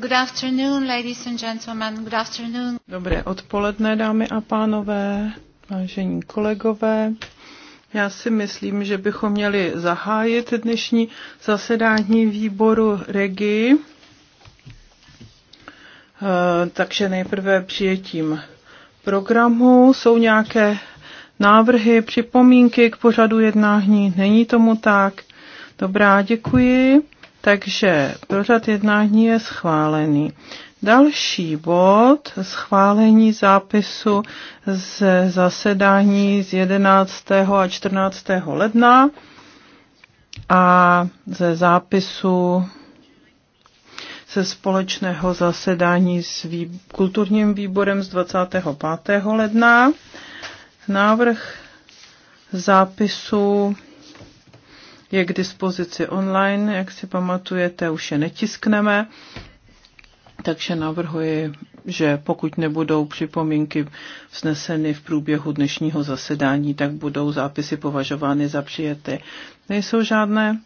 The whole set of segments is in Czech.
Good afternoon, ladies and gentlemen. Good afternoon. Dobré odpoledne, dámy a pánové, vážení kolegové. Já si myslím, že bychom měli zahájit dnešní zasedání výboru REGI. Eh, takže nejprve přijetím programu. Jsou nějaké návrhy, připomínky k pořadu jednání? Není tomu tak? Dobrá, děkuji. Takže pořad jednání je schválený. Další bod schválení zápisu z zasedání z 11. a 14. ledna a ze zápisu ze společného zasedání s vý... kulturním výborem z 25. ledna. Návrh zápisu je k dispozici online, jak si pamatujete, už je netiskneme. Takže navrhuji, že pokud nebudou připomínky vzneseny v průběhu dnešního zasedání, tak budou zápisy považovány za přijety. Nejsou žádné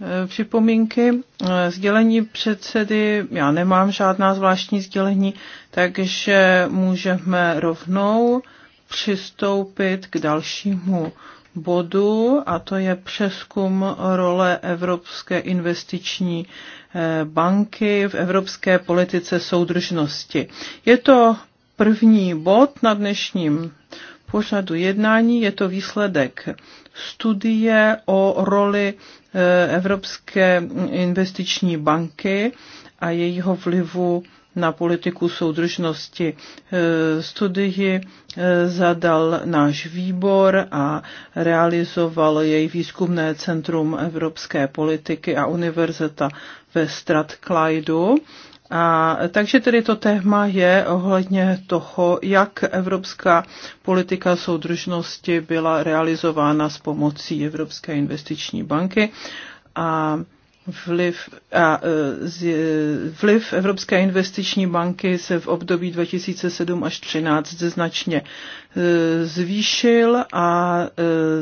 e, připomínky. E, sdělení předsedy, já nemám žádná zvláštní sdělení, takže můžeme rovnou přistoupit k dalšímu bodu, a to je přeskum role Evropské investiční eh, banky v evropské politice soudržnosti. Je to první bod na dnešním pořadu jednání, je to výsledek studie o roli eh, Evropské investiční banky a jejího vlivu na politiku soudržnosti. E, studii e, zadal náš výbor a realizoval jej výzkumné centrum evropské politiky a univerzita ve Strathclydu. A, takže tedy to téma je ohledně toho, jak evropská politika soudržnosti byla realizována s pomocí Evropské investiční banky. A vliv, a, e, vliv Evropské investiční banky se v období 2007 až 2013 značně E, zvýšil a e,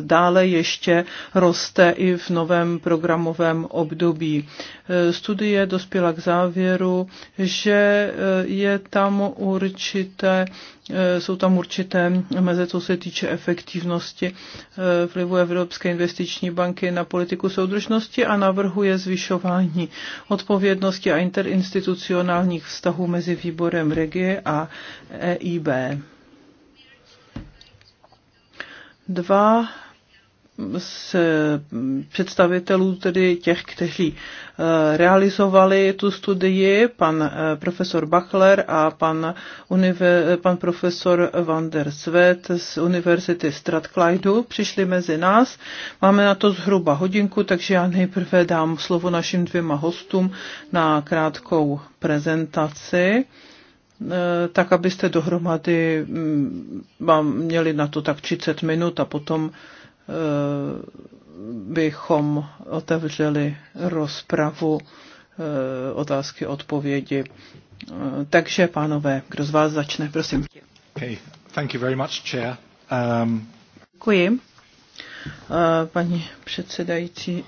dále ještě roste i v novém programovém období. E, studie dospěla k závěru, že je tam určité, jsou tam určité meze, co se týče efektivnosti vlivu Evropské investiční banky na politiku soudržnosti a navrhuje zvyšování odpovědnosti a interinstitucionálních vztahů mezi výborem regie a EIB dva z představitelů tedy těch, kteří eh, realizovali tu studii, pan eh, profesor Bachler a pan, univer, pan profesor van der Svet z Univerzity Strathclydu přišli mezi nás. Máme na to zhruba hodinku, takže já nejprve dám slovo našim dvěma hostům na krátkou prezentaci Eh, tak abyste dohromady mm, vám měli na to tak 30 minut a potom eh, bychom otevřeli rozpravu eh, otázky, odpovědi. Takže, pánové, kdo z vás začne, prosím. Okay. Thank you very much, chair. Um... Děkuji, paní předsedající.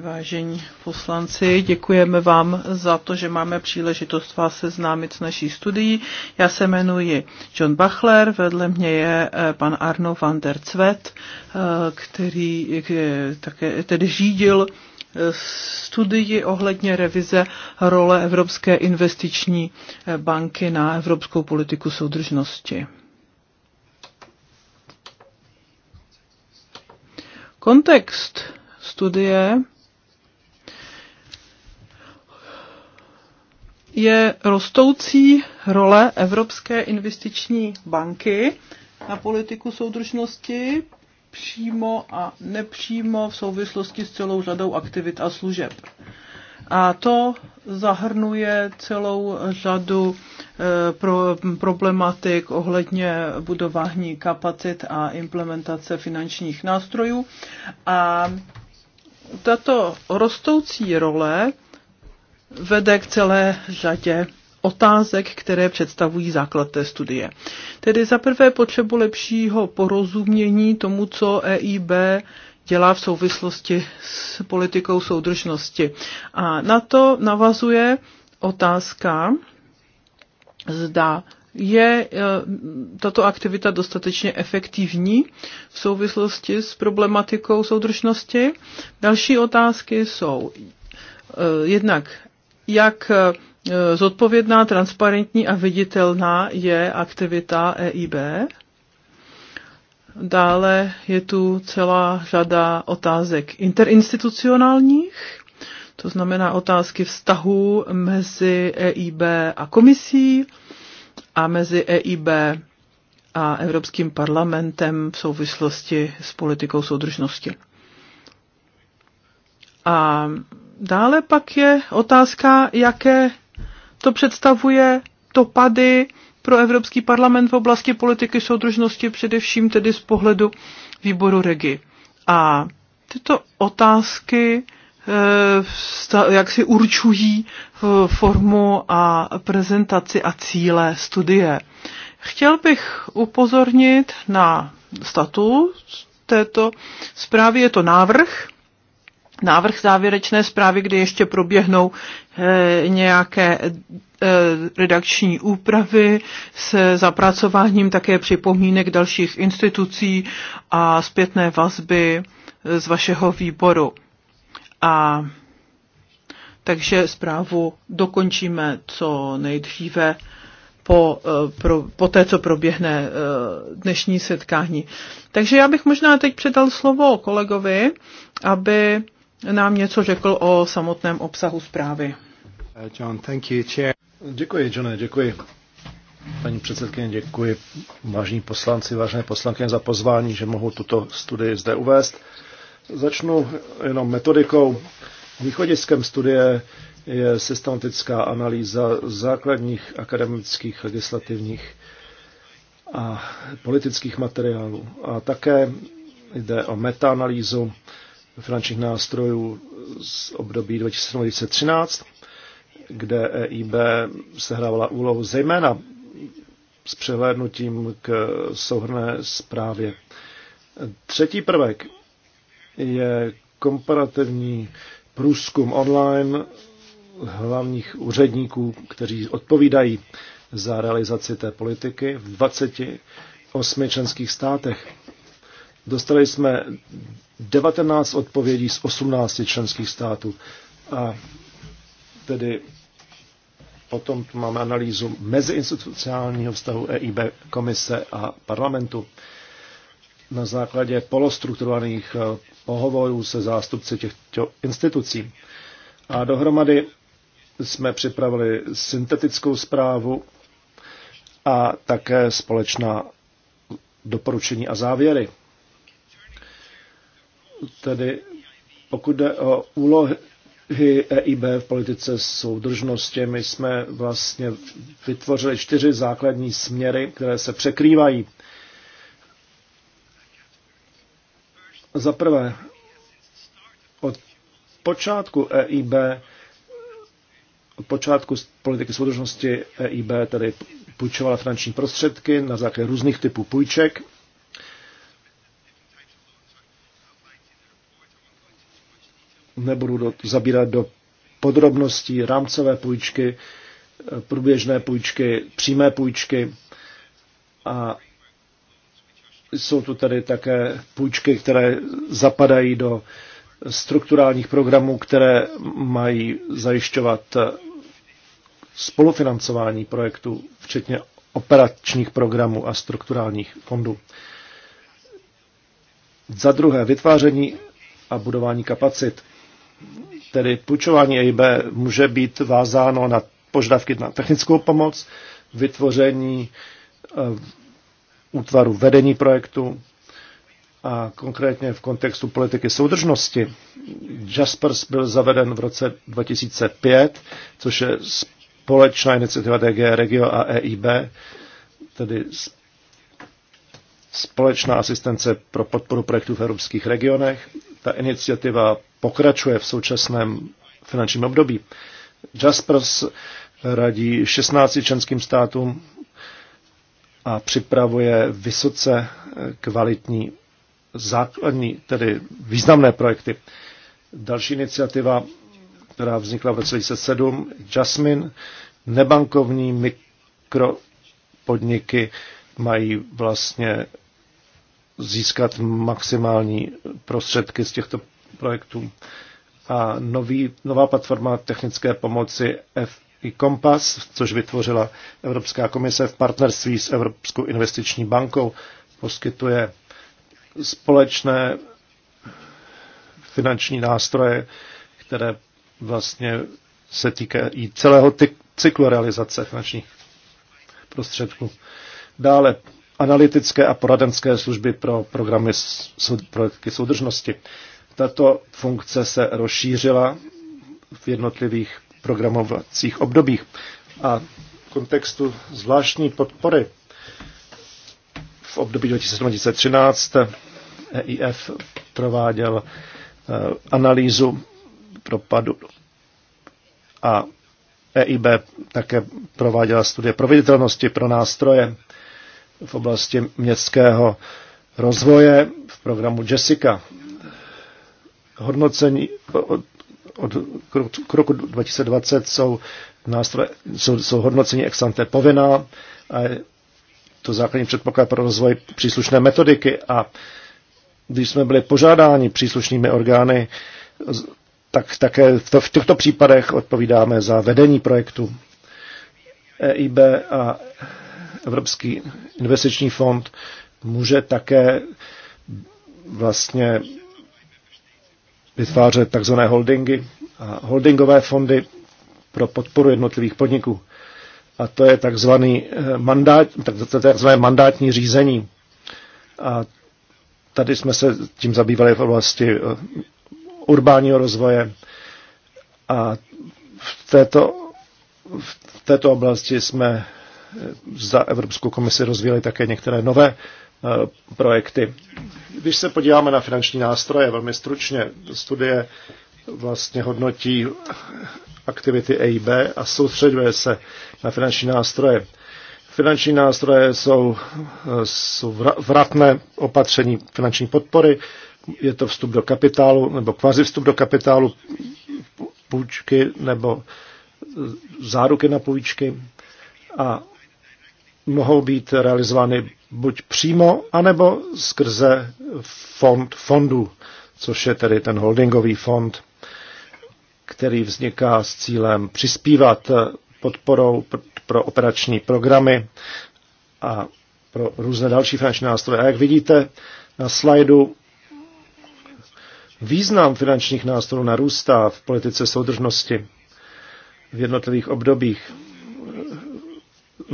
Vážení poslanci, děkujeme vám za to, že máme příležitost vás seznámit s naší studií. Já se jmenuji John Bachler, vedle mě je eh, pan Arno van der Cvet, eh, který eh, také tedy řídil studii ohledně revize role Evropské investiční banky na evropskou politiku soudržnosti. Kontext studie je rostoucí role Evropské investiční banky na politiku soudržnosti přímo a nepřímo v souvislosti s celou řadou aktivit a služeb. A to zahrnuje celou řadu eh, pro, problematik ohledně budování kapacit a implementace finančních nástrojů. A tato rostoucí role vede k celé řadě otázek, které představují základ té studie. Tedy za prvé potřebu lepšího porozumění tomu, co EIB dělá v souvislosti s politikou soudržnosti. A na to navazuje otázka, zda je eh, tato aktivita dostatečně efektivní v souvislosti s problematikou soudržnosti. Další otázky jsou eh, jednak, jak eh, zodpovědná, transparentní a viditelná je aktivita EIB. Dále je tu celá řada otázek interinstitucionálních, to znamená otázky vztahu mezi EIB a komisí, a mezi EIB a Evropským parlamentem v souvislosti s politikou soudržnosti. A dále pak je otázka, jaké to představuje dopady pro Evropský parlament v oblasti politiky soudržnosti, především tedy z pohledu výboru REGI. A tyto otázky Eh, jak si určují eh, formu a prezentaci a cíle studie. Chtěl bych upozornit na status této zprávy. Je to návrh, návrh závěrečné zprávy, kdy ještě proběhnou eh, nějaké redakční úpravy se zapracováním také připomínek dalších institucí a zpětné vazby z vašeho výboru a takže zprávu dokončíme co nejdříve po, eh, pro, po té, co proběhne eh, dnešní setkání. Takže já bych možná teď předal slovo kolegovi, aby nám něco řekl o samotném obsahu zprávy. Eh, John, thank you, chair. Děkuji, Johne, děkuji. Paní předsedkyně, děkuji vážní poslanci, vážné poslankyně za pozvání, že mohu tuto studii zde uvést. Začnu jenom metodikou. Východiskem studie je systematická analýza základních akademických, legislativních a politických materiálů. A také jde o metaanalýzu finančních nástrojů z období 2013, kde EIB sehrávala úlohu zejména s přehlédnutím k souhrné zprávě. Třetí prvek je komparativní průzkum online hlavních úředníků, kteří odpovídají za realizaci té politiky v 28 členských státech. Dostali jsme 19 odpovědí z 18 členských států a tedy potom tu máme analýzu meziinstitucionálního vztahu EIB komise a parlamentu na základě polostrukturovaných pohovorů se zástupci těchto institucí. A dohromady jsme připravili syntetickou zprávu a také společná doporučení a závěry. Tedy pokud jde o úlohy EIB v politice soudržnosti, my jsme vlastně vytvořili čtyři základní směry, které se překrývají Za prvé, od počátku EIB, od počátku politiky soudržnosti EIB tedy půjčovala finanční prostředky na základě různých typů půjček. Nebudu do, zabírat do podrobností rámcové půjčky, průběžné půjčky, přímé půjčky a jsou tu tedy také půjčky, které zapadají do strukturálních programů, které mají zajišťovat spolufinancování projektů, včetně operačních programů a strukturálních fondů. Za druhé, vytváření a budování kapacit. Tedy půjčování EIB může být vázáno na požadavky na technickou pomoc, vytvoření eh, útvaru vedení projektu a konkrétně v kontextu politiky soudržnosti. Jaspers byl zaveden v roce 2005, což je společná iniciativa DG Regio a EIB, tedy společná asistence pro podporu projektů v evropských regionech. Ta iniciativa pokračuje v současném finančním období. Jaspers radí 16 členským státům a připravuje vysoce eh, kvalitní základní, tedy významné projekty. Další iniciativa, která vznikla v roce 2007, Jasmine, nebankovní mikropodniky mají vlastně získat maximální prostředky z těchto projektů. A nový, nová platforma technické pomoci F i Kompas, což vytvořila Evropská komise v partnerství s Evropskou investiční bankou, poskytuje společné finanční nástroje, které vlastně se týkají celého cyklu realizace finančních prostředků. Dále analytické a poradenské služby pro programy projekty soudržnosti. Tato funkce se rozšířila v jednotlivých programovacích obdobích. A v kontextu zvláštní podpory v období 2013 EIF prováděl eh, analýzu propadu a EIB také prováděla studie proveditelnosti pro nástroje v oblasti městského rozvoje v programu Jessica. Hodnocení od k roku 2020 jsou, nástroje, jsou, jsou hodnocení ex ante povinná a je to základní předpoklad pro rozvoj příslušné metodiky a když jsme byli požádáni příslušnými orgány, tak také v, to, v těchto případech odpovídáme za vedení projektu. EIB a Evropský investiční fond může také vlastně vytvářet takzvané holdingy a holdingové fondy pro podporu jednotlivých podniků. A to je takzvaný eh, mandát, takzvané mandátní řízení. A tady jsme se tím zabývali v oblasti eh, urbáního rozvoje a v této, v této oblasti jsme eh, za Evropskou komisi rozvíjeli také některé nové Eh, projekty. Když se podíváme na finanční nástroje, velmi stručně, studie vlastně hodnotí aktivity EIB a soustředuje se na finanční nástroje. Finanční nástroje jsou, eh, jsou vratné opatření finanční podpory, je to vstup do kapitálu nebo kvazi vstup do kapitálu, půjčky nebo eh, záruky na půjčky a mohou být realizovány buď přímo, anebo skrze fond fondu, což je tedy ten holdingový fond, který vzniká s cílem přispívat podporou pro operační programy a pro různé další finanční nástroje. A jak vidíte na slajdu, význam finančních nástrojů narůstá v politice soudržnosti v jednotlivých obdobích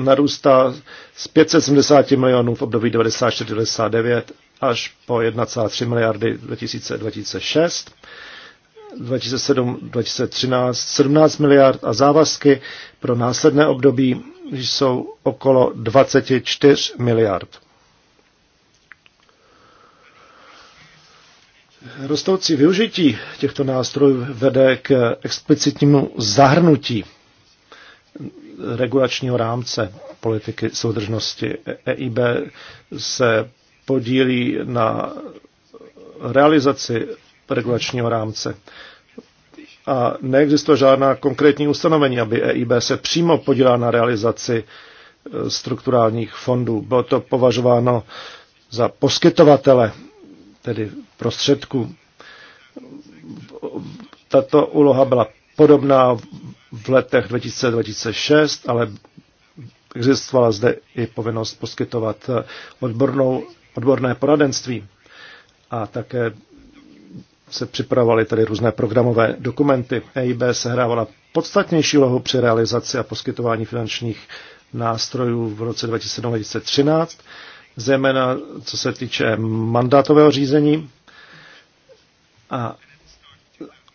narůstá z 570 milionů v období 94-99 až po 1,3 miliardy 2000-2006, 2007-2013 17 miliard a závazky pro následné období jsou okolo 24 miliard. Rostoucí využití těchto nástrojů vede k explicitnímu zahrnutí regulačního rámce politiky soudržnosti. EIB se podílí na realizaci regulačního rámce. A neexistuje žádná konkrétní ustanovení, aby EIB se přímo podílá na realizaci e, strukturálních fondů. Bylo to považováno za poskytovatele, tedy prostředků. Tato úloha byla podobná v letech 2006, ale existovala zde i povinnost poskytovat eh, odbornou, odborné poradenství a také se připravovaly tady různé programové dokumenty. EIB sehrávala podstatnější lohu při realizaci a poskytování finančních nástrojů v roce 2013, zejména co se týče mandátového řízení a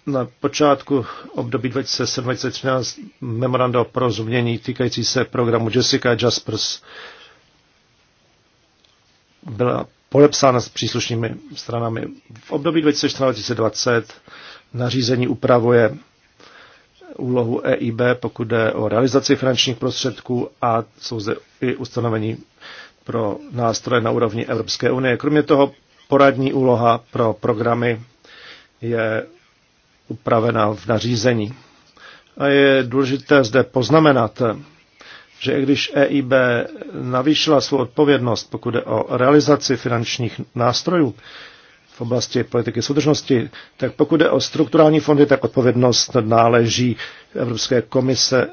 na počátku období 2007-2013 memoranda o porozumění týkající se programu Jessica Jaspers byla podepsána s příslušnými stranami. V období 2014-2020 nařízení upravuje úlohu EIB, pokud jde o realizaci finančních prostředků a jsou zde i ustanovení pro nástroje na úrovni Evropské unie. Kromě toho poradní úloha pro programy je upravena v nařízení. A je důležité zde poznamenat, že i když EIB navýšila svou odpovědnost, pokud je o realizaci finančních nástrojů v oblasti politiky soudržnosti, tak pokud je o strukturální fondy, tak odpovědnost náleží Evropské komise,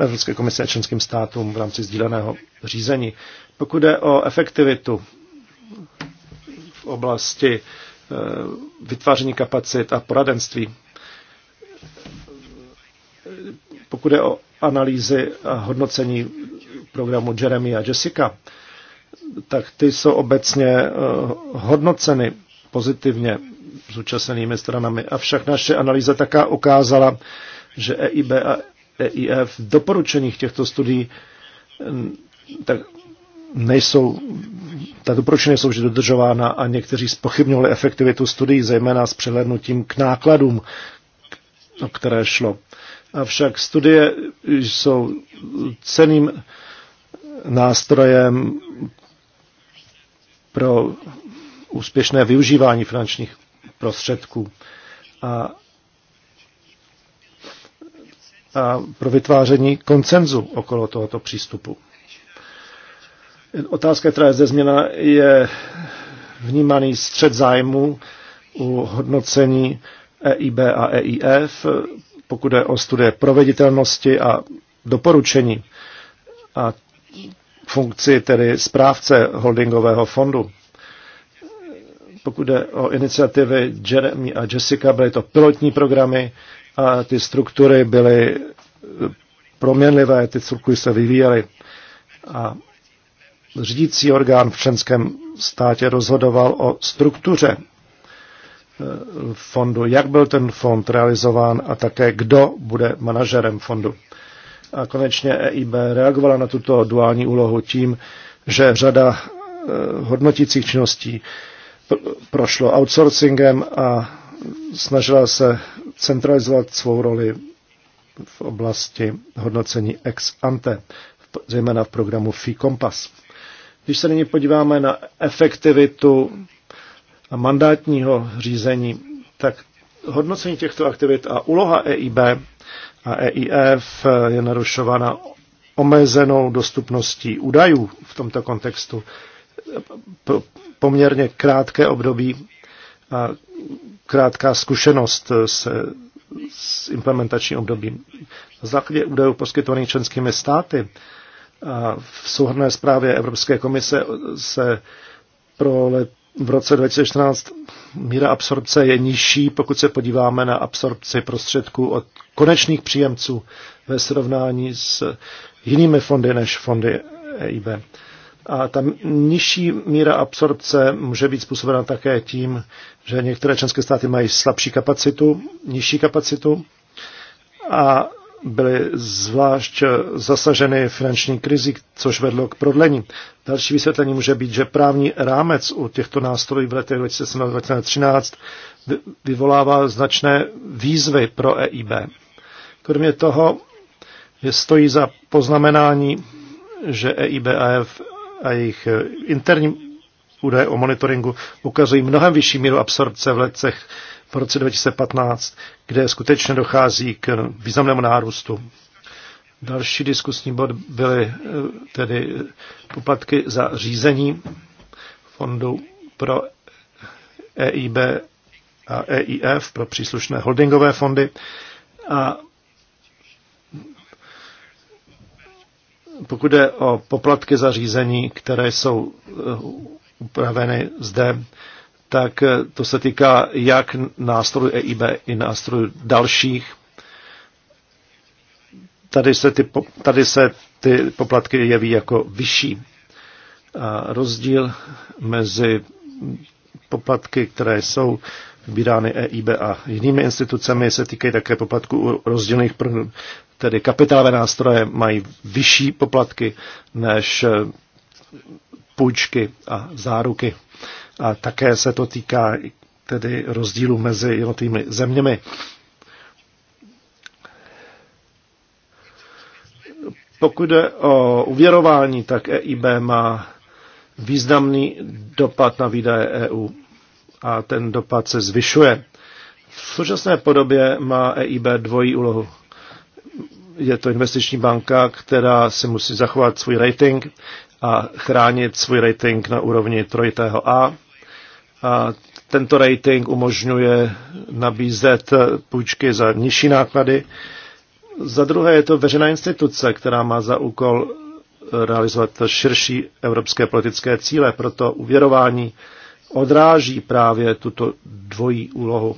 Evropské komise a členským státům v rámci sdíleného řízení. Pokud je o efektivitu v oblasti eh, vytváření kapacit a poradenství, pokud je o analýzy a hodnocení programu Jeremy a Jessica, tak ty jsou obecně eh, hodnoceny pozitivně zúčastněnými stranami. Avšak naše analýza taká ukázala, že EIB a EIF v doporučeních těchto studií tak nejsou, ta doporučení jsou vždy dodržována a někteří spochybňovali efektivitu studií, zejména s přehlednutím k nákladům, o které šlo. Avšak studie jsou ceným nástrojem pro úspěšné využívání finančních prostředků a, a pro vytváření koncenzu okolo tohoto přístupu. Otázka, která je zde změna, je vnímaný střed zájmu u hodnocení EIB a EIF pokud je o studie proveditelnosti a doporučení a funkci tedy správce holdingového fondu. Pokud jde o iniciativy Jeremy a Jessica, byly to pilotní programy a ty struktury byly proměnlivé, ty struktury se vyvíjely. A řídící orgán v členském státě rozhodoval o struktuře fondu, jak byl ten fond realizován a také kdo bude manažerem fondu. A konečně EIB reagovala na tuto duální úlohu tím, že řada eh, hodnotících činností prošlo outsourcingem a snažila se centralizovat svou roli v oblasti hodnocení ex ante, zejména v programu FI Kompas. Když se nyní podíváme na efektivitu a mandátního řízení, tak hodnocení těchto aktivit a úloha EIB a EIF je narušována omezenou dostupností údajů v tomto kontextu. Poměrně krátké období a krátká zkušenost se, s implementačním obdobím. Na základě údajů poskytovaných členskými státy a v souhrné zprávě Evropské komise se pro let v roce 2014 míra absorpce je nižší, pokud se podíváme na absorpci prostředků od konečných příjemců ve srovnání s jinými fondy než fondy EIB. A ta nižší míra absorpce může být způsobena také tím, že některé členské státy mají slabší kapacitu, nižší kapacitu a byly zvlášť zasaženy finanční krizi, což vedlo k prodlení. Další vysvětlení může být, že právní rámec u těchto nástrojů v letech 2013 vyvolává značné výzvy pro EIB. Kromě toho je stojí za poznamenání, že EIB a jejich interní údaje o monitoringu ukazují mnohem vyšší míru absorpce v letech v roce 2015, kde skutečně dochází k významnému nárůstu. Další diskusní bod byly eh, tedy eh, poplatky za řízení fondu pro EIB a EIF, pro příslušné holdingové fondy. A pokud jde o poplatky za řízení, které jsou eh, upraveny zde, tak eh, to se týká jak nástrojů EIB i nástrojů dalších. Tady se ty, tady se ty poplatky jeví jako vyšší. A rozdíl mezi poplatky, které jsou vybírány EIB a jinými institucemi, se týkají také poplatků u rozdílných prvnů. Tedy kapitálové nástroje mají vyšší poplatky než eh, půjčky a záruky a také se to týká tedy rozdílu mezi jednotlivými zeměmi. Pokud jde o uvěrování, tak EIB má významný dopad na výdaje EU a ten dopad se zvyšuje. V současné podobě má EIB dvojí úlohu. Je to investiční banka, která si musí zachovat svůj rating a chránit svůj rating na úrovni trojitého A. A tento rating umožňuje nabízet půjčky za nižší náklady. Za druhé je to veřejná instituce, která má za úkol realizovat širší evropské politické cíle, proto uvěrování odráží právě tuto dvojí úlohu.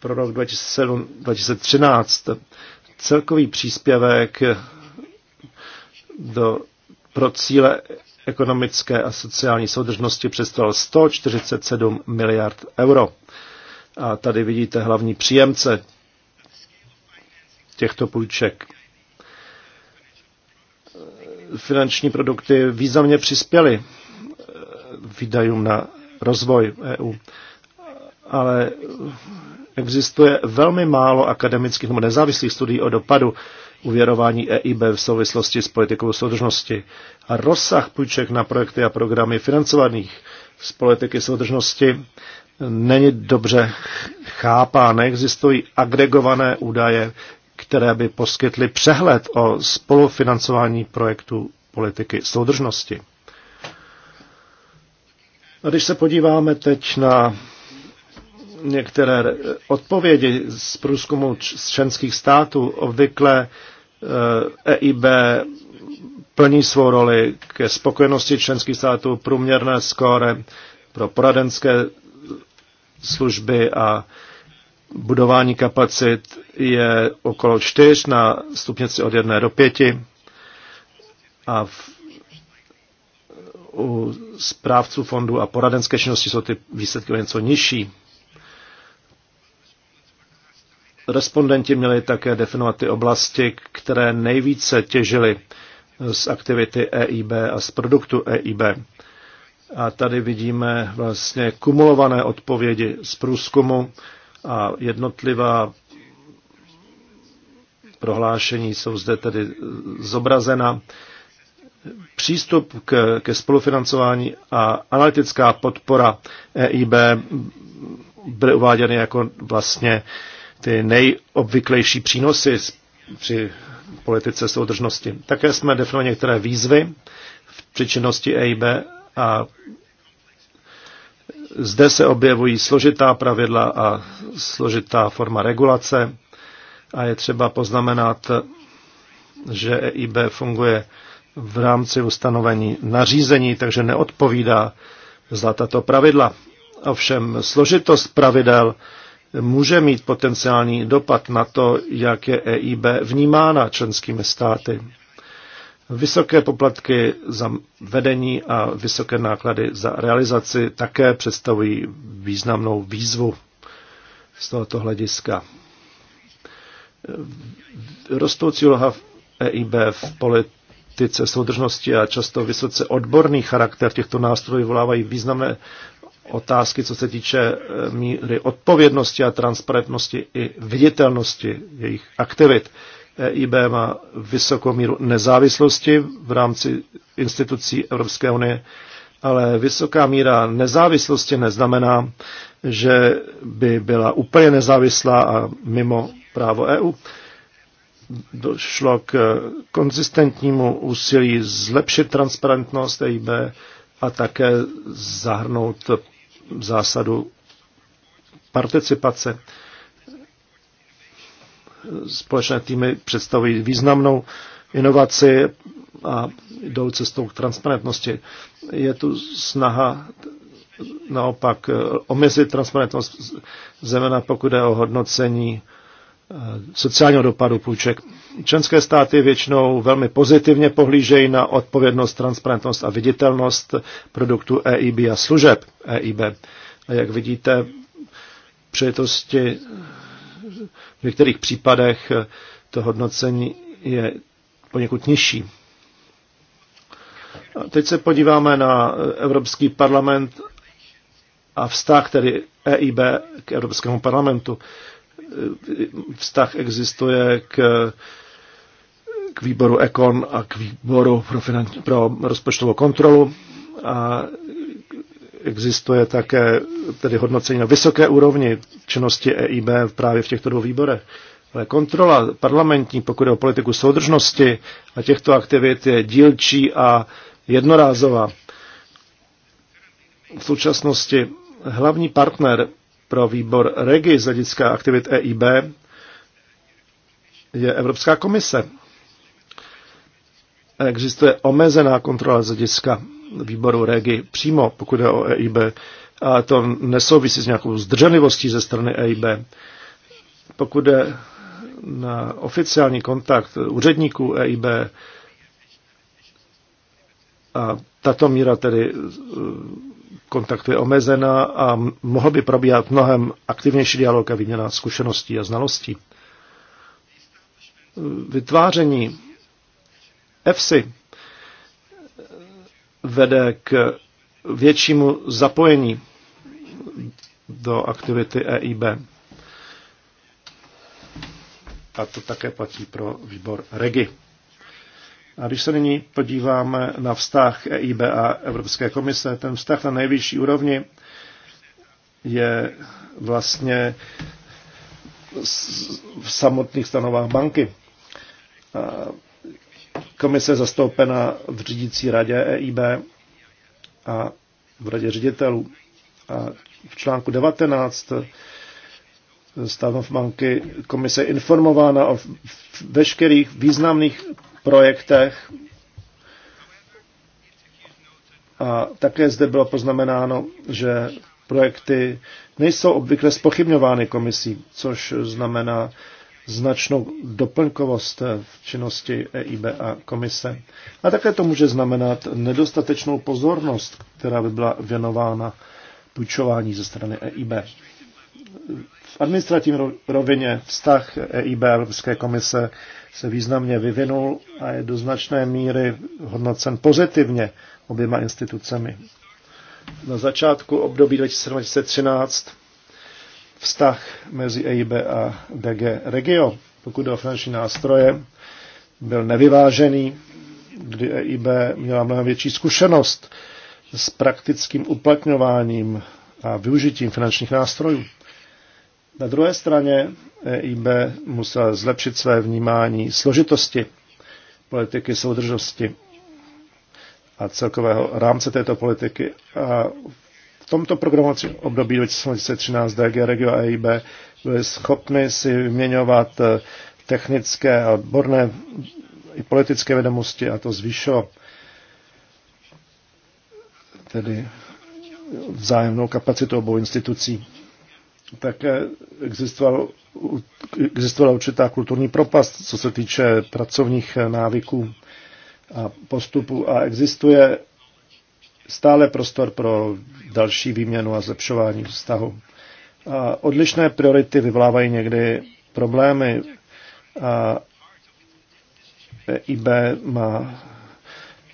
Pro rok 2007, 2013 celkový příspěvek do pro cíle ekonomické a sociální soudržnosti představil 147 miliard euro. A tady vidíte hlavní příjemce těchto půjček. Finanční produkty významně přispěly výdajům na rozvoj EU, ale existuje velmi málo akademických nebo nezávislých studií o dopadu uvěrování EIB v souvislosti s politikou soudržnosti a rozsah půjček na projekty a programy financovaných z politiky soudržnosti není dobře chápán. Neexistují agregované údaje, které by poskytly přehled o spolufinancování projektů politiky soudržnosti. A když se podíváme teď na některé odpovědi z průzkumu z členských států. Obvykle EIB eh, e plní svou roli ke spokojenosti členských států, průměrné skóre pro poradenské služby a budování kapacit je okolo 4 na stupnici od 1 do 5 a v, u správců fondů a poradenské činnosti jsou ty výsledky něco nižší. Respondenti měli také definovat ty oblasti, které nejvíce těžily z aktivity EIB a z produktu EIB. A tady vidíme vlastně kumulované odpovědi z průzkumu a jednotlivá prohlášení jsou zde tedy zobrazena. Přístup k, ke spolufinancování a analytická podpora EIB byly uváděny jako vlastně ty nejobvyklejší přínosy při politice soudržnosti. Také jsme definovali některé výzvy v činnosti EIB a zde se objevují složitá pravidla a složitá forma regulace a je třeba poznamenat, že EIB funguje v rámci ustanovení nařízení, takže neodpovídá za tato pravidla. Ovšem složitost pravidel může mít potenciální dopad na to, jak je EIB vnímána členskými státy. Vysoké poplatky za vedení a vysoké náklady za realizaci také představují významnou výzvu z tohoto hlediska. Rostoucí úloha EIB v politice soudržnosti a často vysoce odborný charakter těchto nástrojů volávají významné otázky, co se týče eh, míry odpovědnosti a transparentnosti i viditelnosti jejich aktivit. EIB má vysokou míru nezávislosti v rámci institucí Evropské unie, ale vysoká míra nezávislosti neznamená, že by byla úplně nezávislá a mimo právo EU. Došlo k eh, konzistentnímu úsilí zlepšit transparentnost EIB a také zahrnout zásadu participace. Společné týmy představují významnou inovaci a jdou cestou k transparentnosti. Je tu snaha naopak omezit transparentnost, zejména pokud je o hodnocení sociálního dopadu půjček. Členské státy většinou velmi pozitivně pohlížejí na odpovědnost, transparentnost a viditelnost produktu EIB a služeb EIB. A jak vidíte, přejetosti v některých případech to hodnocení je poněkud nižší. A teď se podíváme na Evropský parlament a vztah tedy EIB k Evropskému parlamentu vztah existuje k, k výboru Ekon a k výboru pro, finan, pro rozpočtovou kontrolu a existuje také tedy hodnocení na vysoké úrovni činnosti EIB právě v těchto dvou výborech. Ale kontrola parlamentní, pokud je o politiku soudržnosti a těchto aktivit, je dílčí a jednorázová. V současnosti hlavní partner pro výbor REGI z hlediska aktivit EIB je Evropská komise. Existuje omezená kontrola z hlediska výboru REGI přímo, pokud je o EIB, a to nesouvisí s nějakou zdrženlivostí ze strany EIB. Pokud je na oficiální kontakt úředníků EIB, a tato míra tedy kontaktu je omezená a mohl by probíhat mnohem aktivnější dialog a výměna zkušeností a znalostí. Vytváření EFSI vede k většímu zapojení do aktivity EIB. A to také platí pro výbor REGI. A když se nyní podíváme na vztah EIB a Evropské komise, ten vztah na nejvyšší úrovni je vlastně v samotných stanovách banky. A komise je zastoupena v řídící radě EIB a v radě ředitelů. A v článku 19 stanov banky komise je informována o veškerých významných projektech. A také zde bylo poznamenáno, že projekty nejsou obvykle spochybňovány komisí, což znamená značnou doplňkovost v činnosti EIB a komise. A také to může znamenat nedostatečnou pozornost, která by byla věnována půjčování ze strany EIB v administrativní rovině vztah EIB a Evropské komise se významně vyvinul a je do značné míry hodnocen pozitivně oběma institucemi. Na začátku období 2013 vztah mezi EIB a DG Regio, pokud jde o finanční nástroje, byl nevyvážený, kdy EIB měla mnohem větší zkušenost s praktickým uplatňováním a využitím finančních nástrojů. Na druhé straně EIB musela zlepšit své vnímání složitosti politiky soudržnosti a celkového rámce této politiky. A v tomto programovacím období 2013 DG Regio a EIB byly schopny si vyměňovat eh, technické a odborné i politické vědomosti a to zvýšilo tedy vzájemnou kapacitu obou institucí také existoval, existovala určitá kulturní propast, co se týče pracovních eh, návyků a postupů a existuje stále prostor pro další výměnu a zlepšování vztahu. A odlišné priority vyvlávají někdy problémy a e IB má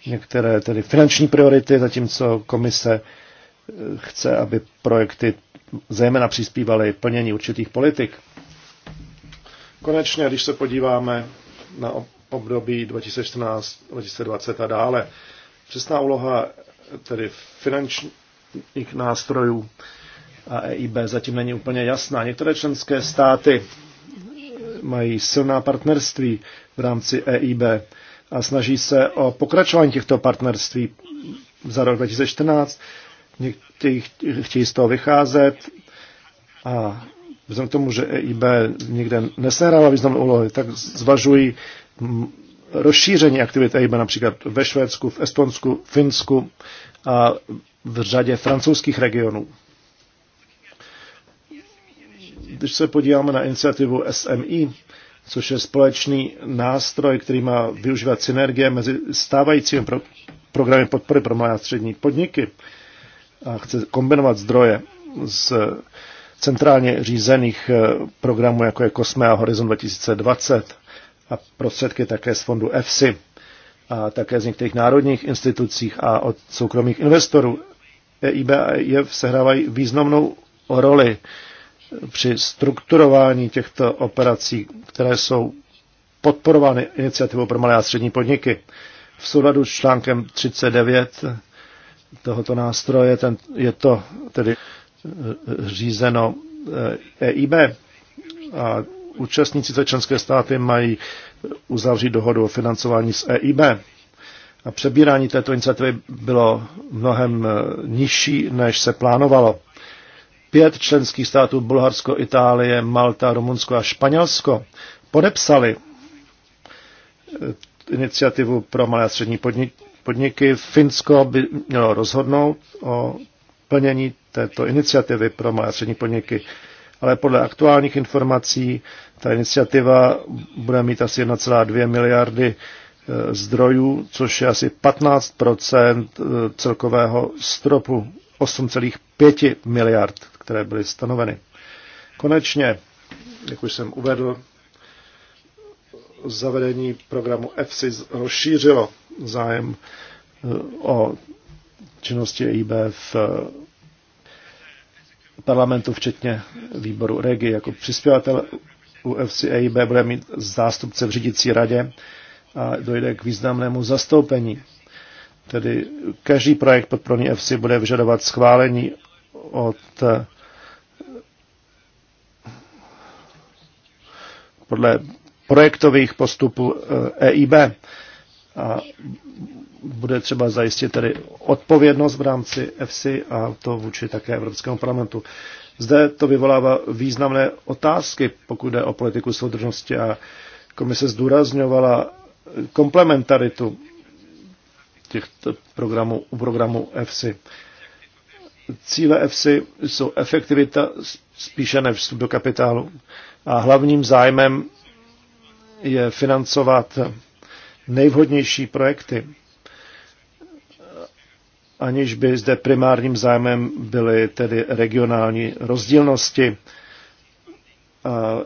některé tedy finanční priority, zatímco komise eh, chce, aby projekty zejména přispívaly plnění určitých politik. Konečně, když se podíváme na období 2014-2020 a dále, přesná úloha tedy finančních nástrojů a EIB zatím není úplně jasná. Některé členské státy mají silná partnerství v rámci EIB a snaží se o pokračování těchto partnerství za rok 2014 Někteří chtějí z toho vycházet a vzhledem k tomu, že EIB někde nesehrává významnou úlohu, tak zvažují rozšíření aktivit EIB například ve Švédsku, v Estonsku, Finsku a v řadě francouzských regionů. Když se podíváme na iniciativu SMI, což je společný nástroj, který má využívat synergie mezi stávajícími pro, programy podpory pro malé a střední podniky, a chce kombinovat zdroje z centrálně řízených eh, programů, jako je Kosme a Horizon 2020 a prostředky také z fondu EFSI a také z některých národních institucích a od soukromých investorů. EIB a EIF sehrávají významnou roli při strukturování těchto operací, které jsou podporovány iniciativou pro malé a střední podniky. V souladu s článkem 39 tohoto nástroje, ten, je to tedy eh, řízeno EIB eh, e a účastníci té členské státy mají uzavřít dohodu o financování s EIB. A přebírání této iniciativy bylo mnohem eh, nižší, než se plánovalo. Pět členských států, Bulharsko, Itálie, Malta, Rumunsko a Španělsko, podepsali iniciativu pro malé a střední podniky podniky. Finsko by mělo rozhodnout o plnění této iniciativy pro malé a střední podniky. Ale podle aktuálních informací ta iniciativa bude mít asi 1,2 miliardy eh, zdrojů, což je asi 15 eh, celkového stropu 8,5 miliard, které byly stanoveny. Konečně, jak už jsem uvedl, zavedení programu EFSI rozšířilo zájem eh, o činnosti EIB v eh, parlamentu, včetně výboru REGI. Jako přispěvatel UFC EIB bude mít zástupce v řídící radě a dojde k významnému zastoupení. Tedy každý projekt podporný FC bude vyžadovat schválení od eh, podle projektových postupů EIB. E a bude třeba zajistit tedy odpovědnost v rámci EFSI a to vůči také Evropskému parlamentu. Zde to vyvolává významné otázky, pokud jde o politiku soudržnosti a komise zdůrazňovala komplementaritu těchto programů, u programu EFSI. Cíle EFSI jsou efektivita spíše než vstup do kapitálu a hlavním zájmem je financovat nejvhodnější projekty, aniž by zde primárním zájmem byly tedy regionální rozdílnosti. A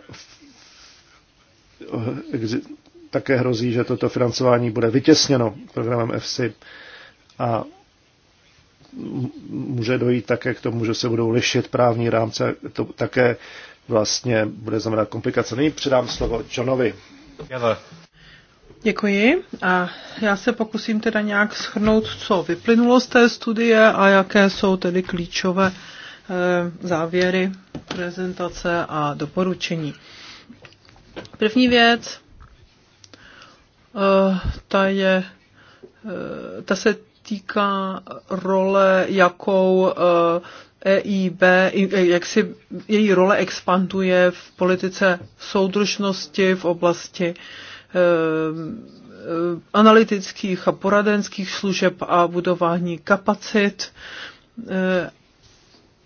také hrozí, že toto financování bude vytěsněno programem EFSI a může dojít také k tomu, že se budou lišit právní rámce. To také vlastně bude znamenat komplikace. Nyní předám slovo Johnovi. Děkuji a já se pokusím teda nějak shrnout, co vyplynulo z té studie a jaké jsou tedy klíčové eh, závěry, prezentace a doporučení. První věc, eh, ta je, eh, ta se týká role, jakou EIB, e jak si její role expanduje v politice soudržnosti v oblasti Eh, analytických a poradenských služeb a budování kapacit eh,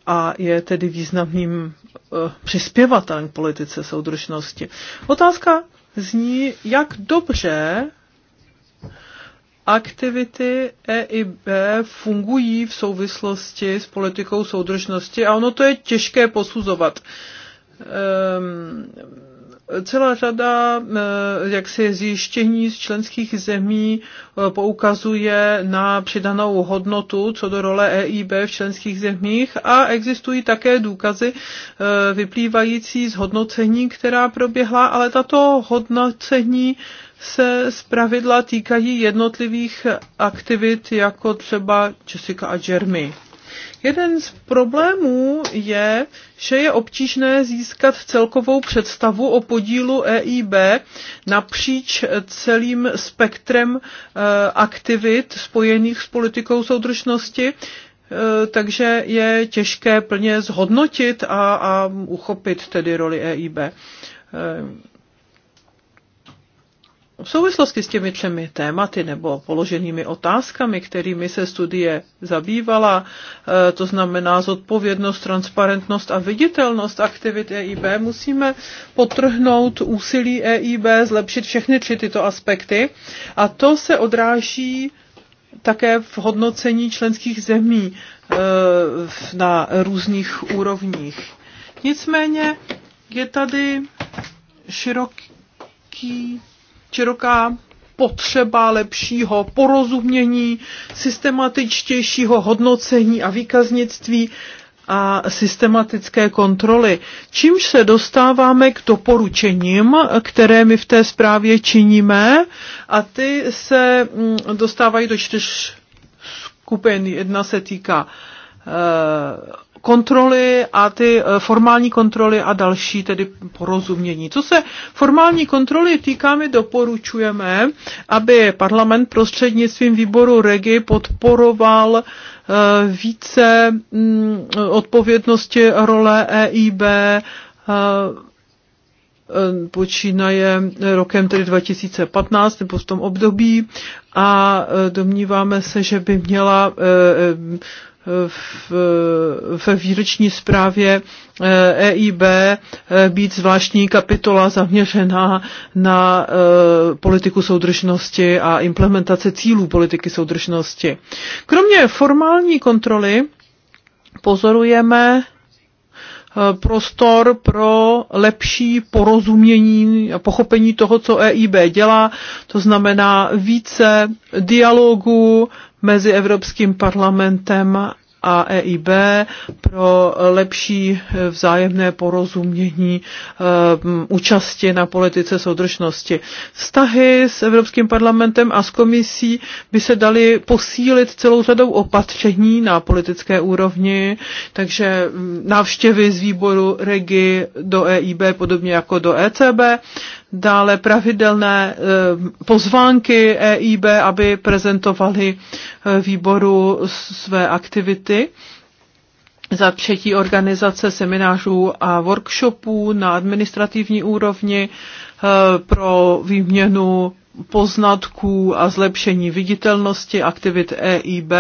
a je tedy významným eh, přispěvatelem k politice soudržnosti. Otázka zní, jak dobře aktivity EIB fungují v souvislosti s politikou soudržnosti a ono to je těžké posuzovat. Ehm, Celá řada eh, jaksi zjištění z členských zemí eh, poukazuje na přidanou hodnotu co do role EIB v členských zemích a existují také důkazy eh, vyplývající z hodnocení, která proběhla, ale tato hodnocení se zpravidla týkají jednotlivých aktivit, jako třeba Jessica a Jeremy. Jeden z problémů je, že je obtížné získat celkovou představu o podílu EIB napříč celým spektrem eh, aktivit spojených s politikou soudržnosti, eh, takže je těžké plně zhodnotit a, a uchopit tedy roli EIB eh, v souvislosti s těmi třemi tématy nebo položenými otázkami, kterými se studie zabývala, eh, to znamená zodpovědnost, transparentnost a viditelnost aktivit EIB, musíme potrhnout úsilí EIB, zlepšit všechny tři tyto aspekty a to se odráží také v hodnocení členských zemí eh, na různých úrovních. Nicméně je tady široký široká potřeba lepšího porozumění, systematičtějšího hodnocení a výkaznictví a systematické kontroly. Čímž se dostáváme k doporučením, které my v té zprávě činíme a ty se mm, dostávají do čtyř skupin. Jedna se týká eh, kontroly a ty eh, formální kontroly a další tedy porozumění. Co se formální kontroly týká, my doporučujeme, aby parlament prostřednictvím výboru REGI podporoval eh, více mm, odpovědnosti role EIB eh, počínaje rokem tedy 2015 nebo v tom období a domníváme se, že by měla ve výroční zprávě EIB eh, e eh, být zvláštní kapitola zaměřená na eh, politiku soudržnosti a implementace cílů politiky soudržnosti. Kromě formální kontroly pozorujeme prostor pro lepší porozumění a pochopení toho, co EIB dělá, to znamená více dialogu mezi Evropským parlamentem a EIB pro lepší vzájemné porozumění eh, účasti na politice soudržnosti. Vztahy s Evropským parlamentem a s komisí by se daly posílit celou řadou opatření na politické úrovni, takže návštěvy z výboru REGI do EIB, podobně jako do ECB, dále pravidelné eh, pozvánky EIB, aby prezentovali eh, výboru své aktivity. Za třetí organizace seminářů a workshopů na administrativní úrovni eh, pro výměnu poznatků a zlepšení viditelnosti aktivit EIB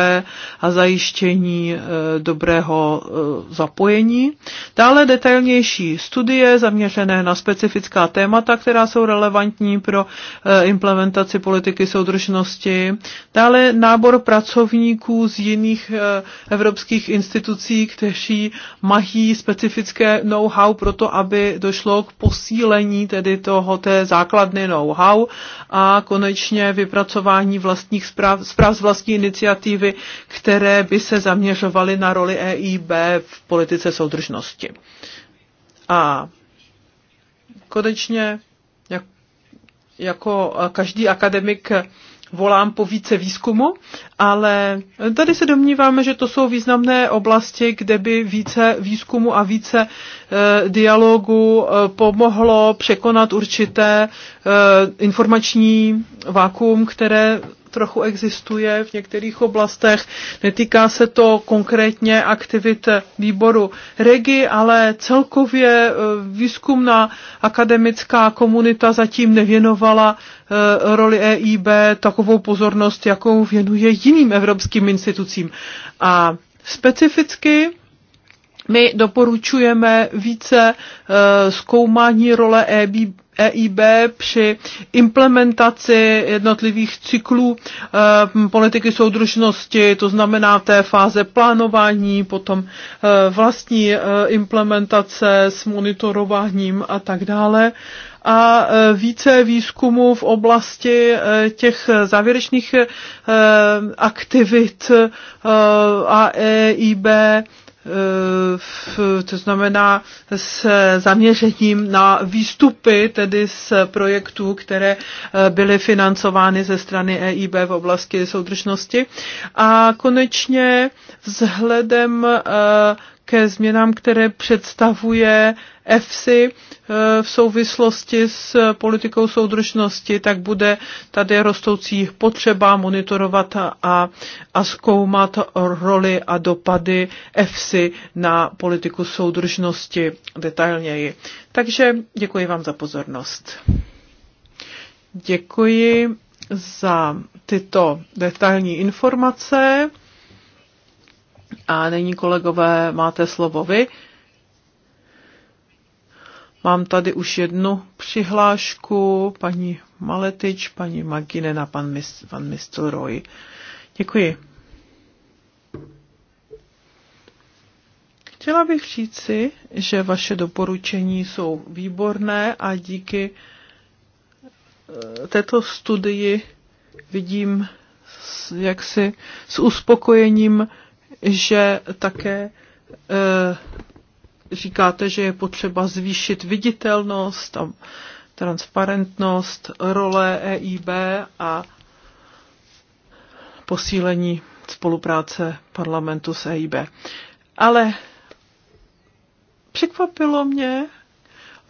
a zajištění e, dobrého e, zapojení. Dále detailnější studie zaměřené na specifická témata, která jsou relevantní pro e, implementaci politiky soudržnosti. Dále nábor pracovníků z jiných evropských institucí, kteří mají specifické know-how pro to, aby došlo k posílení tedy toho té základny know-how a a konečně vypracování vlastních zpráv, zpráv z vlastní iniciativy, které by se zaměřovaly na roli EIB v politice soudržnosti. A konečně, jak, jako každý akademik, volám po více výzkumu ale tady se domníváme, že to jsou významné oblasti, kde by více výzkumu a více e, dialogu e, pomohlo překonat určité e, informační vákuum, které trochu existuje v některých oblastech. Netýká se to konkrétně aktivit výboru REGI, ale celkově výzkumná akademická komunita zatím nevěnovala roli EIB takovou pozornost, jakou věnuje jiné jiným evropským institucím. A specificky my doporučujeme více eh, zkoumání role EB. EIB při implementaci jednotlivých cyklů eh, politiky soudržnosti, to znamená té fáze plánování, potom eh, vlastní implementace s monitorováním a tak dále a e, více výzkumu v oblasti e, těch závěrečných e, aktivit a EIB, v, to znamená s zaměřením na výstupy tedy z projektů, které byly financovány ze strany EIB v oblasti soudržnosti. A konečně vzhledem ke změnám, které představuje EFSI, Eh, v souvislosti s eh, politikou soudržnosti, tak bude tady rostoucí potřeba monitorovat a, a zkoumat roli a dopady EFSI na politiku soudržnosti detailněji. Takže děkuji vám za pozornost. Děkuji za tyto detailní informace. A nyní, kolegové, máte slovo vy. Mám tady už jednu přihlášku, paní Maletič, paní Maginena, a pan, Mis, pan Mistelroj. Děkuji. Chtěla bych říci, že vaše doporučení jsou výborné a díky eh, této studii vidím jaksi s uspokojením, že také eh, říkáte, že je potřeba zvýšit viditelnost a transparentnost role EIB a posílení spolupráce parlamentu s EIB. Ale překvapilo mě,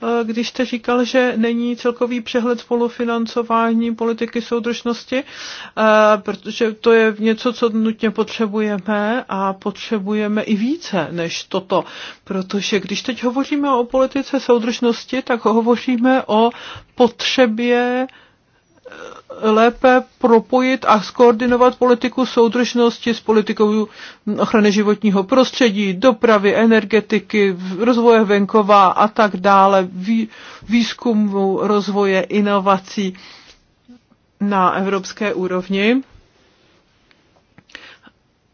Eh, když jste říkal, že není celkový přehled spolufinancování politiky soudržnosti, eh, protože to je něco, co nutně potřebujeme a potřebujeme i více než toto, protože když teď hovoříme o politice soudržnosti, tak hovoříme o potřebě eh, lépe propojit a skoordinovat politiku soudržnosti s politikou ochrany životního prostředí, dopravy, energetiky, rozvoje venkova a tak dále, výzkumu, rozvoje, inovací na evropské úrovni.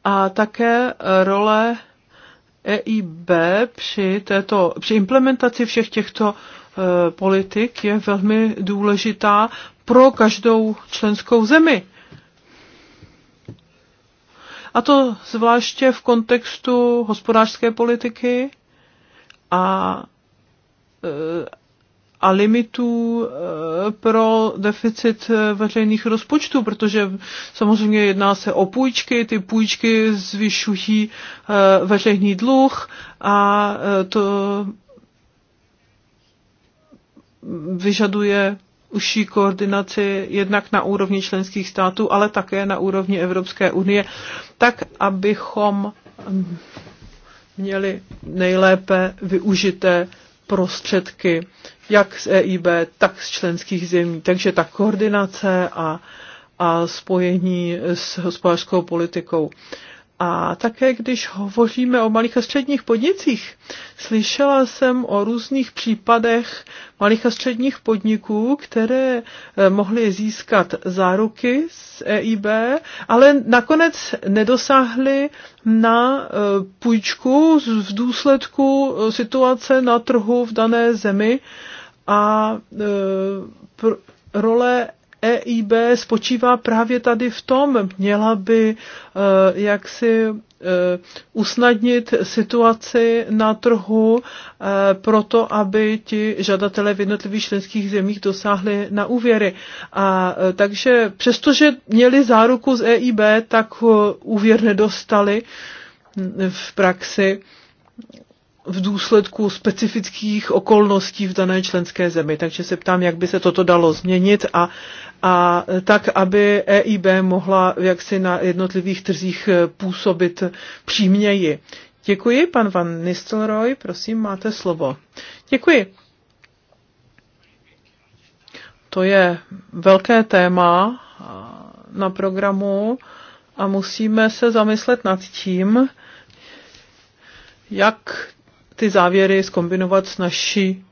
A také role EIB při, této, při implementaci všech těchto eh, politik je velmi důležitá, pro každou členskou zemi. A to zvláště v kontextu hospodářské politiky a, e, a limitů e, pro deficit veřejných rozpočtů, protože samozřejmě jedná se o půjčky, ty půjčky zvyšují e, veřejný dluh a to vyžaduje užší koordinaci jednak na úrovni členských států, ale také na úrovni Evropské unie, tak abychom mm, měli nejlépe využité prostředky jak z EIB, tak z členských zemí. Takže ta koordinace a, a spojení s hospodářskou politikou. A také když hovoříme o malých a středních podnicích, slyšela jsem o různých případech malých a středních podniků, které eh, mohly získat záruky z EIB, ale nakonec nedosáhly na eh, půjčku v důsledku eh, situace na trhu v dané zemi a role EIB spočívá právě tady v tom, měla by e, jak si e, usnadnit situaci na trhu e, proto, aby ti žadatelé v jednotlivých členských zemích dosáhli na úvěry. A takže přestože měli záruku z EIB, tak úvěr nedostali v praxi v důsledku specifických okolností v dané členské zemi. Takže se ptám, jak by se toto dalo změnit a a tak, aby EIB mohla jaksi na jednotlivých trzích eh, působit příměji. Děkuji, pan Van Nistelrooy, prosím, máte slovo. Děkuji. To je velké téma eh, na programu a musíme se zamyslet nad tím, jak ty závěry skombinovat s naší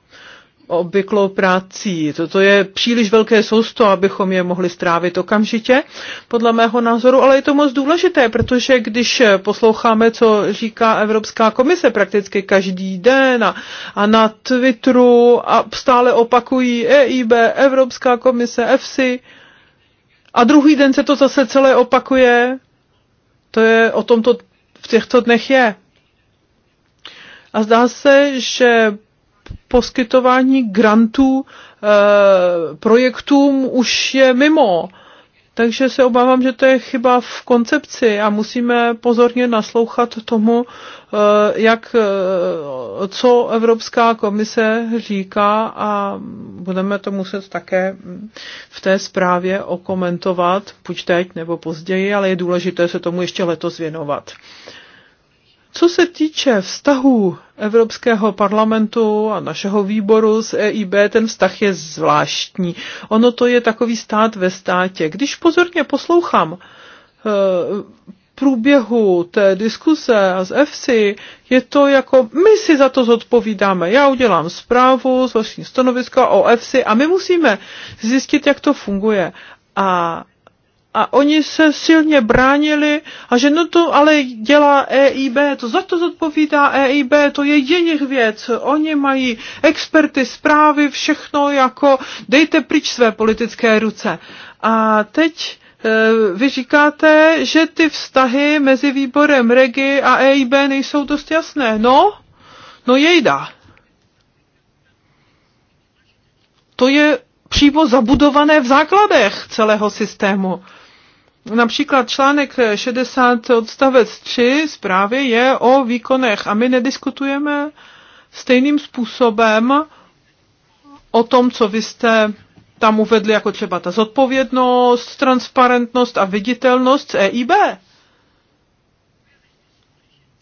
obvyklou prací. Toto je příliš velké sousto, abychom je mohli strávit okamžitě, podle mého názoru, ale je to moc důležité, protože když posloucháme, co říká Evropská komise prakticky každý den a, a na Twitteru a stále opakují EIB, Evropská komise, EFSI a druhý den se to zase celé opakuje, to je o tom to v těchto dnech je. A zdá se, že poskytování grantů eh, projektům už je mimo. Takže se obávám, že to je chyba v koncepci a musíme pozorně naslouchat tomu, eh, jak, eh, co Evropská komise říká a budeme to muset také v té zprávě okomentovat, buď teď nebo později, ale je důležité se tomu ještě letos věnovat. Co se týče vztahů Evropského parlamentu a našeho výboru z EIB, ten vztah je zvláštní. Ono to je takový stát ve státě. Když pozorně poslouchám eh, průběhu té diskuse a z EFSI, je to jako, my si za to zodpovídáme. Já udělám zprávu z vaší stanoviska o EFSI a my musíme zjistit, jak to funguje. A a oni se silně bránili a že no to ale dělá EIB, to za to zodpovídá EIB, to je jejich věc, oni mají experty, zprávy, všechno jako dejte pryč své politické ruce. A teď e, vy říkáte, že ty vztahy mezi výborem Regi a EIB nejsou dost jasné. No, no jejda. To je přímo zabudované v základech celého systému. Například článek 60 odstavec 3 zprávy je o výkonech a my nediskutujeme stejným způsobem o tom, co vy jste tam uvedli, jako třeba ta zodpovědnost, transparentnost a viditelnost EIB.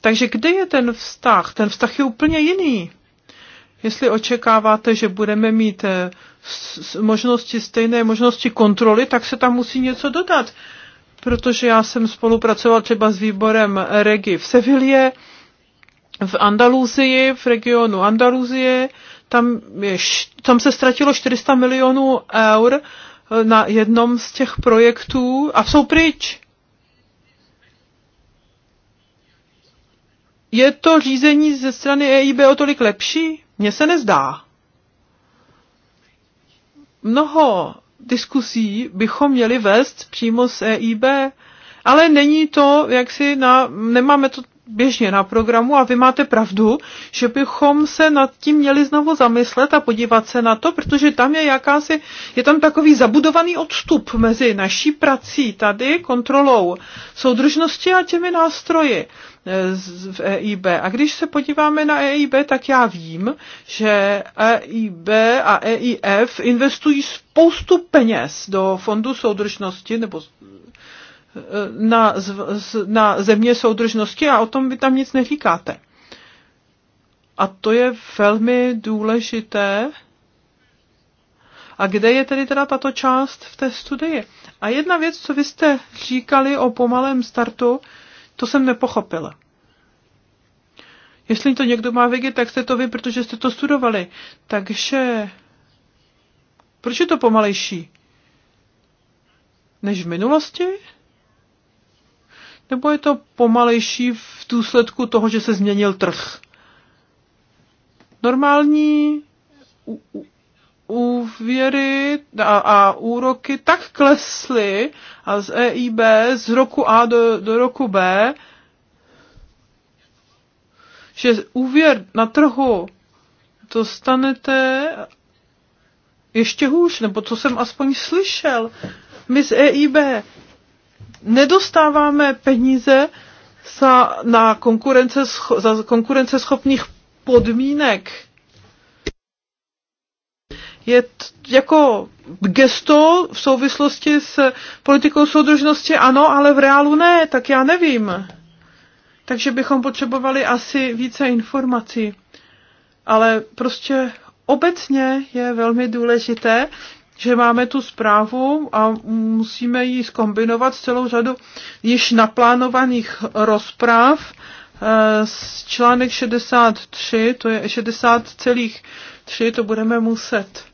Takže kde je ten vztah? Ten vztah je úplně jiný. Jestli očekáváte, že budeme mít možnosti, stejné možnosti kontroly, tak se tam musí něco dodat protože já jsem spolupracoval třeba s výborem Regi v Sevilie, v Andaluzii, v regionu Andaluzie, tam, je, tam se ztratilo 400 milionů eur eh, na jednom z těch projektů a jsou pryč. Je to řízení ze strany EIB o tolik lepší? Mně se nezdá. Mnoho diskusí bychom měli vést přímo s EIB, ale není to, jak si na, nemáme to běžně na programu a vy máte pravdu, že bychom se nad tím měli znovu zamyslet a podívat se na to, protože tam je jakási, je tam takový zabudovaný odstup mezi naší prací tady, kontrolou soudržnosti a těmi nástroji eh, v EIB. A když se podíváme na EIB, tak já vím, že EIB a EIF investují spoustu peněz do fondu soudržnosti nebo Eh, na, na země soudržnosti a o tom vy tam nic neříkáte. A to je velmi důležité. A kde je tedy teda tato část v té studii? A jedna věc, co vy jste říkali o pomalém startu, to jsem nepochopila. Jestli to někdo má vědět, tak jste to vy, protože jste to studovali. Takže proč je to pomalejší? Než v minulosti? nebo je to pomalejší v důsledku toho, že se změnil trh? Normální úvěry a, a úroky tak klesly a z EIB z roku A do, do roku B, že úvěr na trhu dostanete ještě hůř, nebo co jsem aspoň slyšel. My z EIB nedostáváme peníze za, na konkurence, za konkurenceschopných podmínek. Je t, jako gesto v souvislosti s politikou soudržnosti ano, ale v reálu ne, tak já nevím. Takže bychom potřebovali asi více informací. Ale prostě obecně je velmi důležité, že máme tu zprávu a musíme ji skombinovat s celou řadu již naplánovaných rozpráv z eh, článek 63, to je 60,3, to budeme muset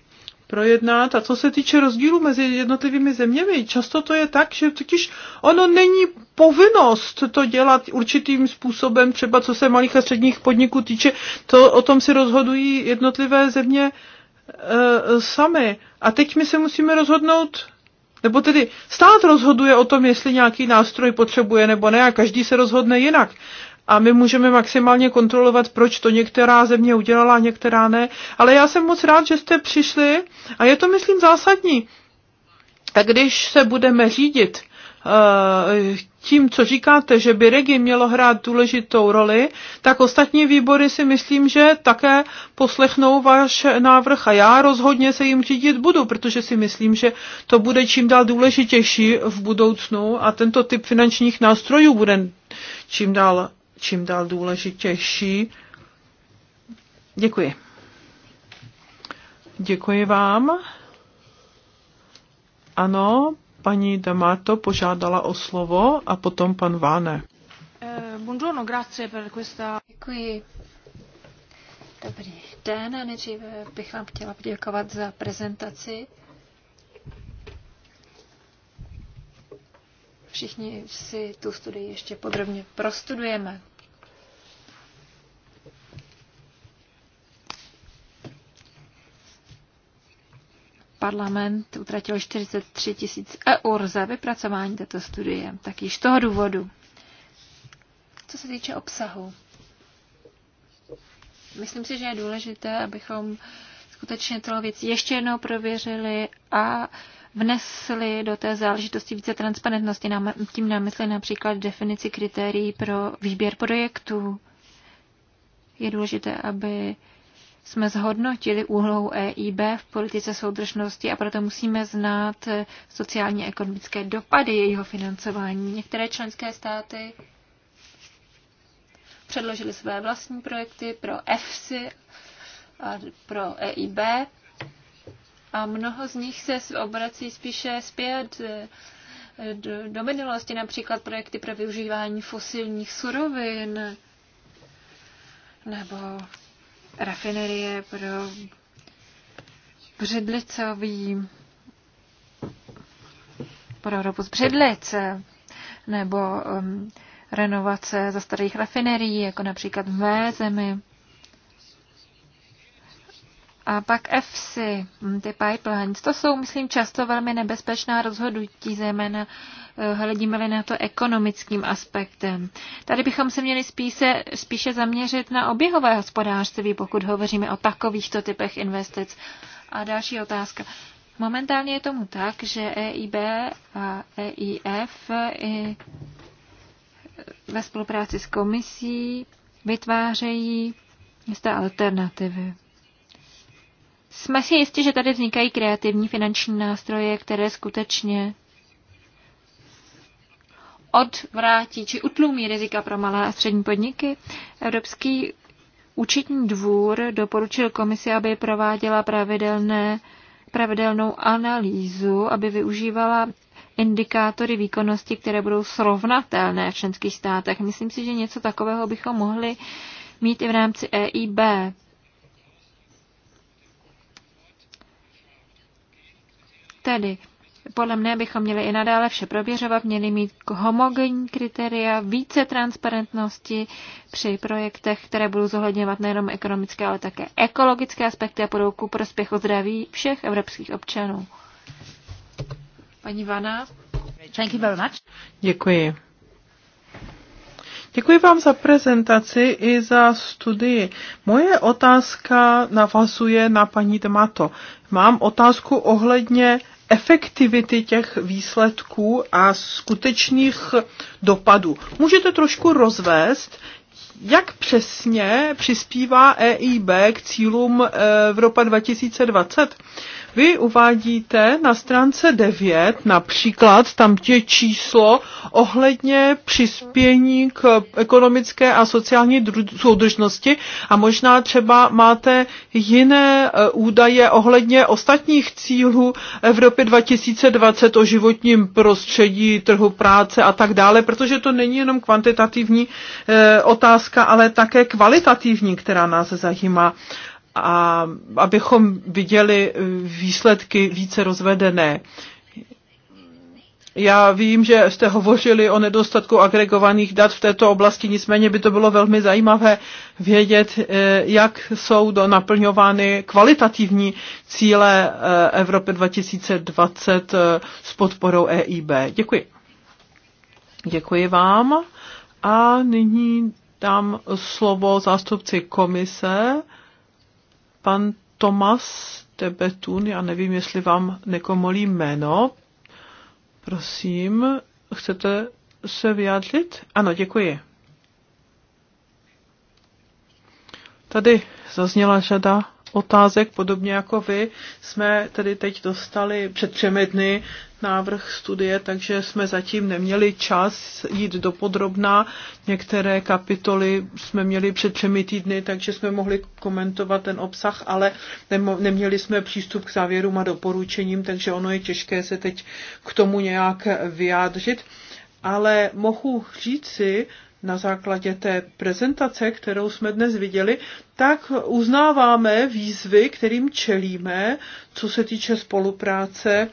projednat. A co se týče rozdílu mezi jednotlivými zeměmi, často to je tak, že totiž ono není povinnost to dělat určitým způsobem, třeba co se malých a středních podniků týče, to o tom si rozhodují jednotlivé země Eh, sami. A teď my se musíme rozhodnout, nebo tedy stát rozhoduje o tom, jestli nějaký nástroj potřebuje nebo ne a každý se rozhodne jinak. A my můžeme maximálně kontrolovat, proč to některá země udělala, některá ne. Ale já jsem moc rád, že jste přišli a je to, myslím, zásadní. Tak když se budeme řídit eh, tím, co říkáte, že by regi mělo hrát důležitou roli, tak ostatní výbory si myslím, že také poslechnou váš návrh a já rozhodně se jim řídit budu, protože si myslím, že to bude čím dál důležitější v budoucnu a tento typ finančních nástrojů bude čím dál, čím dál důležitější. Děkuji. Děkuji vám. Ano, Paní Damato požádala o slovo a potom pan Váne. Eh, buongiorno, grazie per questa... Děkuji. Dobrý den nejdříve bych vám chtěla poděkovat za prezentaci. Všichni si tu studii ještě podrobně prostudujeme. parlament utratil 43 tisíc eur za vypracování této studie, tak již toho důvodu. Co se týče obsahu, myslím si, že je důležité, abychom skutečně celou věc ještě jednou prověřili a vnesli do té záležitosti více transparentnosti, tím na mysli například definici kritérií pro výběr projektů. Je důležité, aby jsme zhodnotili úlohou EIB v politice soudržnosti a proto musíme znát eh, sociálně ekonomické dopady jejího financování. Některé členské státy předložili své vlastní projekty pro EFSI a pro EIB a mnoho z nich se obrací spíše zpět eh, do, do minulosti, například projekty pro využívání fosilních surovin nebo rafinerie pro břidlicový pro ropu z břidlic nebo um, renovace za starých rafinerií, jako například v mé zemi. A pak FC, hm, ty pipelines, to jsou, myslím, často velmi nebezpečná rozhodnutí, zejména eh, hledíme-li na to ekonomickým aspektem. Tady bychom se měli spíše, spíše zaměřit na oběhové hospodářství, pokud hovoříme o takovýchto typech investic. A další otázka. Momentálně je tomu tak, že EIB a EIF i eh, ve spolupráci s komisí vytvářejí jisté alternativy. Jsme si jistí, že tady vznikají kreativní finanční nástroje, které skutečně odvrátí či utlumí rizika pro malé a střední podniky. Evropský účetní dvůr doporučil komisi, aby prováděla pravidelné, pravidelnou analýzu, aby využívala indikátory výkonnosti, které budou srovnatelné v členských státech. Myslím si, že něco takového bychom mohli mít i v rámci EIB. Tedy podle mne bychom měli i nadále vše prověřovat, měli mít homogenní kritéria, více transparentnosti při projektech, které budou zohledňovat nejenom ekonomické, ale také ekologické aspekty a budou ku prospěchu zdraví všech evropských občanů. Paní Vana. Thank you very much. Děkuji. Děkuji vám za prezentaci i za studii. Moje otázka navazuje na paní Demato. Mám otázku ohledně efektivity těch výsledků a skutečných dopadů. Můžete trošku rozvést, jak přesně přispívá EIB k cílům Evropa eh, 2020? Vy uvádíte na stránce 9 například tam tě číslo ohledně přispění k ekonomické a sociální soudržnosti a možná třeba máte jiné eh, údaje ohledně ostatních cílů Evropy 2020 o životním prostředí, trhu práce a tak dále, protože to není jenom kvantitativní eh, otázka, ale také kvalitativní, která nás zajímá a abychom viděli eh, výsledky více rozvedené. Já vím, že jste hovořili o nedostatku agregovaných dat v této oblasti, nicméně by to bylo velmi zajímavé vědět, eh, jak jsou do naplňovány kvalitativní cíle eh, Evropy 2020 s podporou EIB. Děkuji. Děkuji vám. A nyní dám slovo zástupci komise. Pan Tomas Tebetun, já nevím, jestli vám nekomolí jméno. Prosím, chcete se vyjádřit? Ano, děkuji. Tady zazněla řada otázek, podobně jako vy. Jsme tedy teď dostali před třemi dny návrh studie, takže jsme zatím neměli čas jít do podrobná. Některé kapitoly jsme měli před třemi týdny, takže jsme mohli komentovat ten obsah, ale neměli jsme přístup k závěrům a doporučením, takže ono je těžké se teď k tomu nějak vyjádřit. Ale mohu říci, na základě té prezentace, kterou jsme dnes viděli, tak uznáváme výzvy, kterým čelíme, co se týče spolupráce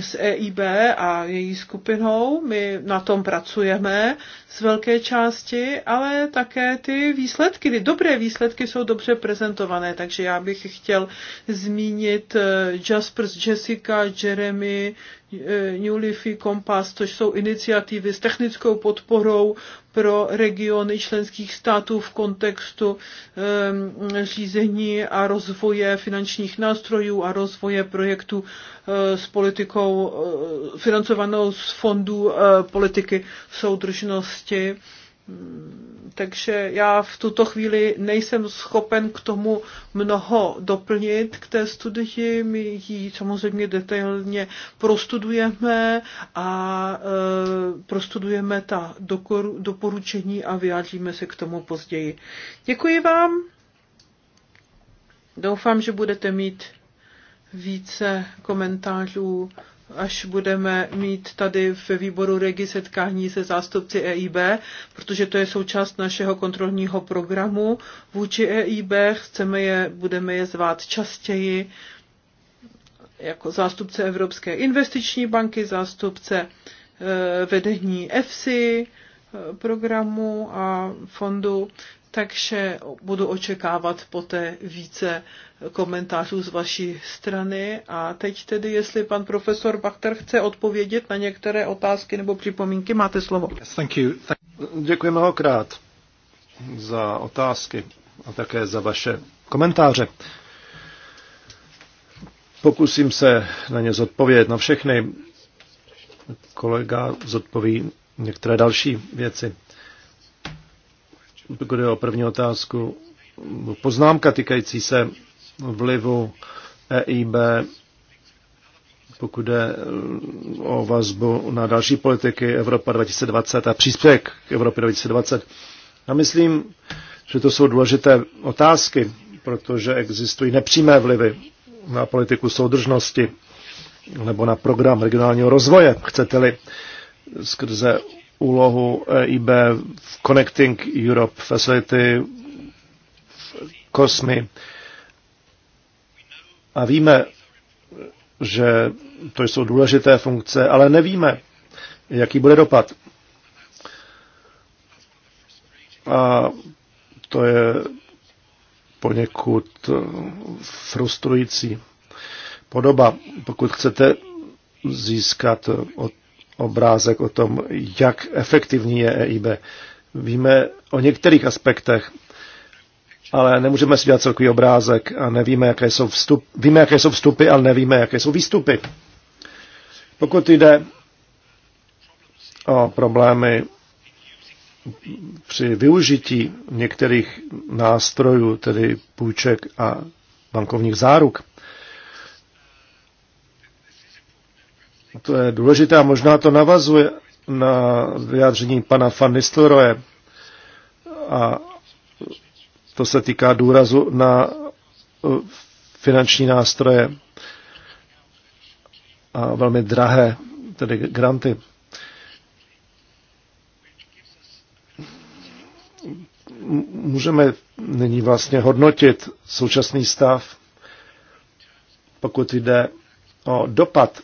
s EIB a její skupinou. My na tom pracujeme z velké části, ale také ty výsledky, ty dobré výsledky jsou dobře prezentované, takže já bych chtěl zmínit eh, Jasper, Jessica, Jeremy, eh, Newleafy Compass, což jsou iniciativy s technickou podporou pro regiony členských států v kontextu eh, řízení a rozvoje finančních nástrojů a rozvoje projektů s politikou financovanou z fondů politiky soudržnosti minulosti. Takže já v tuto chvíli nejsem schopen k tomu mnoho doplnit k té studii. My ji samozřejmě detailně prostudujeme a e, prostudujeme ta dokoru, doporučení a vyjádříme se k tomu později. Děkuji vám. Doufám, že budete mít více komentářů až budeme mít tady v výboru regi setkání se zástupci EIB, protože to je součást našeho kontrolního programu vůči EIB. Chceme je, budeme je zvát častěji jako zástupce Evropské investiční banky, zástupce e, vedení EFSI e, programu a fondu, takže budu očekávat poté více komentářů z vaší strany. A teď tedy, jestli pan profesor Bachter chce odpovědět na některé otázky nebo připomínky, máte slovo. Yes, thank you. Děkuji mnohokrát za otázky a také za vaše komentáře. Pokusím se na ně zodpovědět na všechny. Kolega zodpoví některé další věci. Pokud je o první otázku, poznámka týkající se vlivu EIB, pokud jde eh, o vazbu na další politiky Evropa 2020 a příspěvek k Evropě 2020. Já myslím, že to jsou důležité otázky, protože existují nepřímé vlivy na politiku soudržnosti nebo na program regionálního rozvoje, chcete-li, skrze úlohu EIB v Connecting Europe Facility, v COSMI, a víme, že to jsou důležité funkce, ale nevíme, jaký bude dopad. A to je poněkud eh, frustrující podoba. Pokud chcete získat eh, obrázek o tom, jak efektivní je EIB, víme o některých aspektech, ale nemůžeme si dělat celkový obrázek a nevíme, jaké jsou vstup, víme, jaké jsou vstupy, ale nevíme, jaké jsou výstupy. Pokud jde o problémy při využití některých nástrojů, tedy půjček a bankovních záruk, to je důležité a možná to navazuje na vyjádření pana Van a to se týká důrazu na eh, finanční nástroje a velmi drahé, tedy granty. Můžeme nyní vlastně hodnotit současný stav, pokud jde o dopad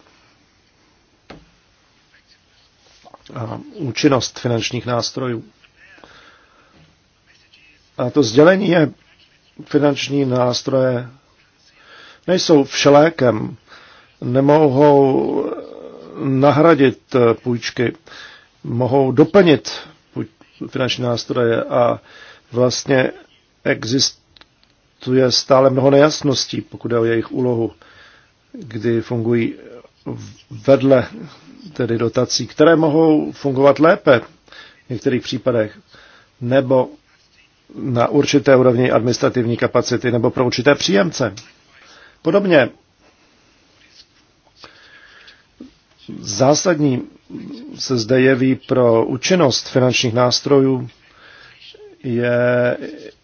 a účinnost finančních nástrojů. A to sdělení je, finanční nástroje nejsou všelékem, nemohou nahradit půjčky, mohou doplnit finanční nástroje a vlastně existuje stále mnoho nejasností, pokud je o jejich úlohu, kdy fungují vedle tedy dotací, které mohou fungovat lépe v některých případech, nebo na určité úrovni administrativní kapacity nebo pro určité příjemce. Podobně zásadní se zde jeví pro účinnost finančních nástrojů je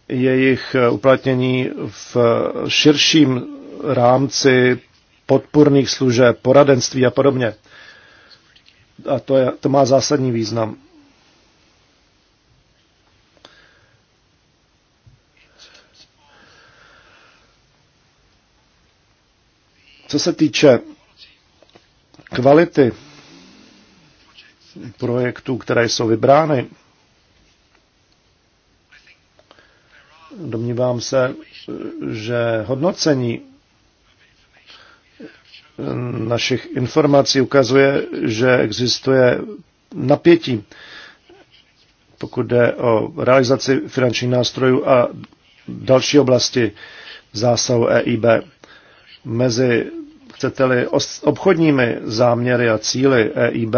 jejich uplatnění v širším rámci podpůrných služeb, poradenství a podobně. A to, je, to má zásadní význam. Co se týče kvality projektů, které jsou vybrány, domnívám se, že hodnocení našich informací ukazuje, že existuje napětí, pokud jde o realizaci finančních nástrojů a další oblasti zásahu EIB mezi chcete-li, obchodními záměry a cíly EIB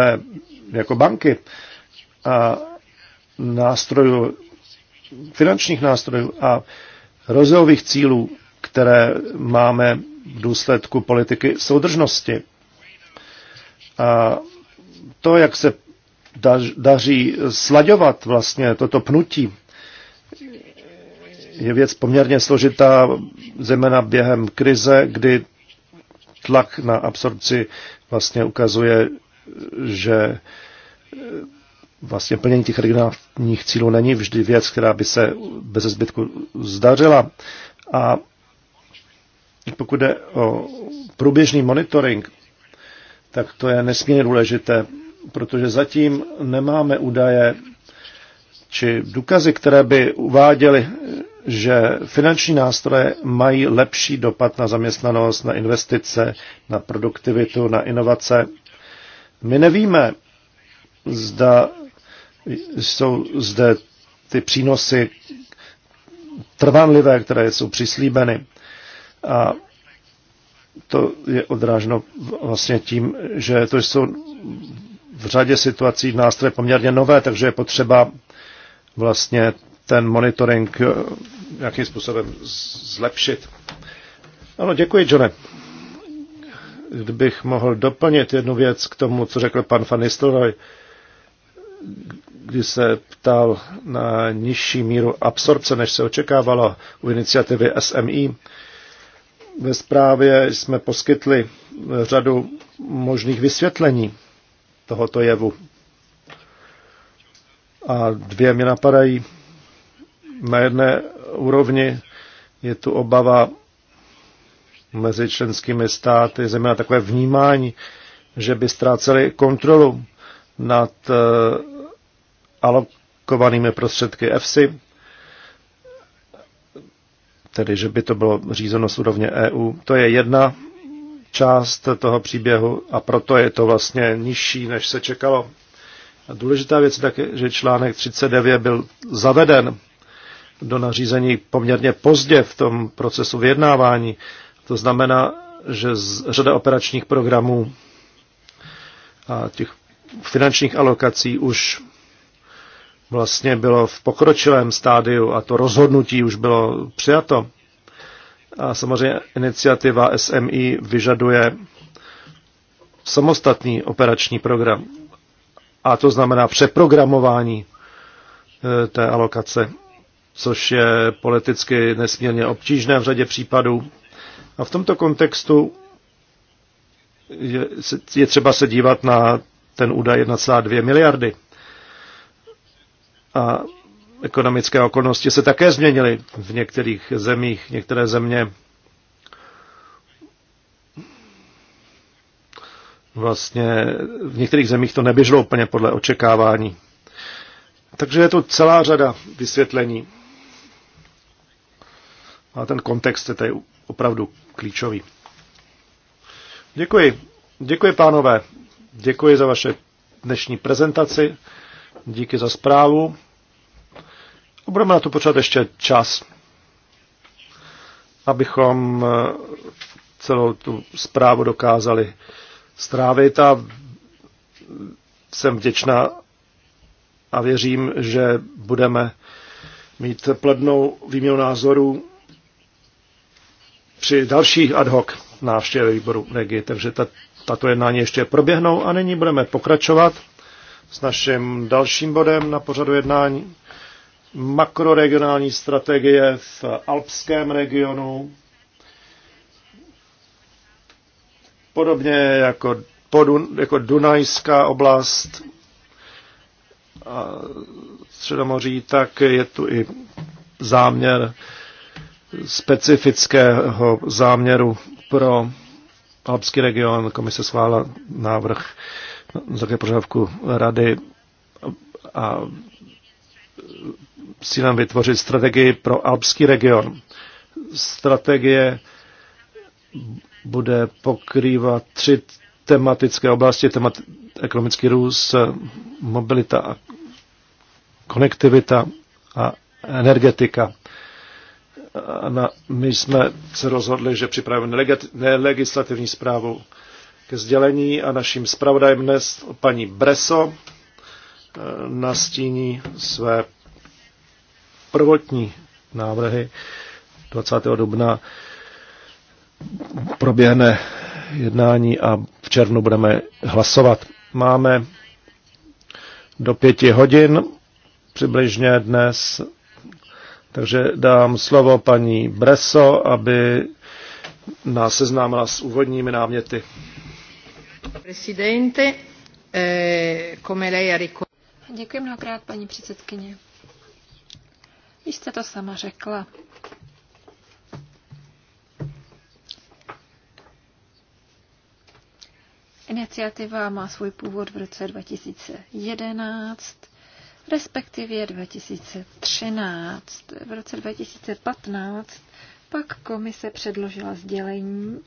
jako banky a nástrojů, finančních nástrojů a rozvojových cílů, které máme v důsledku politiky soudržnosti. A to, jak se daří slaďovat vlastně toto pnutí, je věc poměrně složitá, zejména během krize, kdy tlak na absorpci vlastně ukazuje, že eh, vlastně plnění těch regionálních cílů není vždy věc, která by se bez zbytku zdařila. A pokud jde o průběžný monitoring, tak to je nesmírně důležité, protože zatím nemáme údaje či důkazy, které by uváděly, že finanční nástroje mají lepší dopad na zaměstnanost, na investice, na produktivitu, na inovace. My nevíme, zda jsou zde ty přínosy trvanlivé, které jsou přislíbeny. A to je odráženo vlastně tím, že to jsou v řadě situací nástroje poměrně nové, takže je potřeba vlastně ten monitoring nějakým eh, způsobem zlepšit. Ano, děkuji, Johne. Kdybych mohl doplnit jednu věc k tomu, co řekl pan Van Nistelrooy, kdy se ptal na nižší míru absorpce, než se očekávalo u iniciativy SMI. Ve zprávě jsme poskytli řadu možných vysvětlení tohoto jevu. A dvě mě napadají. Na jedné úrovni je tu obava mezi členskými státy, zejména takové vnímání, že by ztráceli kontrolu nad eh, alokovanými prostředky EFSI, tedy že by to bylo řízeno z úrovně EU. To je jedna část toho příběhu a proto je to vlastně nižší, než se čekalo. A důležitá věc je také, že článek 39 byl zaveden do nařízení poměrně pozdě v tom procesu vyjednávání. To znamená, že z řada operačních programů a těch finančních alokací už vlastně bylo v pokročilém stádiu a to rozhodnutí už bylo přijato. A samozřejmě iniciativa SMI vyžaduje samostatný operační program a to znamená přeprogramování eh, té alokace, což je politicky nesmírně obtížné v řadě případů. A v tomto kontextu je, je třeba se dívat na ten údaj 1,2 miliardy. A ekonomické okolnosti se také změnily v některých zemích. Některé země vlastně v některých zemích to neběželo úplně podle očekávání. Takže je to celá řada vysvětlení. A ten kontext je tady opravdu klíčový. Děkuji. Děkuji, pánové. Děkuji za vaše dnešní prezentaci. Díky za zprávu. A budeme na to potřebovat ještě čas, abychom eh, celou tu zprávu dokázali strávit a jsem vděčná a věřím, že budeme mít plednou výměnu názorů při dalších ad hoc návštěvě výboru Regi. Takže ta, tato jednání ještě proběhnou a nyní budeme pokračovat s naším dalším bodem na pořadu jednání makroregionální strategie v alpském regionu. Podobně jako, podun, jako Dunajská oblast a Středomoří, tak je tu i záměr specifického záměru pro Alpský region. Komise schválila návrh za požadavku rady a cílem vytvořit strategii pro Alpský region. Strategie bude pokrývat tři tematické oblasti, temat, ekonomický růst, mobilita a konektivita a energetika. A na, my jsme se rozhodli, že připravíme nelegislativní zprávu ke sdělení a naším zpravodajem dnes paní Breso eh, nastíní své prvotní návrhy 20. dubna proběhne jednání a v červnu budeme hlasovat. Máme do pěti hodin přibližně dnes, takže dám slovo paní Breso, aby nás seznámila s úvodními náměty. Presidente, eh, come Děkuji mnohokrát, paní předsedkyně. Vy jste to sama řekla. Iniciativa má svůj původ v roce 2011, respektive 2013. V roce 2015 pak komise předložila sdělení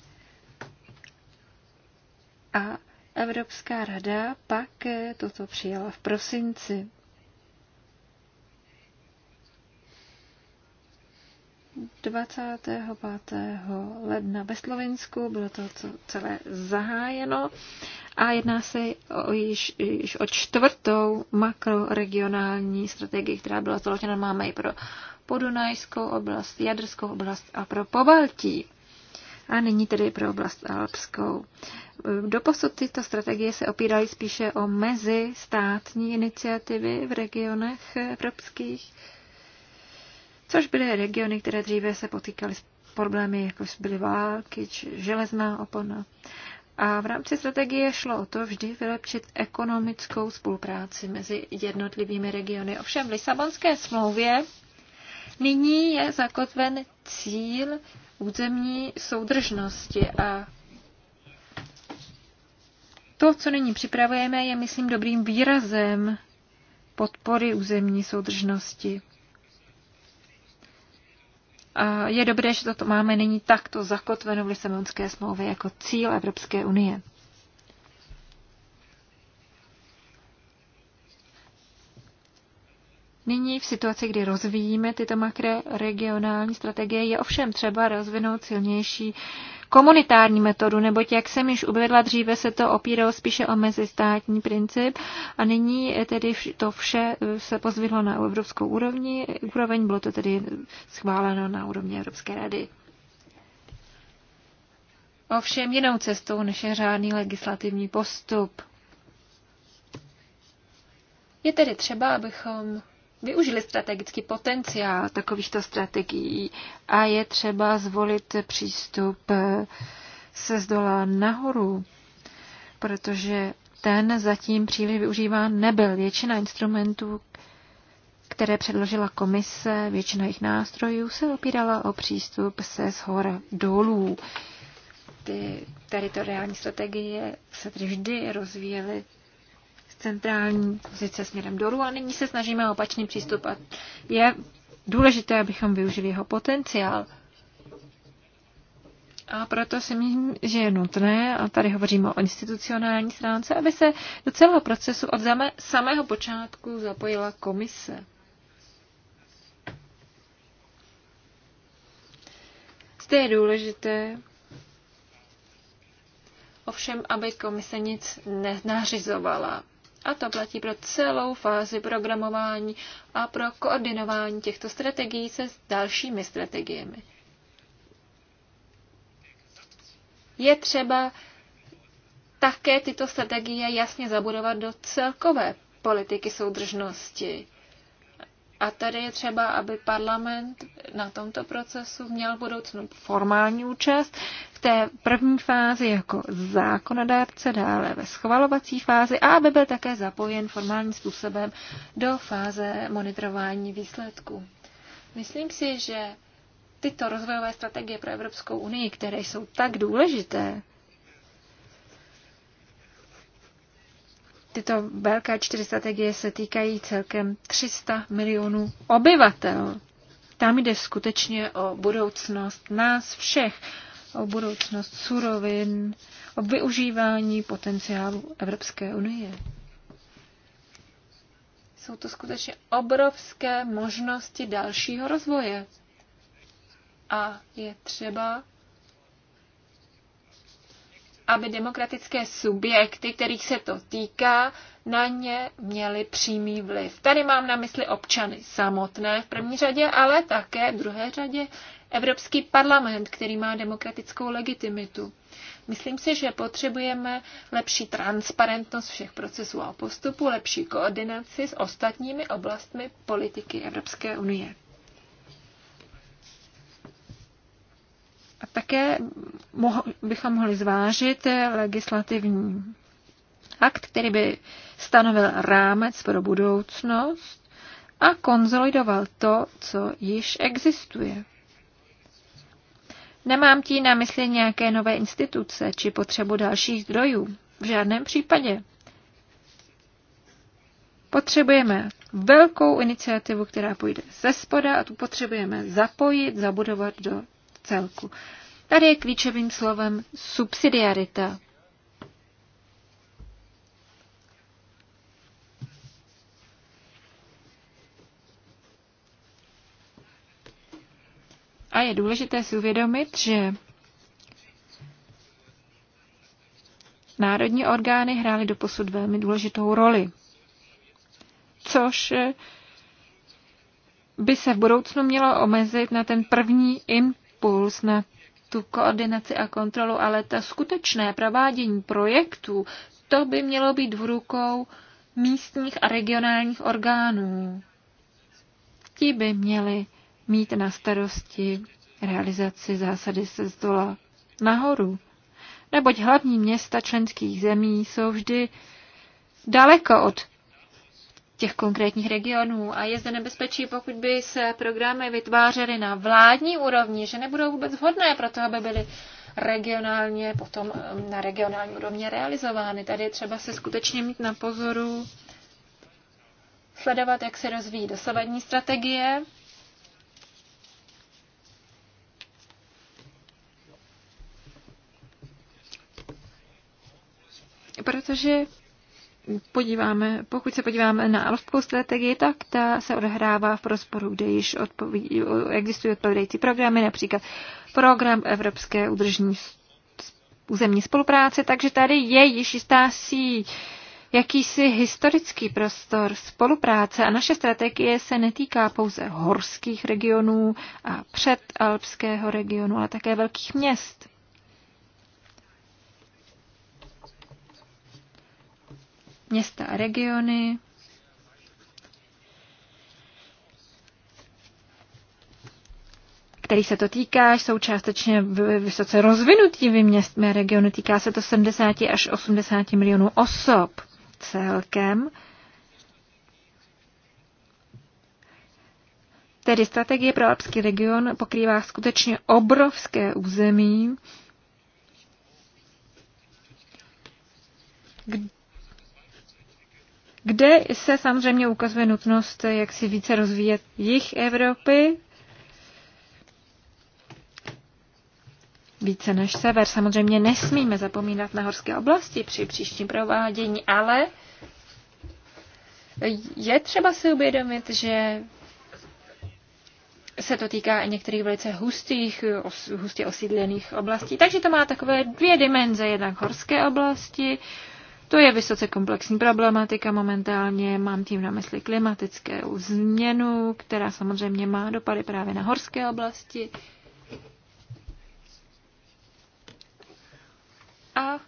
a Evropská rada pak toto přijala v prosinci. 25. ledna ve Slovensku, bylo to celé zahájeno a jedná se o již, již o čtvrtou makroregionální strategii, která byla založena. Máme i pro Podunajskou oblast, Jadrskou oblast a pro Pobaltí. A nyní tedy pro oblast Alpskou. Doposud tyto strategie se opíraly spíše o státní iniciativy v regionech evropských což byly regiony, které dříve se potýkaly s problémy, jako byly války či železná opona. A v rámci strategie šlo o to vždy vylepšit ekonomickou spolupráci mezi jednotlivými regiony. Ovšem v Lisabonské smlouvě nyní je zakotven cíl územní soudržnosti a to, co nyní připravujeme, je, myslím, dobrým výrazem podpory územní soudržnosti je dobré, že toto máme nyní takto zakotveno v Lisabonské smlouvě jako cíl Evropské unie. Nyní v situaci, kdy rozvíjíme tyto makroregionální strategie, je ovšem třeba rozvinout silnější uh, komunitární metodu, neboť, jak jsem již uvedla dříve, se to opíralo spíše o mezistátní princip a nyní tedy to vše e, se pozvihlo na evropskou úrovni, úroveň, bylo to tedy schváleno na úrovni Evropské rady. Ovšem jinou cestou než je řádný legislativní postup. Je tedy třeba, abychom využili strategický potenciál takovýchto strategií a je třeba zvolit přístup eh, se zdola nahoru, protože ten zatím příliš využíván nebyl. Většina instrumentů, které předložila komise, většina jejich nástrojů se opírala o přístup se z hor dolů. Ty teritoriální strategie se tedy vždy rozvíjely centrální pozice směrem dolů a nyní se snažíme opačný přístup a je důležité, abychom využili jeho potenciál. A proto si myslím, že je nutné, a tady hovoříme o institucionální stránce, aby se do celého procesu od samého počátku zapojila komise. Zde je důležité, ovšem, aby komise nic nenařizovala. A to platí pro celou fázi programování a pro koordinování těchto strategií se s dalšími strategiemi. Je třeba také tyto strategie jasně zabudovat do celkové politiky soudržnosti. A tady je třeba, aby parlament na tomto procesu měl budoucnu formální účast v té první fázi jako zákonodárce, dále ve schvalovací fázi a aby byl také zapojen formálním způsobem do fáze monitorování výsledků. Myslím si, že tyto rozvojové strategie pro Evropskou unii, které jsou tak důležité, Tyto velké čtyři strategie se týkají celkem 300 milionů obyvatel. Tam jde skutečně o budoucnost nás všech, o budoucnost surovin, o využívání potenciálu Evropské unie. Jsou to skutečně obrovské možnosti dalšího rozvoje. A je třeba aby demokratické subjekty, kterých se to týká, na ně měly přímý vliv. Tady mám na mysli občany samotné v první řadě, ale také v druhé řadě Evropský parlament, který má demokratickou legitimitu. Myslím si, že potřebujeme lepší transparentnost všech procesů a postupů, lepší koordinaci s ostatními oblastmi politiky Evropské unie. A také bychom mohli zvážit legislativní akt, který by stanovil rámec pro budoucnost a konzolidoval to, co již existuje. Nemám tím na mysli nějaké nové instituce či potřebu dalších zdrojů. V žádném případě. Potřebujeme velkou iniciativu, která půjde ze spoda a tu potřebujeme zapojit, zabudovat do celku. Tady je klíčovým slovem subsidiarita. A je důležité si uvědomit, že národní orgány hrály posud velmi důležitou roli, což eh, by se v budoucnu mělo omezit na ten první impuls impuls na tu koordinaci a kontrolu, ale ta skutečné provádění projektů, to by mělo být v rukou místních a regionálních orgánů. Ti by měli mít na starosti realizaci zásady se zdola nahoru. Neboť hlavní města členských zemí jsou vždy daleko od těch konkrétních regionů. A je zde nebezpečí, pokud by se programy vytvářely na vládní úrovni, že nebudou vůbec vhodné pro to, aby byly regionálně, potom um, na regionální úrovni realizovány. Tady je třeba se skutečně mít na pozoru, sledovat, jak se rozvíjí dosavadní strategie, protože podíváme, pokud se podíváme na alfkou strategii, tak ta se odehrává v prosporu, kde již odpoví, existují odpovídající programy, například program Evropské udržní územní spolupráce, takže tady je již jistá sí jakýsi historický prostor spolupráce a naše strategie se netýká pouze horských regionů a předalpského regionu, ale také velkých měst. města a regiony. který se to týká, jsou částečně vysoce rozvinutými městmi a regiony. Týká se to 70 až 80 milionů osob celkem. Tedy strategie pro Alpský region pokrývá skutečně obrovské území, kde se samozřejmě ukazuje nutnost, jak si více rozvíjet jich Evropy, více než sever. Samozřejmě nesmíme zapomínat na horské oblasti při příštím provádění, ale je třeba si uvědomit, že se to týká i některých velice hustých, hustě osídlených oblastí. Takže to má takové dvě dimenze, jednak horské oblasti, to je vysoce komplexní problematika momentálně, mám tím na mysli klimatické změnu, která samozřejmě má dopady právě na horské oblasti. A e,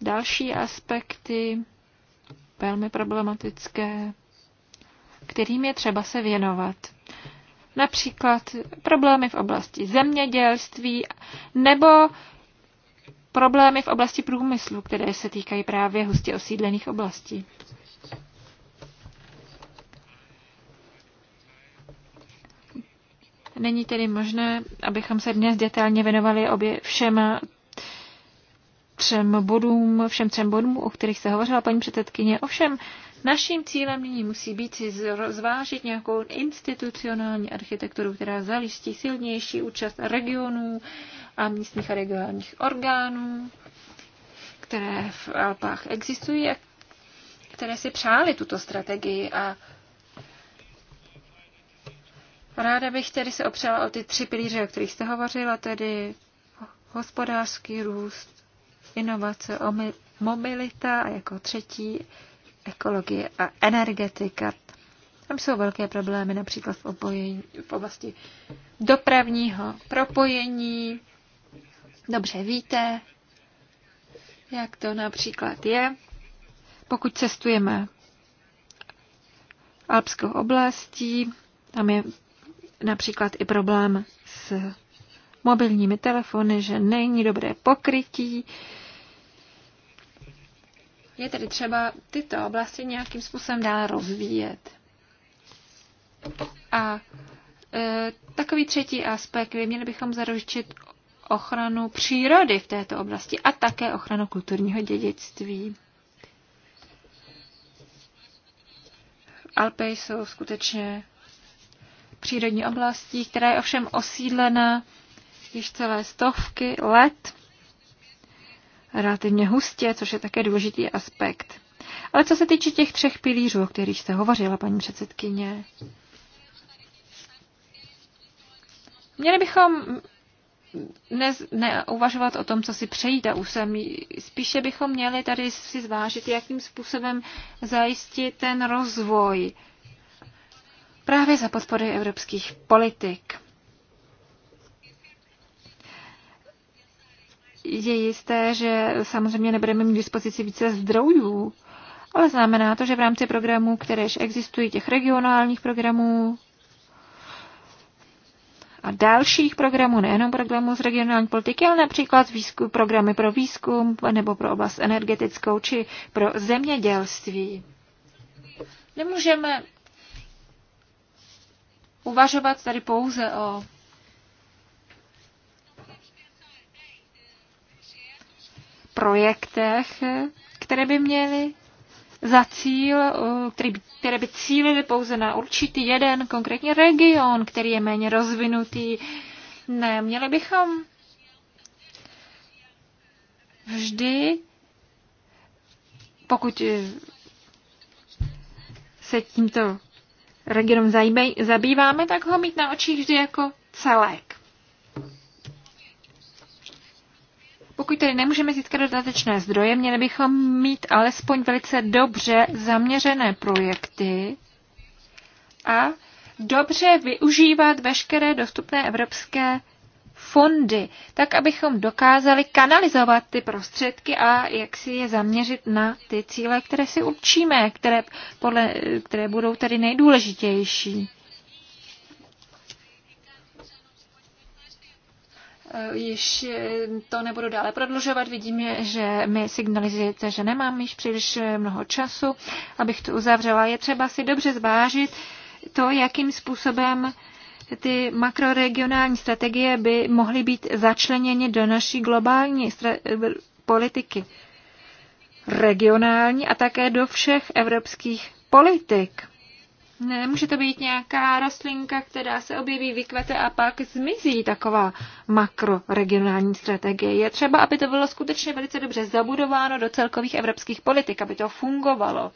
další aspekty velmi problematické, kterým je třeba se věnovat. Například problémy v oblasti zemědělství nebo problémy v oblasti průmyslu, které se týkají právě hustě osídlených oblastí. Není tedy možné, abychom se dnes detailně věnovali obě všem třem bodům, všem třem bodům, o kterých se hovořila paní předsedkyně. Ovšem, Naším cílem nyní musí být si zvážit nějakou institucionální architekturu, která zajistí silnější účast regionů a místních a regionálních orgánů, které v Alpách existují a které si přáli tuto strategii a Ráda bych tedy se opřela o ty tři pilíře, o kterých jste hovořila, tedy hospodářský růst, inovace, mobilita a jako třetí ekologie a energetika. Tam jsou velké problémy například v, obojení, v oblasti dopravního propojení. Dobře víte, jak to například je. Pokud cestujeme alpskou oblastí, tam je například i problém s mobilními telefony, že není dobré pokrytí, je tedy třeba tyto oblasti nějakým způsobem dále rozvíjet. A e, takový třetí aspekt, měli bychom zaručit ochranu přírody v této oblasti a také ochranu kulturního dědictví. Alpy jsou skutečně přírodní oblastí, která je ovšem osídlena již celé stovky let relativně hustě, což je také důležitý aspekt. Ale co se týče těch třech pilířů, o kterých jste hovořila, paní předsedkyně, měli bychom neuvažovat o tom, co si přejít a území. Spíše bychom měli tady si zvážit, jakým způsobem zajistit ten rozvoj právě za podpory evropských politik. je jisté, že samozřejmě nebudeme mít k dispozici více zdrojů, ale znamená to, že v rámci programů, které existují, těch regionálních programů a dalších programů, nejenom programů z regionální politiky, ale například výzkum, programy pro výzkum nebo pro oblast energetickou či pro zemědělství. Nemůžeme uvažovat tady pouze o projektech, které by měly za cíl, které by cílily pouze na určitý jeden konkrétní region, který je méně rozvinutý. Ne, měli bychom vždy, pokud se tímto regionem zabýváme, tak ho mít na očích vždy jako celek. Pokud tedy nemůžeme získat dodatečné zdroje, měli bychom mít alespoň velice dobře zaměřené projekty a dobře využívat veškeré dostupné evropské fondy, tak abychom dokázali kanalizovat ty prostředky a jak si je zaměřit na ty cíle, které si určíme, které, podle, které budou tady nejdůležitější. Eh, již eh, to nebudu dále prodlužovat. Vidím, že mi signalizujete, že nemám již příliš eh, mnoho času. Abych to uzavřela, je třeba si dobře zvážit to, jakým způsobem ty makroregionální strategie by mohly být začleněny do naší globální politiky regionální a také do všech evropských politik. Může to být nějaká rostlinka, která se objeví, vykvete a pak zmizí taková makroregionální strategie. Je třeba, aby to bylo skutečně velice dobře zabudováno do celkových evropských politik, aby to fungovalo.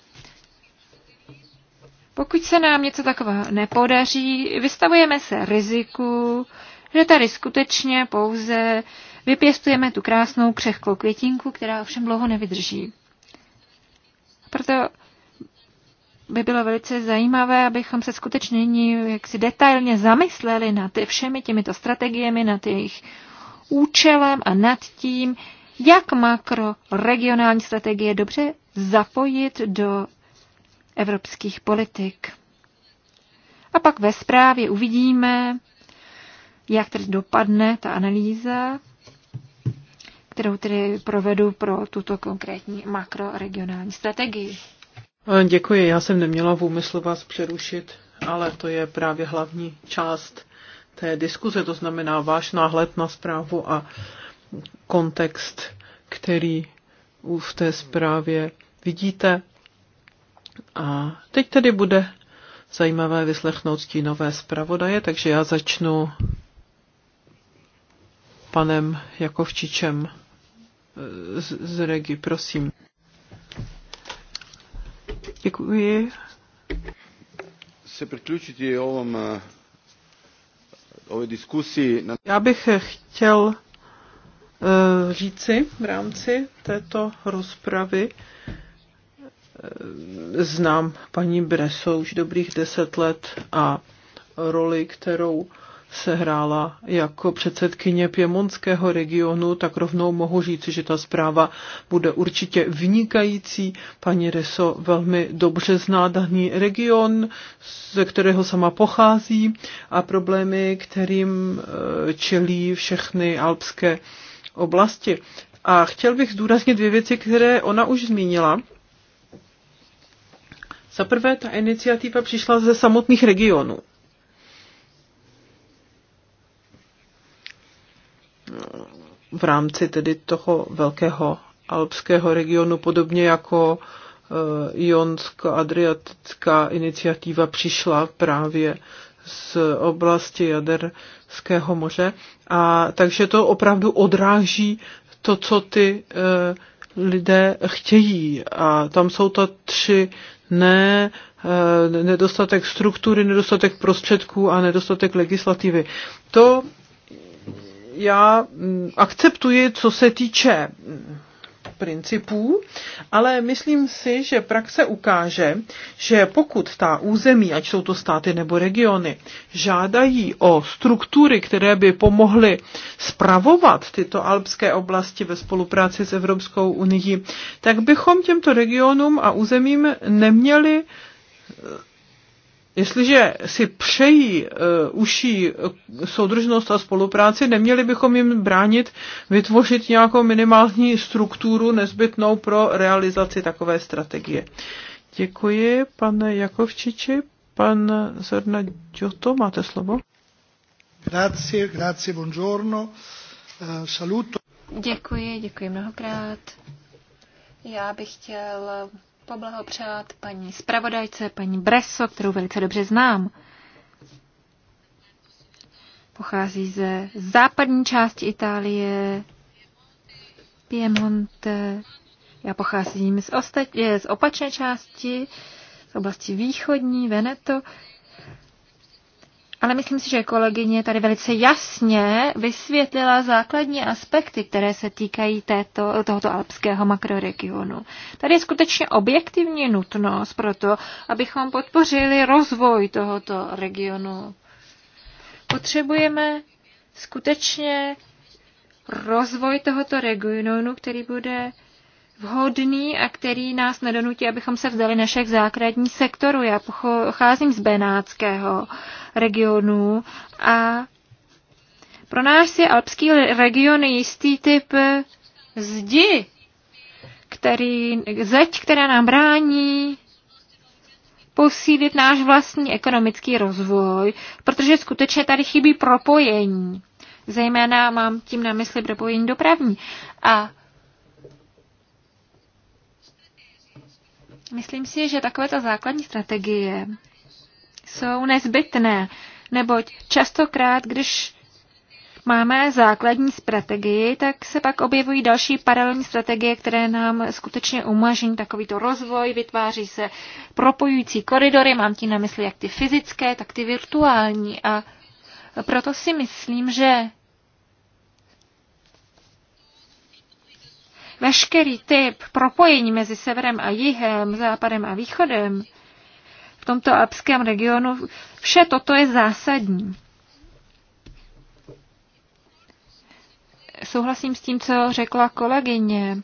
Pokud se nám něco takového nepodaří, vystavujeme se riziku, že tady skutečně pouze vypěstujeme tu krásnou křehkou květinku, která ovšem dlouho nevydrží. Proto by bylo velice zajímavé, abychom se skutečně nyní jaksi detailně zamysleli nad ty, všemi těmito strategiemi, nad jejich účelem a nad tím, jak makroregionální strategie dobře zapojit do evropských politik. A pak ve zprávě uvidíme, jak tedy dopadne ta analýza, kterou tedy provedu pro tuto konkrétní makroregionální strategii. Eh, děkuji, já jsem neměla v úmyslu vás přerušit, ale to je právě hlavní část té diskuze, to znamená váš náhled na zprávu a kontext, který v té zprávě vidíte. A teď tedy bude zajímavé vyslechnout stínové zpravodaje, takže já začnu panem Jakovčičem eh, z, z Regi, prosím. Děkuji. Se přiključiti ovom, eh, ove diskusi. Na... Já bych chtěl eh, říci v rámci této rozpravy. Eh, znám paní Breso už dobrých deset let a roli, kterou sehrála jako předsedkyně Piemonského regionu, tak rovnou mohu říci, že ta zpráva bude určitě vynikající. Paní Reso velmi dobře zná daný region, ze kterého sama pochází a problémy, kterým eh, čelí všechny alpské oblasti. A chtěl bych zdůraznit dvě věci, které ona už zmínila. Za prvé, ta iniciativa přišla ze samotných regionů. v rámci tedy toho velkého alpského regionu, podobně jako eh, jonsko-adriatická iniciativa přišla právě z oblasti Jaderského moře. A takže to opravdu odráží to, co ty eh, lidé chtějí. A tam jsou ta tři ne, eh, nedostatek struktury, nedostatek prostředků a nedostatek legislativy. To já mm, akceptuji, co se týče mm, principů, ale myslím si, že praxe ukáže, že pokud ta území, ať jsou to státy nebo regiony, žádají o struktury, které by pomohly spravovat tyto alpské oblasti ve spolupráci s Evropskou unii, tak bychom těmto regionům a územím neměli Jestliže si přejí uh, eh, uší eh, soudržnost a spolupráci, neměli bychom jim bránit vytvořit nějakou minimální strukturu nezbytnou pro realizaci takové strategie. Děkuji, pane Jakovčiči. Pan Zorna Giotto, máte slovo. Grazie, grazie, buongiorno. Uh, saluto. Děkuji, děkuji mnohokrát. Já bych chtěl poblahopřát paní zpravodajce, paní Bresso, kterou velice dobře znám. Pochází ze západní části Itálie, Piemonte. Já pocházím z, ostatě, z opačné části, z oblasti východní, Veneto ale myslím si, že kolegyně tady velice jasně vysvětlila základní aspekty, které se týkají této, tohoto alpského makroregionu. Tady je skutečně objektivní nutnost pro to, abychom podpořili rozvoj tohoto regionu. Potřebujeme skutečně rozvoj tohoto regionu, který bude vhodný a který nás nedonutí, abychom se vzdali našich základních sektorů. Já pocházím z Benátského regionů a pro nás je alpský region jistý typ zdi, který, zeď, která nám brání posílit náš vlastní ekonomický rozvoj, protože skutečně tady chybí propojení. Zejména mám tím na mysli propojení dopravní. A myslím si, že takovéto základní strategie jsou nezbytné, neboť častokrát, když máme základní strategii, tak se pak objevují další paralelní strategie, které nám skutečně umožní takovýto rozvoj, vytváří se propojující koridory, mám tím na mysli jak ty fyzické, tak ty virtuální a proto si myslím, že veškerý typ propojení mezi severem a jihem, západem a východem v tomto alpském regionu. Vše toto je zásadní. Souhlasím s tím, co řekla kolegyně,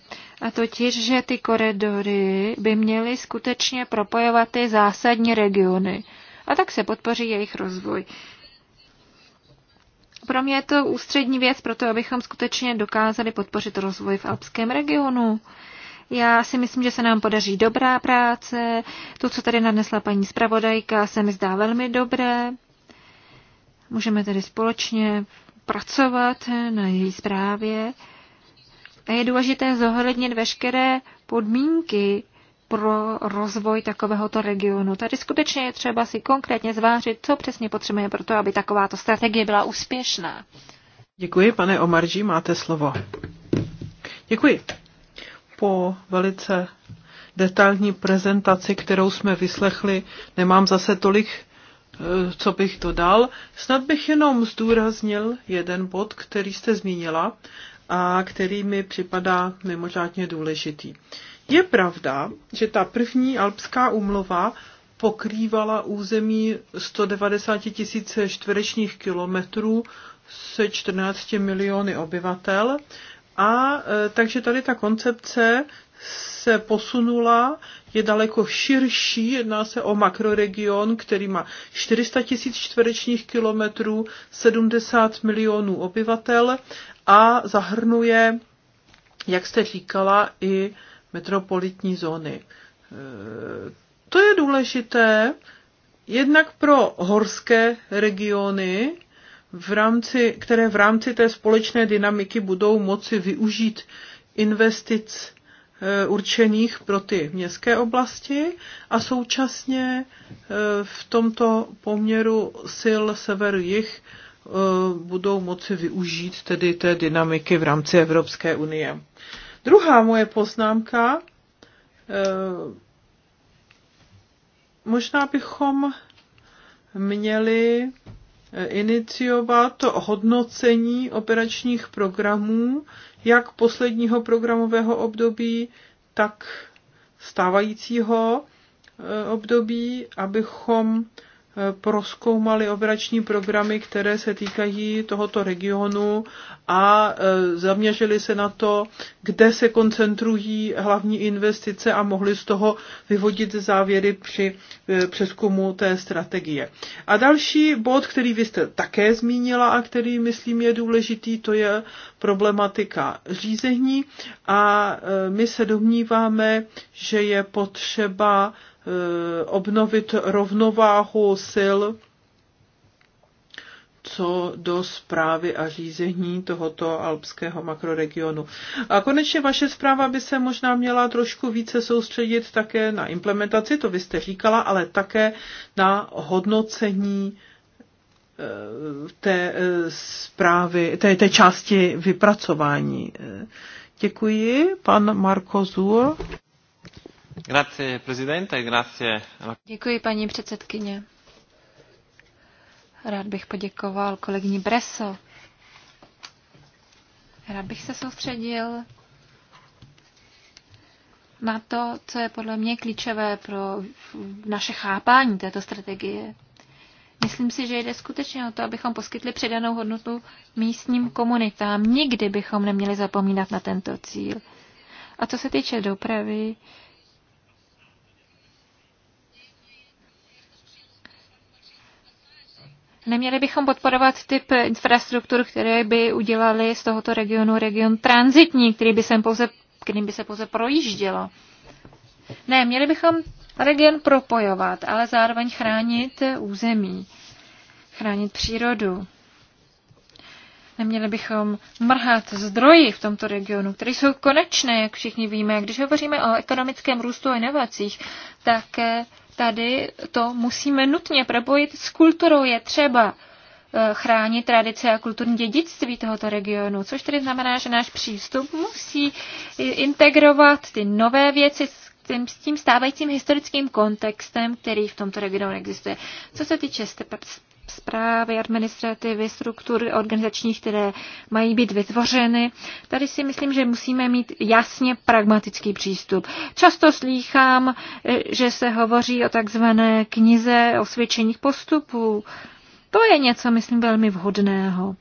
a totiž, že ty koridory by měly skutečně propojovat ty zásadní regiony. A tak se podpoří jejich rozvoj pro mě je to ústřední věc, pro to, abychom skutečně dokázali podpořit rozvoj v alpském regionu. Já si myslím, že se nám podaří dobrá práce. To, co tady nadnesla paní zpravodajka, se mi zdá velmi dobré. Můžeme tedy společně pracovat na její zprávě. A je důležité zohlednit veškeré podmínky pro rozvoj takovéhoto regionu. Tady skutečně je třeba si konkrétně zvážit, co přesně potřebujeme pro to, aby takováto strategie byla úspěšná. Děkuji, pane Omarží, máte slovo. Děkuji po velice detailní prezentaci, kterou jsme vyslechli, nemám zase tolik, eh, co bych dodal. Snad bych jenom zdůraznil jeden bod, který jste zmínila a který mi připadá mimořádně důležitý. Je pravda, že ta první alpská umlova pokrývala území 190 tisíc čtverečních kilometrů se 14 miliony obyvatel a e, takže tady ta koncepce se posunula, je daleko širší, jedná se o makroregion, který má 400 tisíc čtverečních kilometrů, 70 milionů obyvatel a zahrnuje, jak jste říkala, i metropolitní zóny. E, to je důležité jednak pro horské regiony, v rámci, které v rámci té společné dynamiky budou moci využít investic eh, určených pro ty městské oblasti a současně eh, v tomto poměru sil sever-jih eh, budou moci využít tedy té dynamiky v rámci Evropské unie. Druhá moje poznámka, možná bychom měli iniciovat hodnocení operačních programů, jak posledního programového období, tak stávajícího eh, období, abychom proskoumali operační programy, které se týkají tohoto regionu a e, zaměřili se na to, kde se koncentrují hlavní investice a mohli z toho vyvodit závěry při e, přeskumu té strategie. A další bod, který vy jste také zmínila a který, myslím, je důležitý, to je problematika řízení a e, my se domníváme, že je potřeba Eh, obnovit rovnováhu sil co do zprávy a řízení tohoto alpského makroregionu. A konečně vaše zpráva by se možná měla trošku více soustředit také na implementaci, to vy jste říkala, ale také na hodnocení eh, té eh, zprávy, té, té části vypracování. Děkuji, pan Marko Zur. Děkuji, paní předsedkyně. Rád bych poděkoval kolegyni Breso. Rád bych se soustředil na to, co je podle mě klíčové pro naše chápání této strategie. Myslím si, že jde skutečně o to, abychom poskytli předanou hodnotu místním komunitám. Nikdy bychom neměli zapomínat na tento cíl. A co se týče dopravy, Neměli bychom podporovat typ infrastruktur, které by udělali z tohoto regionu region transitní, který by, sem pouze, kterým by se pouze projíždělo. Ne, měli bychom region propojovat, ale zároveň chránit území, chránit přírodu. Neměli bychom mrhat zdroji v tomto regionu, které jsou konečné, jak všichni víme. Když hovoříme o ekonomickém růstu a inovacích, tak eh, tady to musíme nutně propojit s kulturou. Je třeba eh, chránit tradice a kulturní dědictví tohoto regionu, což tedy znamená, že náš přístup musí integrovat ty nové věci s tím, s tím stávajícím historickým kontextem, který v tomto regionu existuje. Co se týče zprávy, administrativy, struktury organizačních, které mají být vytvořeny. Tady si myslím, že musíme mít jasně pragmatický přístup. Často slýchám, e, že se hovoří o takzvané knize o svědčeních postupů. To je něco, myslím, velmi vhodného.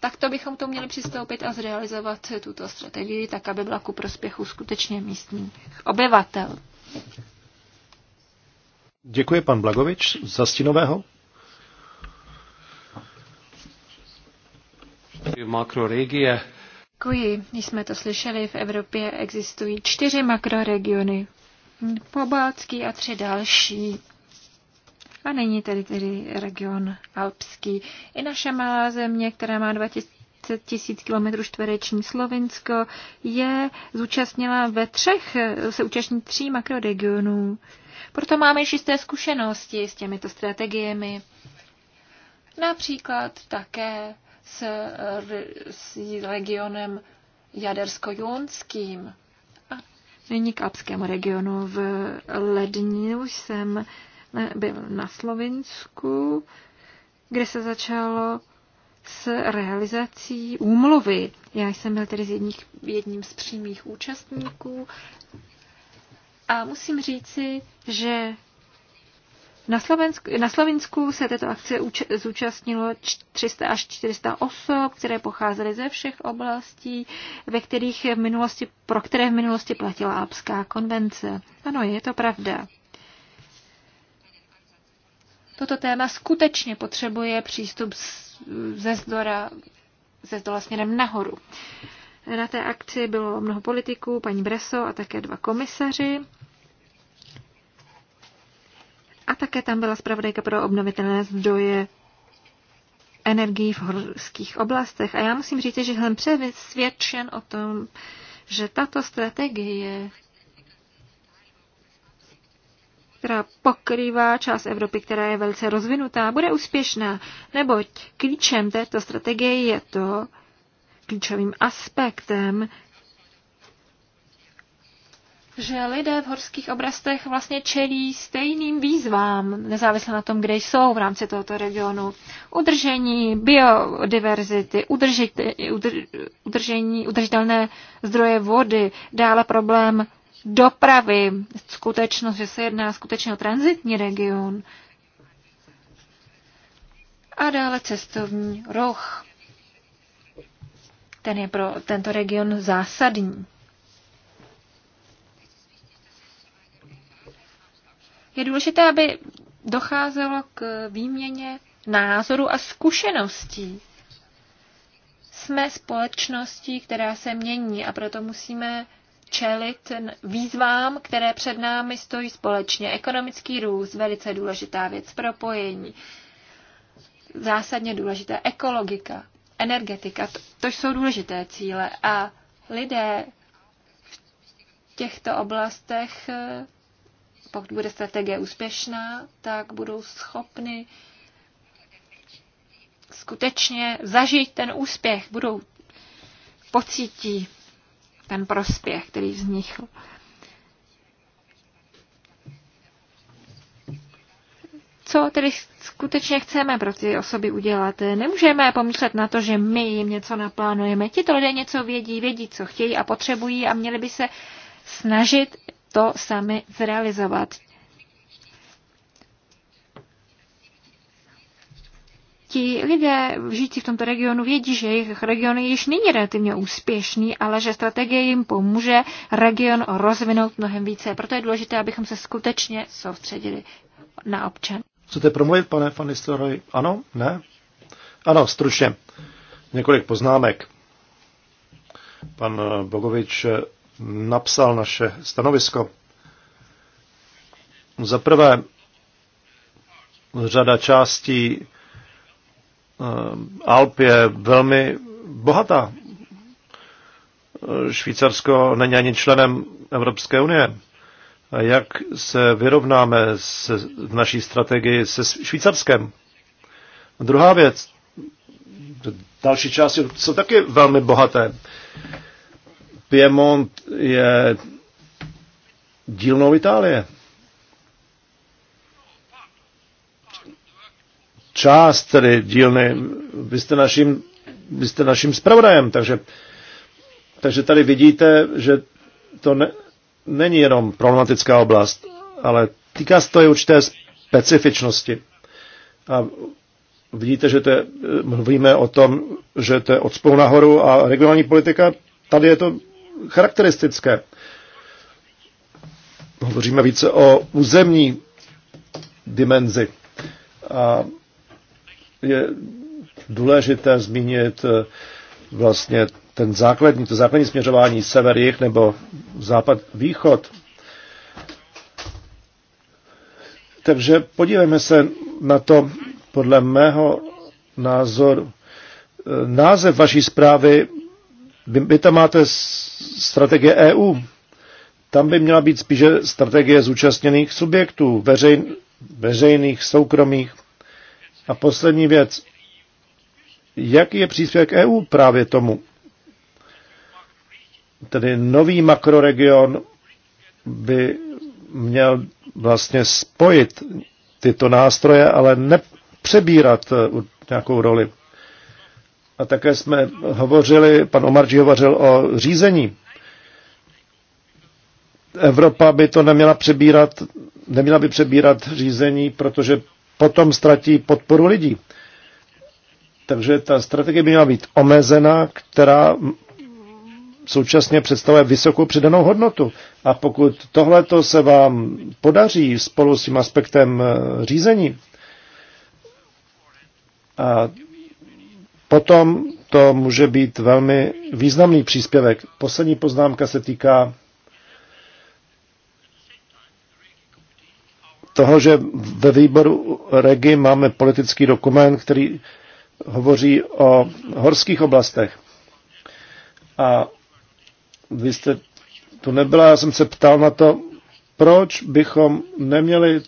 tak to bychom to měli přistoupit a zrealizovat tuto strategii tak, aby byla ku prospěchu skutečně místních obyvatel. Děkuji pan Blagovič za Stinového. Děkuji. Když jsme to slyšeli, v Evropě existují čtyři makroregiony. Pobaltský a tři další. A není tedy tedy region alpský. I naše malá země, která má 2000 tisíc kilometrů čtvereční Slovinsko je zúčastnila ve třech, se účastní tří makroregionů. Proto máme čisté jisté zkušenosti s těmito strategiemi. Například také s, s regionem jadersko junským A nyní k Alpskému regionu. V lednu už jsem eh, byl na Slovensku, kde se začalo s realizací úmluvy. Já jsem byl tedy z jedním z přímých účastníků a musím říci, že na Slovensku, na Slovensku se této akce zúčastnilo 300 až 400 osob, které pocházely ze všech oblastí, ve kterých v minulosti, pro které v minulosti platila Alpská konvence. Ano, je to pravda. Toto téma skutečně potřebuje přístup ze zdora, ze zdola směrem nahoru. Na té akci bylo mnoho politiků, paní Breso a také dva komisaři. A také tam byla zpravodajka pro obnovitelné zdroje energií v horských oblastech. A já musím říct, že jsem přesvědčen o tom, že tato strategie, která pokrývá část Evropy, která je velice rozvinutá, bude úspěšná, neboť klíčem této strategie je to, klíčovým aspektem, že lidé v horských oblastech vlastně čelí stejným výzvám, nezávisle na tom, kde jsou v rámci tohoto regionu. Udržení biodiverzity, udržit, udržení udržitelné zdroje vody, dále problém dopravy, skutečnost, že se jedná skutečně o transitní region a dále cestovní roh ten je pro tento region zásadní. Je důležité, aby docházelo k výměně názoru a zkušeností. Jsme společností, která se mění a proto musíme čelit výzvám, které před námi stojí společně. Ekonomický růst, velice důležitá věc, propojení, zásadně důležitá ekologika, energetika. To jsou důležité cíle a lidé v těchto oblastech, eh, pokud bude strategie úspěšná, tak budou schopni skutečně zažít ten úspěch, budou pocítí ten prospěch, který vznikl. co tedy skutečně chceme pro ty osoby udělat. Nemůžeme pomyslet na to, že my jim něco naplánujeme. Tito lidé něco vědí, vědí, co chtějí a potřebují a měli by se snažit to sami zrealizovat. ti lidé žijící v tomto regionu vědí, že jejich region je již nyní relativně úspěšný, ale že strategie jim pomůže region rozvinout mnohem více. Proto je důležité, abychom se skutečně soustředili na občany. Chcete promluvit, pane Fanistorovi? Ano? Ne? Ano, stručně. Několik poznámek. Pan Bogovič napsal naše stanovisko. Za prvé, řada částí eh, Alp je velmi bohatá. Eh, Švýcarsko není ani členem Evropské unie jak se vyrovnáme se, v naší strategii se Švýcarskem. Druhá věc, další části jsou taky velmi bohaté. Piemont je dílnou Itálie. Část tedy dílny, vy jste naším, vy jste naším spravodajem, takže, takže tady vidíte, že to ne, není jenom problematická oblast, ale týká se to i určité specifičnosti. A vidíte, že to je, mluvíme o tom, že to je od spolu nahoru a regionální politika, tady je to charakteristické. Hovoříme více o územní dimenzi. A je důležité zmínit eh, vlastně ten základní, to základní směřování sever jih nebo západ východ. Takže podívejme se na to podle mého názoru. E, název vaší zprávy, vy, vy tam máte strategie EU, tam by měla být spíše strategie zúčastněných subjektů, veřej, veřejných, soukromých. A poslední věc, jaký je příspěvek EU právě tomu? Tedy nový makroregion by měl vlastně spojit tyto nástroje, ale nepřebírat eh, nějakou roli. A také jsme hovořili, pan Omarji hovořil o řízení. Evropa by to neměla přebírat, neměla by přebírat řízení, protože potom ztratí podporu lidí. Takže ta strategie by měla být omezená, která současně představuje vysokou přidanou hodnotu. A pokud tohleto se vám podaří spolu s tím aspektem eh, řízení, a potom to může být velmi významný příspěvek. Poslední poznámka se týká toho, že ve výboru REGI máme politický dokument, který hovoří o horských oblastech. A vy jste tu nebyla, já jsem se ptal na to, proč bychom neměli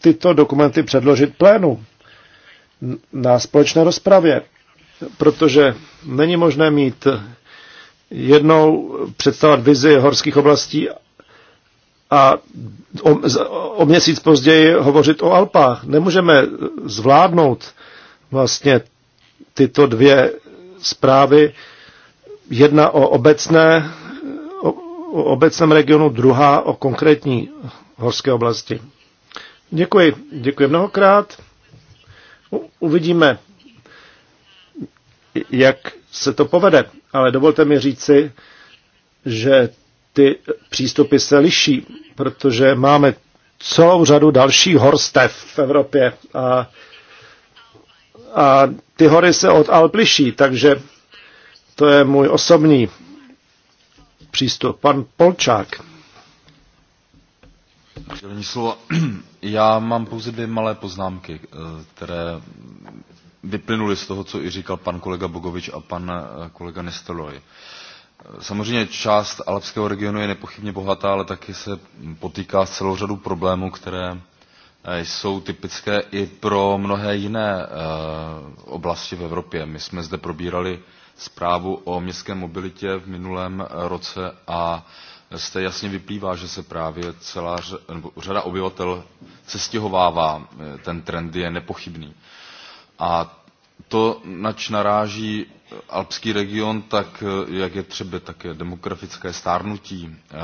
tyto dokumenty předložit plénu na společné rozpravě, protože není možné mít jednou představovat vizi horských oblastí a o, o měsíc později hovořit o Alpách. Nemůžeme zvládnout vlastně tyto dvě zprávy jedna o obecné, o, o obecném regionu, druhá o konkrétní horské oblasti. Děkuji, děkuji mnohokrát. U, uvidíme, jak se to povede, ale dovolte mi říci, že ty přístupy se liší, protože máme celou řadu dalších horstev v Evropě a, a ty hory se od Alp liší, takže to je můj osobní přístup. Pan Polčák. slova. Já mám pouze dvě malé poznámky, eh, které vyplynuly z toho, co i říkal pan kolega Bogovič a pan eh, kolega Nestoroj. Eh, samozřejmě část alpského regionu je nepochybně bohatá, ale taky se potýká s celou řadou problémů, které jsou typické i pro mnohé jiné oblasti v Evropě. My jsme zde probírali zprávu o městské mobilitě v minulém roce a z té jasně vyplývá, že se právě celá řada obyvatel sestěhovává. E, ten trend je nepochybný. A to, nač naráží alpský region, tak e, jak je třeba také demografické stárnutí, e,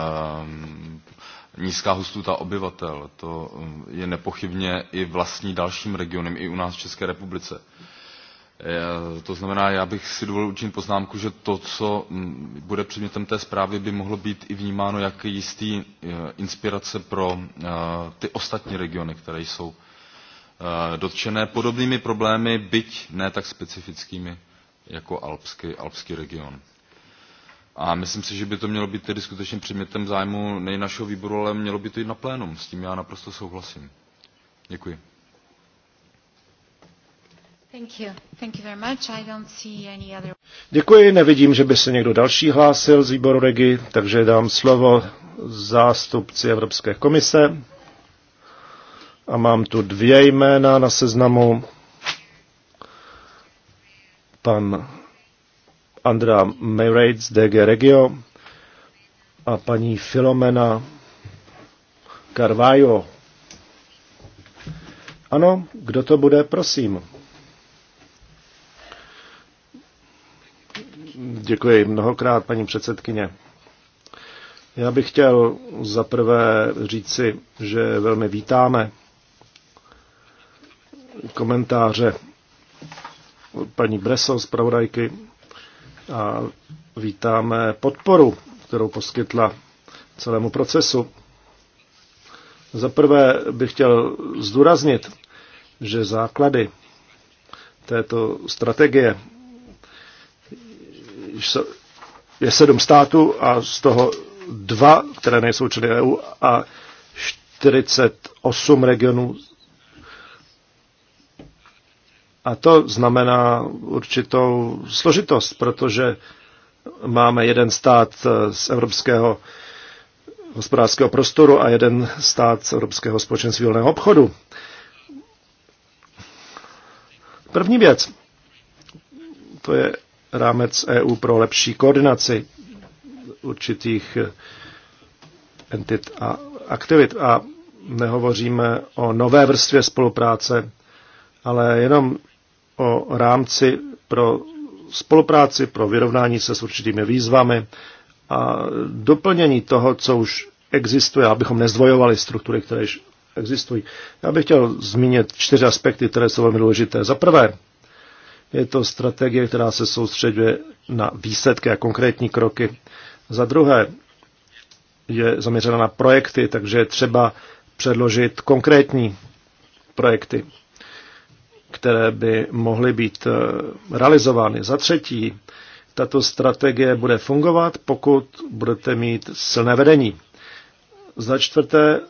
nízká hustota obyvatel, to je nepochybně i vlastní dalším regionem, i u nás v České republice Eh, to znamená, já bych si dovolil učinit poznámku, že to, co mm, bude předmětem té zprávy, by mohlo být i vnímáno jako jistý eh, inspirace pro eh, ty ostatní regiony, které jsou dotčené podobnými problémy, byť ne tak specifickými jako alpský, alpský region. A myslím si, že by to mělo být tedy skutečně předmětem zájmu nejen našeho výboru, ale mělo by to i na plénum. S tím já naprosto souhlasím. Děkuji. Děkuji, nevidím, že by se někdo další hlásil z výboru Regi, takže dám slovo zástupci Evropské komise. A mám tu dvě jména na seznamu. Pan Andra Meirates, DG Regio a paní Filomena Carvajo. Ano, kdo to bude, prosím. Děkuji mnohokrát, paní předsedkyně. Já bych chtěl zaprvé říci, že velmi vítáme komentáře paní Breso, zpravodajky, a vítáme podporu, kterou poskytla celému procesu. Za prvé bych chtěl zdůraznit, že základy této strategie je sedm států a z toho dva, které nejsou členy EU a 48 regionů. A to znamená určitou složitost, protože máme jeden stát eh, z evropského hospodářského prostoru a jeden stát z Evropského společenství volného obchodu. První věc, to je rámec EU pro lepší koordinaci určitých entit a aktivit. A nehovoříme o nové vrstvě spolupráce, ale jenom o rámci pro spolupráci, pro vyrovnání se s určitými výzvami a doplnění toho, co už existuje, abychom nezdvojovali struktury, které již existují. Já bych chtěl zmínit čtyři aspekty, které jsou velmi důležité. Za prvé, je to strategie, která se soustředuje na výsledky a konkrétní kroky. Za druhé, je zaměřena na projekty, takže je třeba předložit konkrétní projekty, které by mohly být eh, realizovány. Za třetí, tato strategie bude fungovat, pokud budete mít silné vedení. Za čtvrté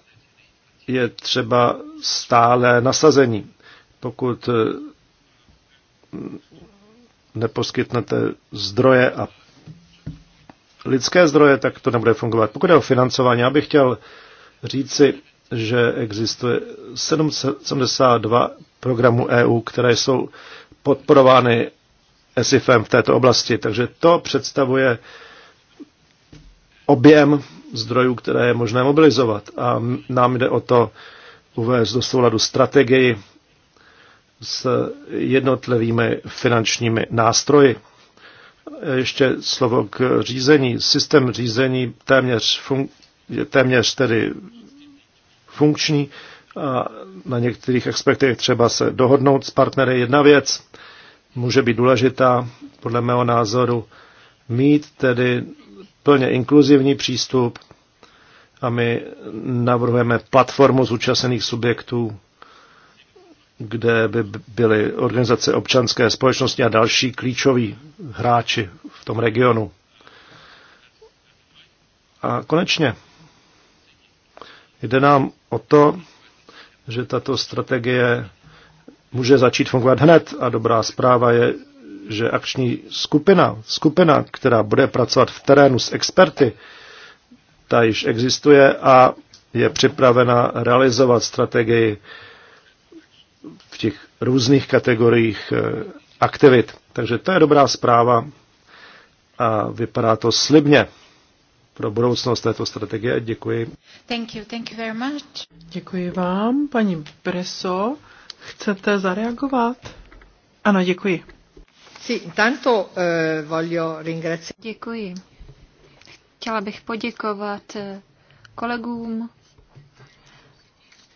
je třeba stále nasazení. Pokud eh, neposkytnete zdroje a lidské zdroje, tak to nebude fungovat. Pokud je o financování, já bych chtěl říci, že existuje 772 programů EU, které jsou podporovány SIFem v této oblasti, takže to představuje objem zdrojů, které je možné mobilizovat. A nám jde o to uvést do souladu strategii s jednotlivými finančními nástroji. Ještě slovo k řízení. Systém řízení téměř fun- je téměř tedy funkční a na některých aspektech třeba se dohodnout s partnery. Jedna věc může být důležitá, podle mého názoru, mít tedy plně inkluzivní přístup a my navrhujeme platformu zúčastněných subjektů, kde by byly organizace občanské společnosti a další klíčoví hráči v tom regionu. A konečně jde nám o to, že tato strategie může začít fungovat hned a dobrá zpráva je, že akční skupina, skupina, která bude pracovat v terénu s experty, ta již existuje a je připravena realizovat strategii v těch různých kategoriích eh, aktivit. Takže to je dobrá zpráva a vypadá to slibně pro budoucnost této strategie. Děkuji. Thank you, thank you very much. Děkuji vám, paní Breso. Chcete zareagovat? Ano, děkuji. Si, tanto, eh, voglio ringrazi- Děkuji. Chtěla bych poděkovat eh, kolegům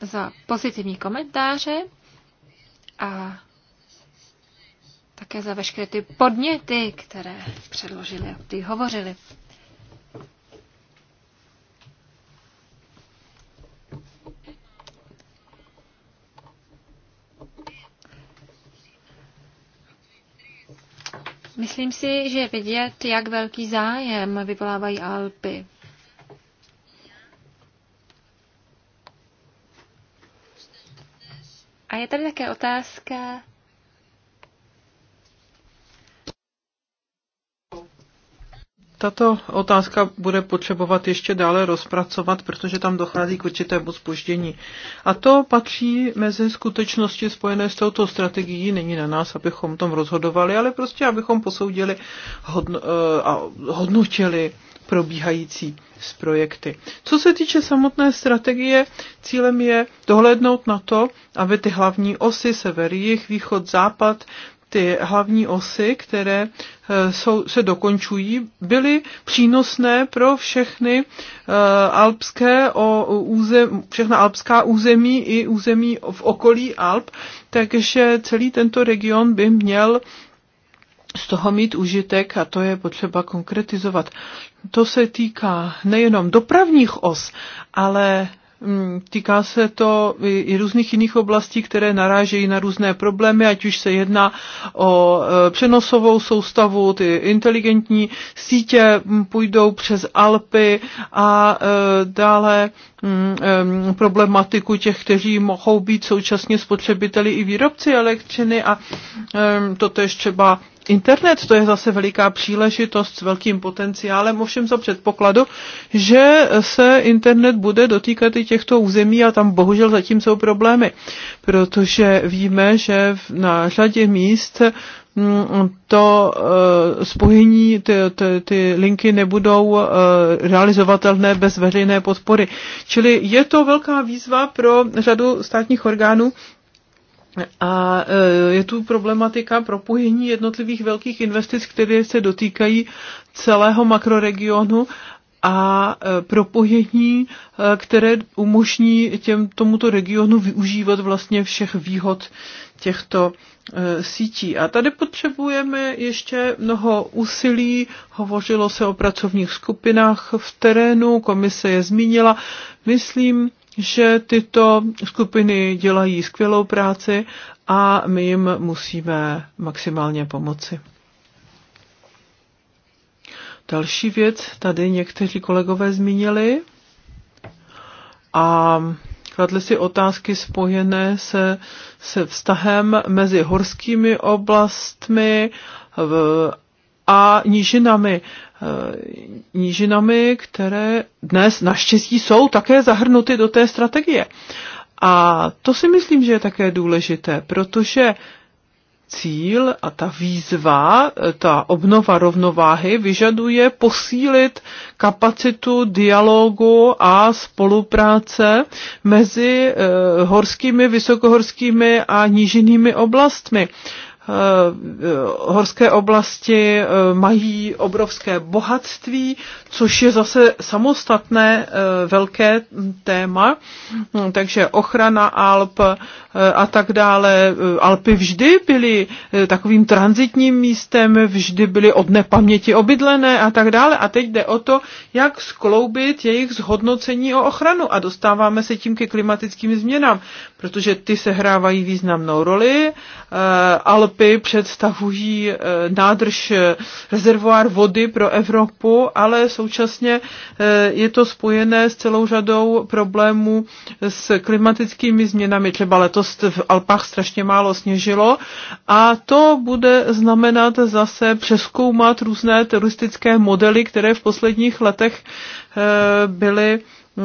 za pozitivní komentáře a také za veškeré ty podněty, které předložili a ty hovořili. Myslím si, že vidět, jak velký zájem vyvolávají Alpy. A je tady také otázka, Tato otázka bude potřebovat ještě dále rozpracovat, protože tam dochází k určitému spoždění. A to patří mezi skutečnosti spojené s touto strategií. Není na nás, abychom tom rozhodovali, ale prostě abychom posoudili hodno, eh, a hodnotili probíhající z projekty. Co se týče samotné strategie, cílem je dohlednout na to, aby ty hlavní osy sever, jih, východ, západ, ty hlavní osy, které eh, jsou, se dokončují, byly přínosné pro všechny eh, alpské o, územ, všechna alpská území i území v okolí Alp, takže celý tento region by měl z toho mít užitek a to je potřeba konkretizovat. To se týká nejenom dopravních os, ale mm, Týká se to i různých jiných oblastí, které narážejí na různé problémy, ať už se jedná o e, přenosovou soustavu, ty inteligentní sítě půjdou přes Alpy a e, dále Mm, problematiku těch, kteří mohou být současně spotřebiteli i výrobci elektřiny a to je třeba Internet to je zase veliká příležitost s velkým potenciálem, ovšem za předpokladu, že se internet bude dotýkat i těchto území a tam bohužel zatím jsou problémy, protože víme, že na řadě míst Mm, to eh, spojení, ty, ty, ty linky nebudou eh, realizovatelné bez veřejné podpory. Čili je to velká výzva pro řadu státních orgánů, a eh, je tu problematika propojení jednotlivých velkých investic, které se dotýkají celého makroregionu a propojení, které umožní těm, tomuto regionu využívat vlastně všech výhod těchto E, sítí. A tady potřebujeme ještě mnoho úsilí. Hovořilo se o pracovních skupinách v terénu, komise je zmínila. Myslím, že tyto skupiny dělají skvělou práci a my jim musíme maximálně pomoci. Další věc tady někteří kolegové zmínili. A kladli si otázky spojené se, se vztahem mezi horskými oblastmi v, a nížinami. E, nížinami, které dnes naštěstí jsou také zahrnuty do té strategie. A to si myslím, že je také důležité, protože cíl a ta výzva, eh, ta obnova rovnováhy vyžaduje posílit kapacitu dialogu a spolupráce mezi eh, horskými, vysokohorskými a nížinými oblastmi eh, horské oblasti mají obrovské bohatství, což je zase samostatné velké mm, téma. Mm, takže ochrana Alp, Eh, a tak dále. Eh, Alpy vždy byly eh, takovým transitním místem, vždy byly od nepaměti obydlené a tak dále. A teď jde o to, jak skloubit jejich zhodnocení o ochranu a dostáváme se tím ke klimatickým změnám, protože ty hrávají významnou roli. Alpy představují nádrž, rezervoár vody pro Evropu, ale současně je to spojené s celou řadou problémů s klimatickými změnami. Třeba letos dost v Alpách strašně málo sněžilo a to bude znamenat zase přeskoumat různé turistické modely, které v posledních letech eh, byly mm,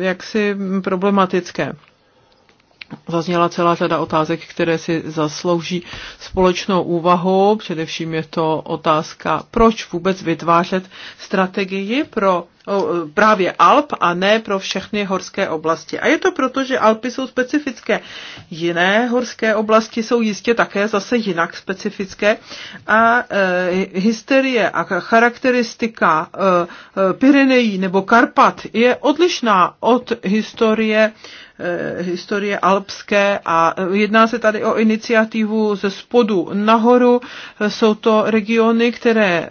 eh, jaksi problematické. Zazněla celá řada otázek, které si zaslouží společnou úvahu. Především je to otázka, proč vůbec vytvářet strategii pro E, právě Alp a ne pro všechny horské oblasti. A je to proto, že Alpy jsou specifické. Jiné horské oblasti jsou jistě také zase jinak specifické a e, hysterie a charakteristika e, e, Pyrenejí nebo Karpat je odlišná od historie e, historie alpské a jedná se tady o iniciativu ze spodu nahoru. Jsou to regiony, které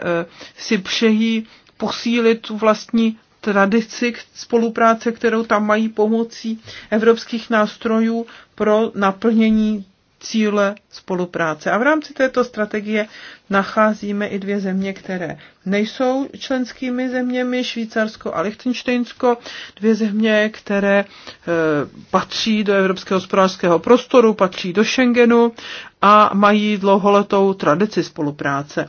si přejí posílit tu vlastní tradici spolupráce, kterou tam mají pomocí evropských nástrojů pro naplnění cíle spolupráce. A v rámci této strategie nacházíme i dvě země, které nejsou členskými zeměmi, Švýcarsko a Liechtensteinsko, dvě země, které e, patří do Evropského hospodářského prostoru, patří do Schengenu a mají dlouholetou tradici spolupráce.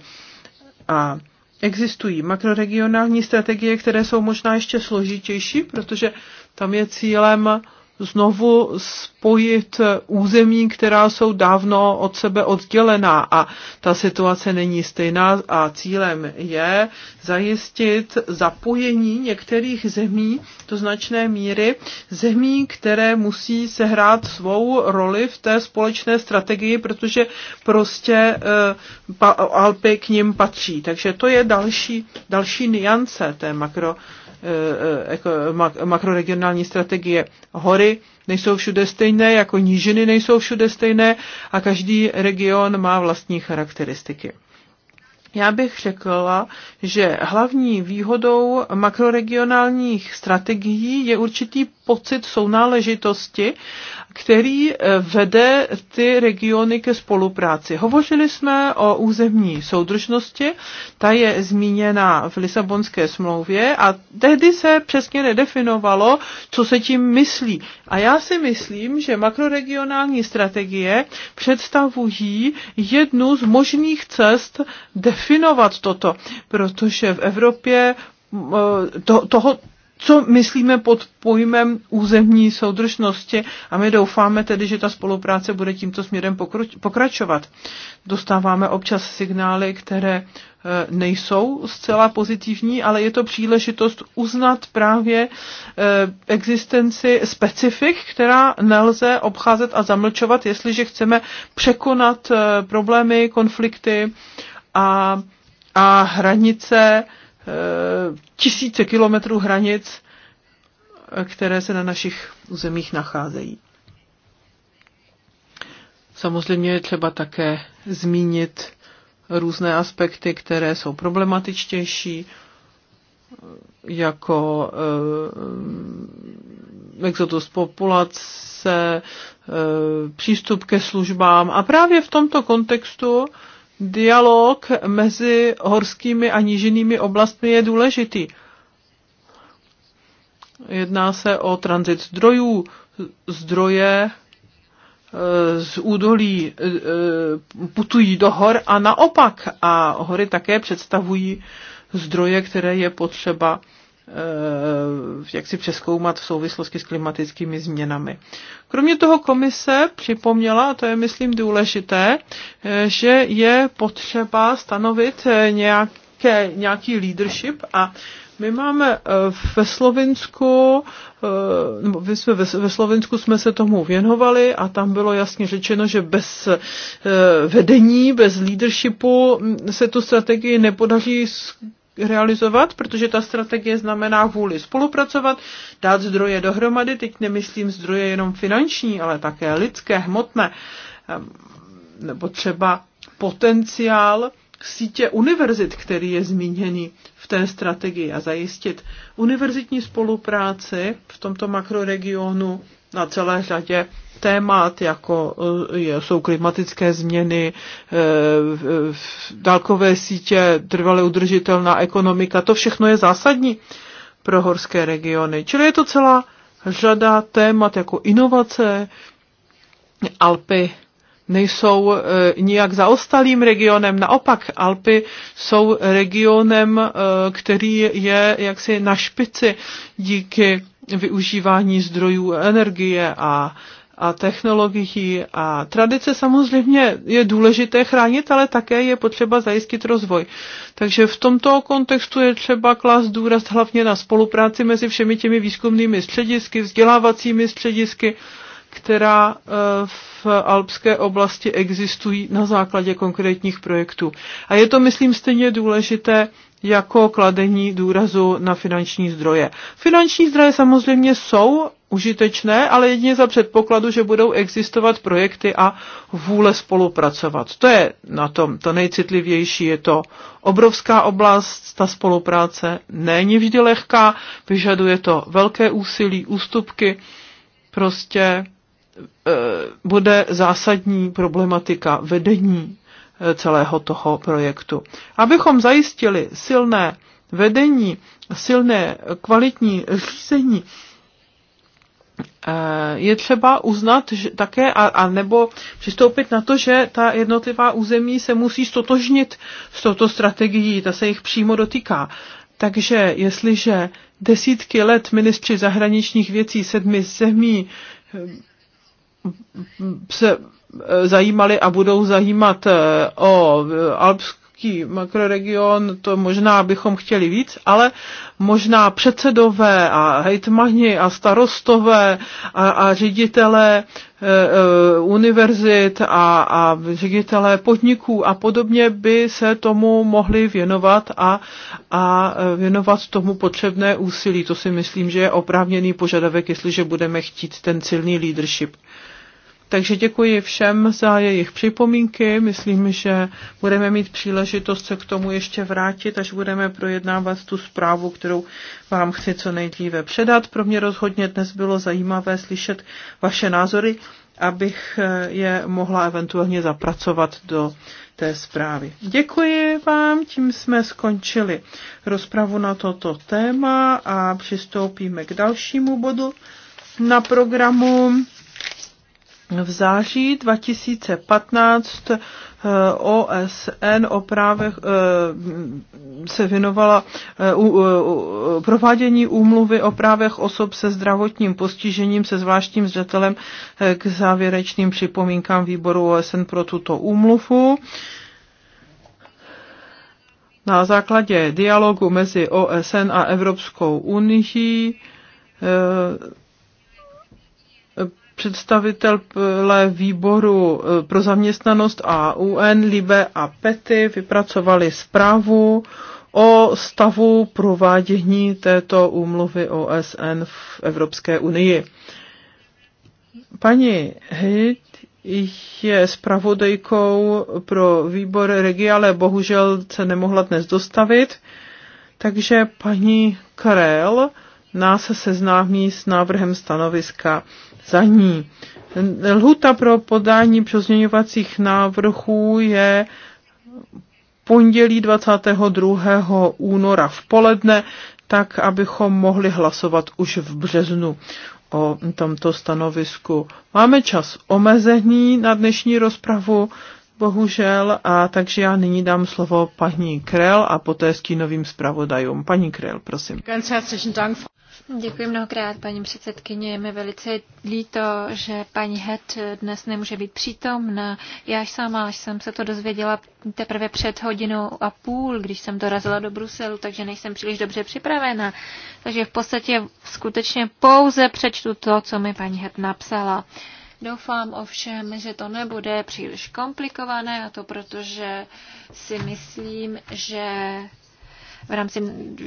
A Existují makroregionální strategie, které jsou možná ještě složitější, protože tam je cílem znovu spojit území, která jsou dávno od sebe oddělená a ta situace není stejná a cílem je zajistit zapojení některých zemí do značné míry, zemí, které musí sehrát svou roli v té společné strategii, protože prostě eh, Alpy k ním patří. Takže to je další, další niance té makro Eh, eh, jako makroregionální strategie. Hory nejsou všude stejné, jako nížiny nejsou všude stejné a každý region má vlastní charakteristiky. Já bych řekla, že hlavní výhodou makroregionálních strategií je určitý pocit sounáležitosti, který eh, vede ty regiony ke spolupráci. Hovořili jsme o územní soudržnosti, ta je zmíněna v Lisabonské smlouvě a tehdy se přesně nedefinovalo, co se tím myslí. A já si myslím, že makroregionální strategie představují jednu z možných cest definovat toto, protože v Evropě eh, to, toho, co myslíme pod pojmem územní soudržnosti a my doufáme tedy, že ta spolupráce bude tímto směrem pokračovat. Dostáváme občas signály, které e, nejsou zcela pozitivní, ale je to příležitost uznat právě e, existenci specifik, která nelze obcházet a zamlčovat, jestliže chceme překonat e, problémy, konflikty a, a hranice, tisíce kilometrů hranic, které se na našich územích nacházejí. Samozřejmě je třeba také zmínit různé aspekty, které jsou problematičtější, jako eh, exodus populace, eh, přístup ke službám. A právě v tomto kontextu eh, dialog mezi horskými a nížinými oblastmi je důležitý. Jedná se o tranzit zdrojů, zdroje e, z údolí e, e, putují do hor a naopak. A hory také představují zdroje, které je potřeba Eh, jak si přeskoumat v souvislosti s klimatickými změnami. Kromě toho komise připomněla, a to je myslím důležité, eh, že je potřeba stanovit eh, nějaké, nějaký leadership a my máme ve Slovensku, nebo my jsme ve Slovensku jsme se tomu věnovali a tam bylo jasně řečeno, že bez vedení, bez leadershipu mm, se tu strategii nepodaří realizovat, protože ta strategie znamená vůli spolupracovat, dát zdroje dohromady, teď nemyslím zdroje jenom finanční, ale také lidské, hmotné, nebo třeba potenciál sítě univerzit, který je zmíněný v té strategii a zajistit univerzitní spolupráci v tomto makroregionu na celé řadě témat, jako eh, jsou klimatické změny, eh, dálkové sítě, trvale udržitelná ekonomika, to všechno je zásadní pro horské regiony. Čili je to celá řada témat jako inovace. Alpy nejsou eh, nijak zaostalým regionem, naopak Alpy jsou regionem, který je jaksi na špici díky využívání zdrojů energie a a technologií a tradice samozřejmě je důležité chránit, ale také je potřeba zajistit rozvoj. Takže v tomto kontextu je třeba klást důraz hlavně na spolupráci mezi všemi těmi výzkumnými středisky, vzdělávacími středisky, která e, v alpské oblasti existují na základě konkrétních projektů. A je to, myslím, stejně důležité jako kladení důrazu na finanční zdroje. Finanční zdroje samozřejmě jsou užitečné, ale jedině za předpokladu, že budou existovat projekty a vůle spolupracovat. To je na tom to nejcitlivější, je to obrovská oblast, ta spolupráce není vždy lehká, vyžaduje to velké úsilí, ústupky, prostě e, bude zásadní problematika vedení celého toho projektu. Abychom zajistili silné vedení, silné kvalitní řízení, eh, je třeba uznat že také, a, a nebo přistoupit na to, že ta jednotlivá území se musí stotožnit s touto strategií, ta se jich přímo dotýká. Takže jestliže desítky let ministři zahraničních věcí sedmi zemí eh, se Eh, zajímaly a budou zajímat eh, o eh, alpský makroregion, to možná bychom chtěli víc, ale možná předsedové a hejtmani a starostové a, a ředitelé univerzit a, a ředitelé podniků a podobně by se tomu mohli věnovat a, a věnovat tomu potřebné úsilí. To si myslím, že je oprávněný požadavek, jestliže budeme chtít ten silný leadership. Takže děkuji všem za jejich připomínky. Myslím, že budeme mít příležitost se k tomu ještě vrátit, až budeme projednávat tu zprávu, kterou vám chci co nejdříve předat. Pro mě rozhodně dnes bylo zajímavé slyšet vaše názory, abych je mohla eventuálně zapracovat do té zprávy. Děkuji vám, tím jsme skončili rozpravu na toto téma a přistoupíme k dalšímu bodu na programu v září 2015 eh, OSN o právech eh, se věnovala eh, provádění úmluvy o právech osob se zdravotním postižením se zvláštním zřetelem k závěrečným připomínkám výboru OSN pro tuto úmluvu. Na základě dialogu mezi OSN a Evropskou unii představitelé výboru e, pro zaměstnanost a UN, Libe a Pety vypracovali zprávu o stavu provádění této úmluvy OSN v Evropské unii. Paní Hit je zpravodajkou pro výbor regie, ale bohužel se nemohla dnes dostavit. Takže paní Karel nás seznámí s návrhem stanoviska za ní. Lhuta pro podání přozměňovacích návrhů je pondělí 22. února v poledne, tak abychom mohli hlasovat už v březnu o tomto stanovisku. Máme čas omezený na dnešní rozpravu, bohužel, a takže já nyní dám slovo paní Krel a poté stínovým zpravodajům. Paní Krel, prosím. Děkuji mnohokrát, paní předsedkyně. Je mi velice líto, že paní Het dnes nemůže být přítomna. Já sama jsem se to dozvěděla teprve před hodinou a půl, když jsem dorazila do Bruselu, takže nejsem příliš dobře připravena. Takže v podstatě skutečně pouze přečtu to, co mi paní Het napsala. Doufám ovšem, že to nebude příliš komplikované, a to protože si myslím, že v rámci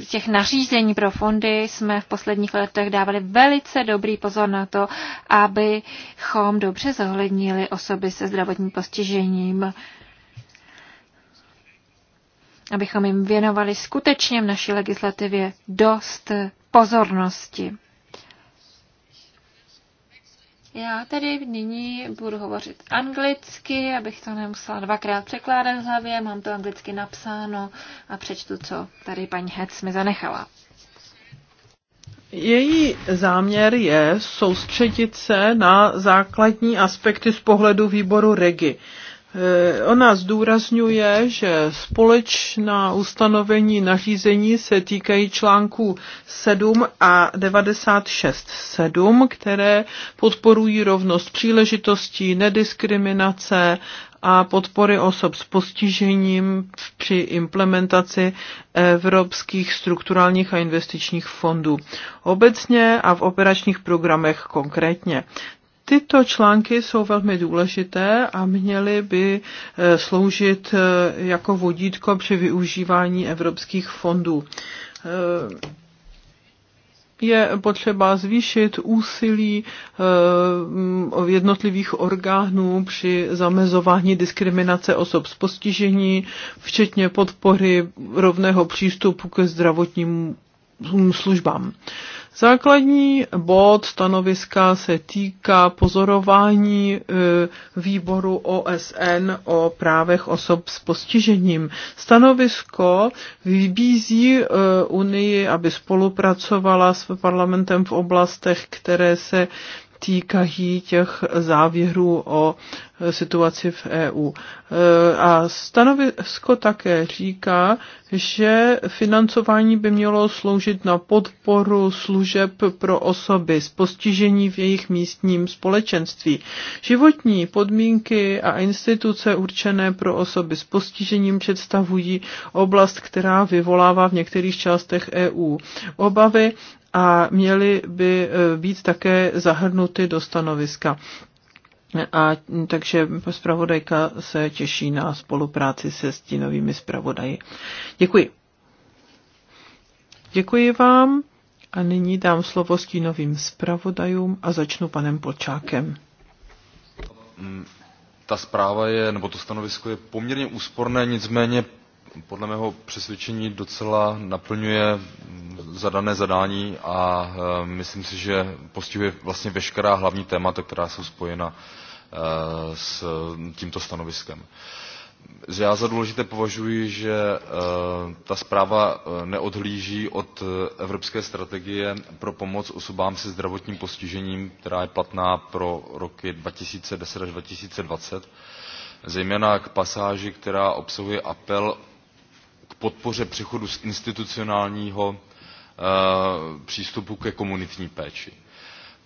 těch nařízení pro fondy jsme v posledních letech dávali velice dobrý pozor na to, abychom dobře zohlednili osoby se zdravotním postižením, abychom jim věnovali skutečně v naší legislativě dost pozornosti. Já tedy nyní budu hovořit anglicky, abych to nemusela dvakrát překládat v hlavě, mám to anglicky napsáno a přečtu, co tady paní Hec mi zanechala. Její záměr je soustředit se na základní aspekty z pohledu výboru REGI. Eh, ona zdůrazňuje, že společná ustanovení nařízení se týkají článků 7 a 96/7, které podporují rovnost příležitostí, nediskriminace a podpory osob s postižením při implementaci evropských strukturálních a investičních fondů obecně a v operačních programech konkrétně. Tyto články jsou velmi důležité a měly by eh, sloužit eh, jako vodítko při využívání evropských fondů eh, je potřeba zvýšit úsilí jednotlivých orgánů při zamezování diskriminace osob s postižení, včetně podpory rovného přístupu ke zdravotnímu Hm, službám. Základní bod stanoviska se týká pozorování e, výboru OSN o právech osob s postižením. Stanovisko vybízí e, Unii, aby spolupracovala s parlamentem v oblastech, které se týkají těch závěrů o situaci v EU. A stanovisko také říká, že financování by mělo sloužit na podporu služeb pro osoby s postižení v jejich místním společenství. Životní podmínky a instituce určené pro osoby s postižením představují oblast, která vyvolává v některých částech EU obavy a měly by e, být také zahrnuty do stanoviska. A takže zpravodajka se těší na spolupráci se stínovými zpravodaji. Děkuji. Děkuji vám a nyní dám slovo stínovým zpravodajům a začnu panem Polčákem. Ta zpráva je, nebo to stanovisko je poměrně úsporné, nicméně podle mého přesvědčení docela naplňuje zadané zadání a e, myslím si že postihuje vlastně veškerá hlavní témata která jsou spojena e, s tímto stanoviskem. Já za důležité považuji, že e, ta zpráva neodhlíží od Evropské strategie pro pomoc osobám se zdravotním postižením, která je platná pro roky 2010 až 2020, zejména k pasáži, která obsahuje apel k podpoře přechodu z institucionálního eh, přístupu ke komunitní péči.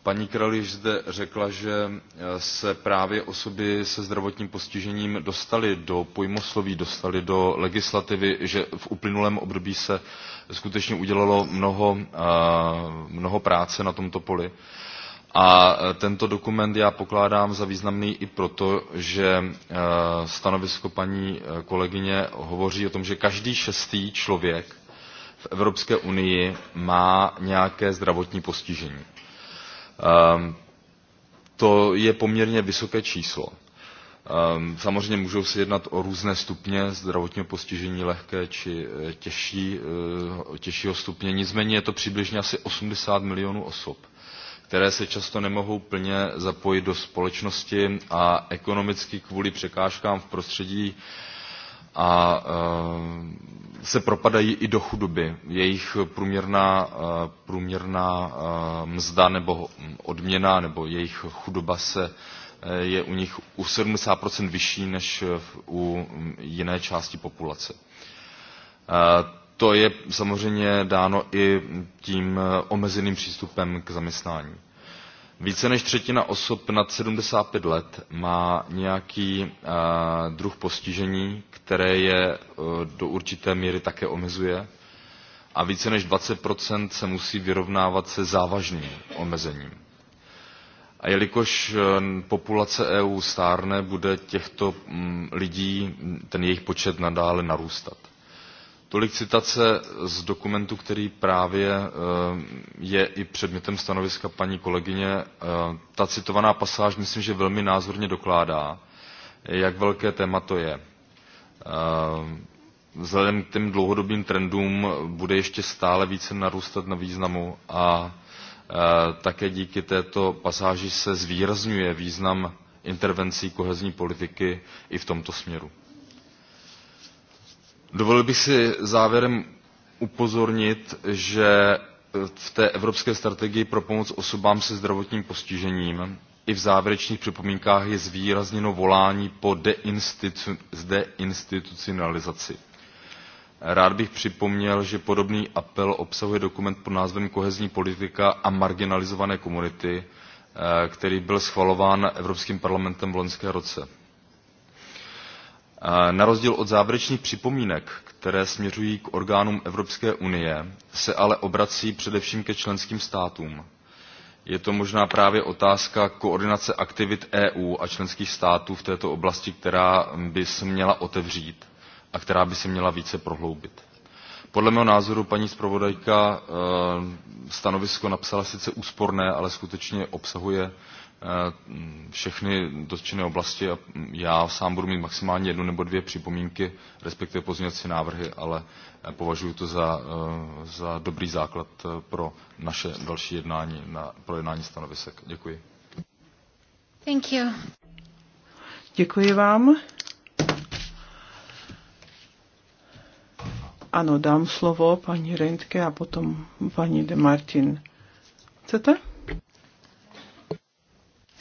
paní krehl zde řekla že eh, se právě osoby se zdravotním postižením dostaly do pojmosloví dostaly do legislativy že v uplynulém období se skutečně udělalo mnoho eh, práce na tomto poli a e, tento dokument já pokládám za významný i proto že e, stanovisko paní e, kolegyně hovoří o tom že každý šestý člověk v evropské unii má nějaké zdravotní postižení. Ehm, to je poměrně vysoké číslo. Ehm, samozřejmě můžou se jednat o různé stupně zdravotního postižení, lehké či těžší, těžšího stupně, nicméně je to přibližně asi 80 milionů osob které se často nemohou plně zapojit do společnosti a ekonomicky kvůli překážkám v prostředí a eh, se propadají i do chudoby. Jejich průměrná, eh, průměrná eh, mzda nebo odměna nebo jejich chudoba se je u nich u 70 vyšší než u jiné části populace to je samozřejmě dáno i tím eh, omezeným přístupem k zaměstnání. Více než třetina osob nad 75 let má nějaký eh, druh postižení, které je eh, do určité míry také omezuje a více než 20 se musí vyrovnávat se závažným omezením. A jelikož populace EU stárne, bude těchto mm, lidí ten jejich počet nadále narůstat Tolik citace z dokumentu, který právě eh, je i předmětem stanoviska paní kolegyně. Eh, ta citovaná pasáž myslím, že velmi názorně dokládá, jak velké téma to je. Eh, vzhledem k těm dlouhodobým trendům bude ještě stále více narůstat na významu a také díky této pasáži se zvýrazňuje význam intervencí kohezní politiky i v tomto směru dovolil bych si závěrem upozornit že eh, v té evropské strategii pro pomoc osobám se zdravotním postižením i v závěrečných připomínkách je zvýrazněno volání po deinstitucionalizaci. rád bych připomněl že podobný apel obsahuje dokument pod názvem kohezní politika a marginalizované komunity eh, který byl schvalován evropským parlamentem v loňském roce na rozdíl od závěrečných připomínek které směřují k orgánům evropské unie se ale obrací především ke členským státům. je to možná právě otázka koordinace aktivit eu a členských států v této oblasti která by se měla otevřít a která by se měla více prohloubit. podle mého názoru paní zpravodajka eh, stanovisko napsala sice úsporné ale skutečně obsahuje Eh, všechny dotčené oblasti a já sám budu mít maximálně jednu nebo dvě připomínky, respektive pozměňovací návrhy, ale eh, považuji to za, eh, za dobrý základ pro naše další jednání, na, pro jednání stanovisek. Děkuji. Thank you. Děkuji vám. Ano, dám slovo paní Rentke a potom paní De Martin. Chcete?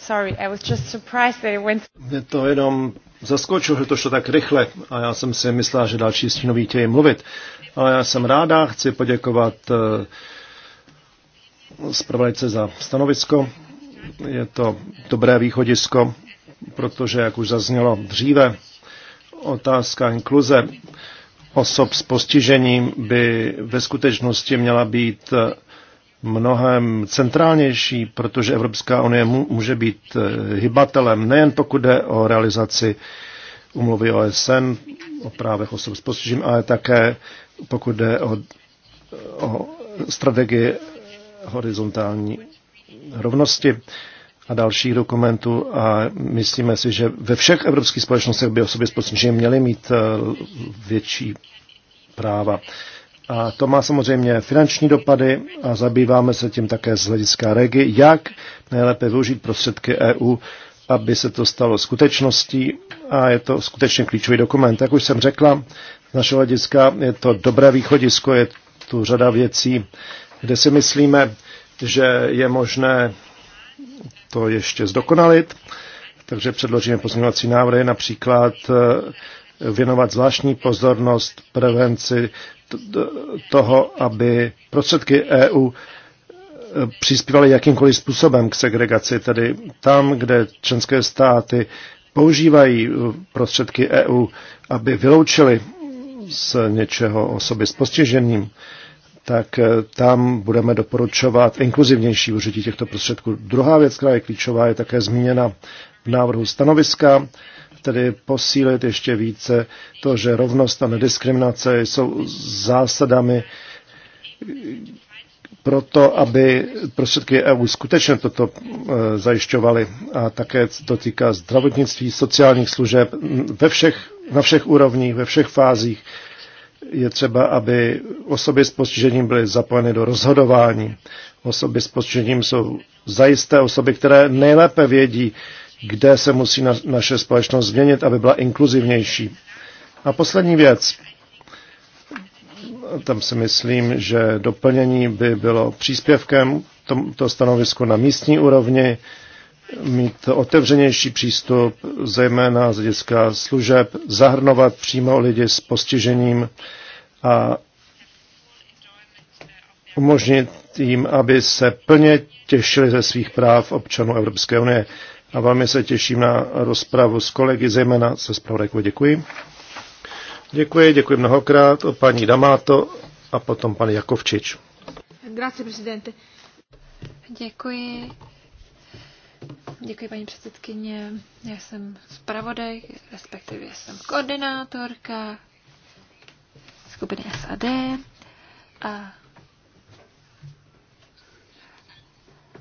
Sorry, I was just surprised that it went... Mě to jenom zaskočilo, že to šlo tak rychle a já jsem si myslela, že další stínoví chtějí mluvit. Ale já jsem ráda, chci poděkovat eh, zpravodajce za stanovisko. Je to dobré východisko, protože, jak už zaznělo dříve, otázka inkluze osob s postižením by ve skutečnosti měla být eh, mnohem centrálnější, protože Evropská unie může být eh, hybatelem nejen pokud jde o realizaci umluvy OSN o právech osob s postižím, ale také pokud jde o, o strategii horizontální rovnosti a dalších dokumentů a myslíme si, že ve všech evropských společnostech by osoby s postižím měly mít eh, větší práva. A to má samozřejmě finanční dopady a zabýváme se tím také z hlediska regi, jak nejlépe využít prostředky EU, aby se to stalo skutečností a je to skutečně klíčový dokument. Jak už jsem řekla, z našeho hlediska je to dobré východisko, je tu řada věcí, kde si myslíme, že je možné to ještě zdokonalit, takže předložíme pozměňovací návrhy, například věnovat zvláštní pozornost prevenci toho, aby prostředky EU e, přispívaly jakýmkoliv způsobem k segregaci, tedy tam, kde členské státy používají e, prostředky EU, aby vyloučili z něčeho osoby s postižením, tak e, tam budeme doporučovat inkluzivnější užití těchto prostředků. Druhá věc, která je klíčová, je také zmíněna v návrhu stanoviska tedy posílit ještě více to, že rovnost a nediskriminace jsou zásadami pro to, aby prostředky EU skutečně toto e, zajišťovaly. A také to týká zdravotnictví, sociálních služeb ve všech, na všech úrovních, ve všech fázích. Je třeba, aby osoby s postižením byly zapojeny do rozhodování. Osoby s postižením jsou zajisté osoby, které nejlépe vědí, kde se musí na, naše společnost změnit, aby byla inkluzivnější. A poslední věc. Tam si myslím, že doplnění by bylo příspěvkem to stanovisko na místní úrovni, mít otevřenější přístup, zejména z hlediska služeb, zahrnovat přímo lidi s postižením a umožnit jim, aby se plně těšili ze svých práv občanů Evropské unie a velmi se těším na rozpravu s kolegy, zejména se zpravodajkou. Děkuji. Děkuji, děkuji mnohokrát. Paní Damato a potom pan Jakovčič. Grazie, prezidente. Děkuji. Děkuji, paní předsedkyně. Já jsem zpravodaj, respektive jsem koordinátorka skupiny SAD a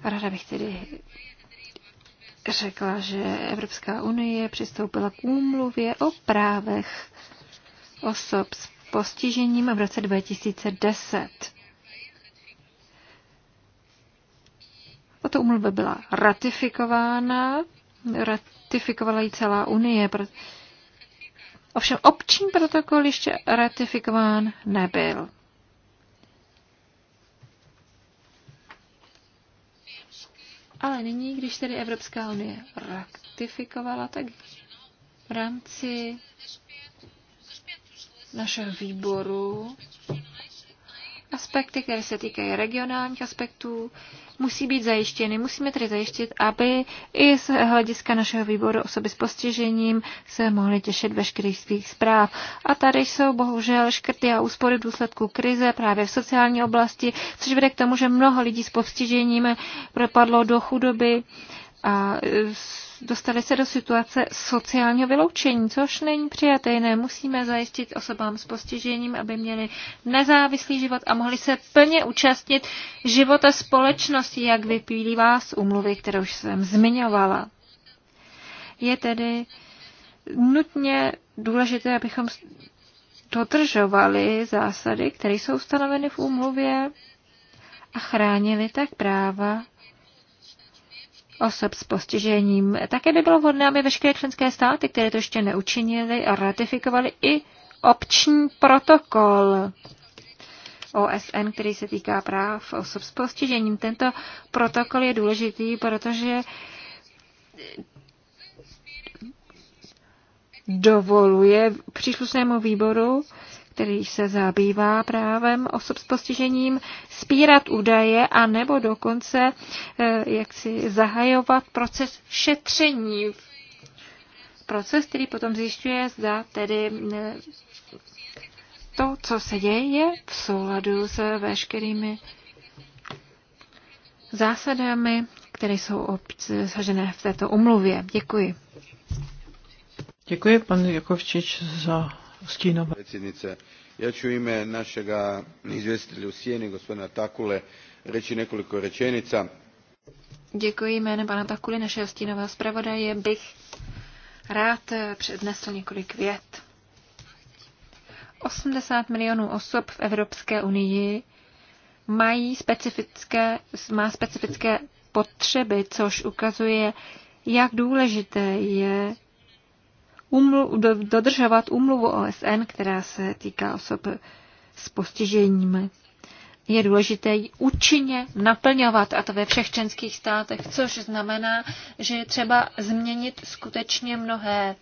ráda bych tedy řekla, že Evropská unie přistoupila k úmluvě o právech osob s postižením v roce 2010. Tato úmluva byla ratifikována, ratifikovala ji celá Unie. Ovšem občin protokol ještě ratifikován nebyl. Ale nyní, když tedy Evropská unie ratifikovala, tak v rámci našeho výboru aspekty, které se týkají regionálních aspektů, musí být zajištěny. Musíme tedy zajištit, aby i z hlediska našeho výboru osoby s postižením se mohly těšit veškerých svých zpráv. A tady jsou bohužel škrty a úspory v důsledku krize právě v sociální oblasti, což vede k tomu, že mnoho lidí s postižením propadlo do chudoby a dostali se do situace sociálního vyloučení, což není přijatelné. Musíme zajistit osobám s postižením, aby měli nezávislý život a mohli se plně účastnit života společnosti, jak vyplývá z umluvy, kterou jsem zmiňovala. Je tedy nutně důležité, abychom dodržovali zásady, které jsou stanoveny v úmluvě a chránili tak práva osob s postižením. Také by bylo vhodné, aby veškeré členské státy, které to ještě neučinili, ratifikovali i opční protokol OSN, který se týká práv osob s postižením. Tento protokol je důležitý, protože dovoluje příslušnému výboru který se zabývá právem osob s postižením, spírat údaje a nebo dokonce eh, jak si zahajovat proces šetření. Proces, který potom zjišťuje, zda tedy eh, to, co se děje, je v souladu s veškerými zásadami, které jsou obsažené v této umluvě. Děkuji. Děkuji, pan Jakovčič, za Stínová. Predsjednice, ja ću ime našeg izvjestitelja u sjeni, gospodina Takule, reći nekoliko rečenica. Děkuji jménem pana Takuly, našeho stínového zpravodaje, bych rád přednesl několik vět. 80 milionů osob v Evropské unii mají specifické, má specifické potřeby, což ukazuje, jak důležité je umlu, dodržovat umluvu OSN, která se týká osob s postižením. Je důležité ji účinně naplňovat, a to ve všech členských státech, což znamená, že je třeba změnit skutečně mnohé.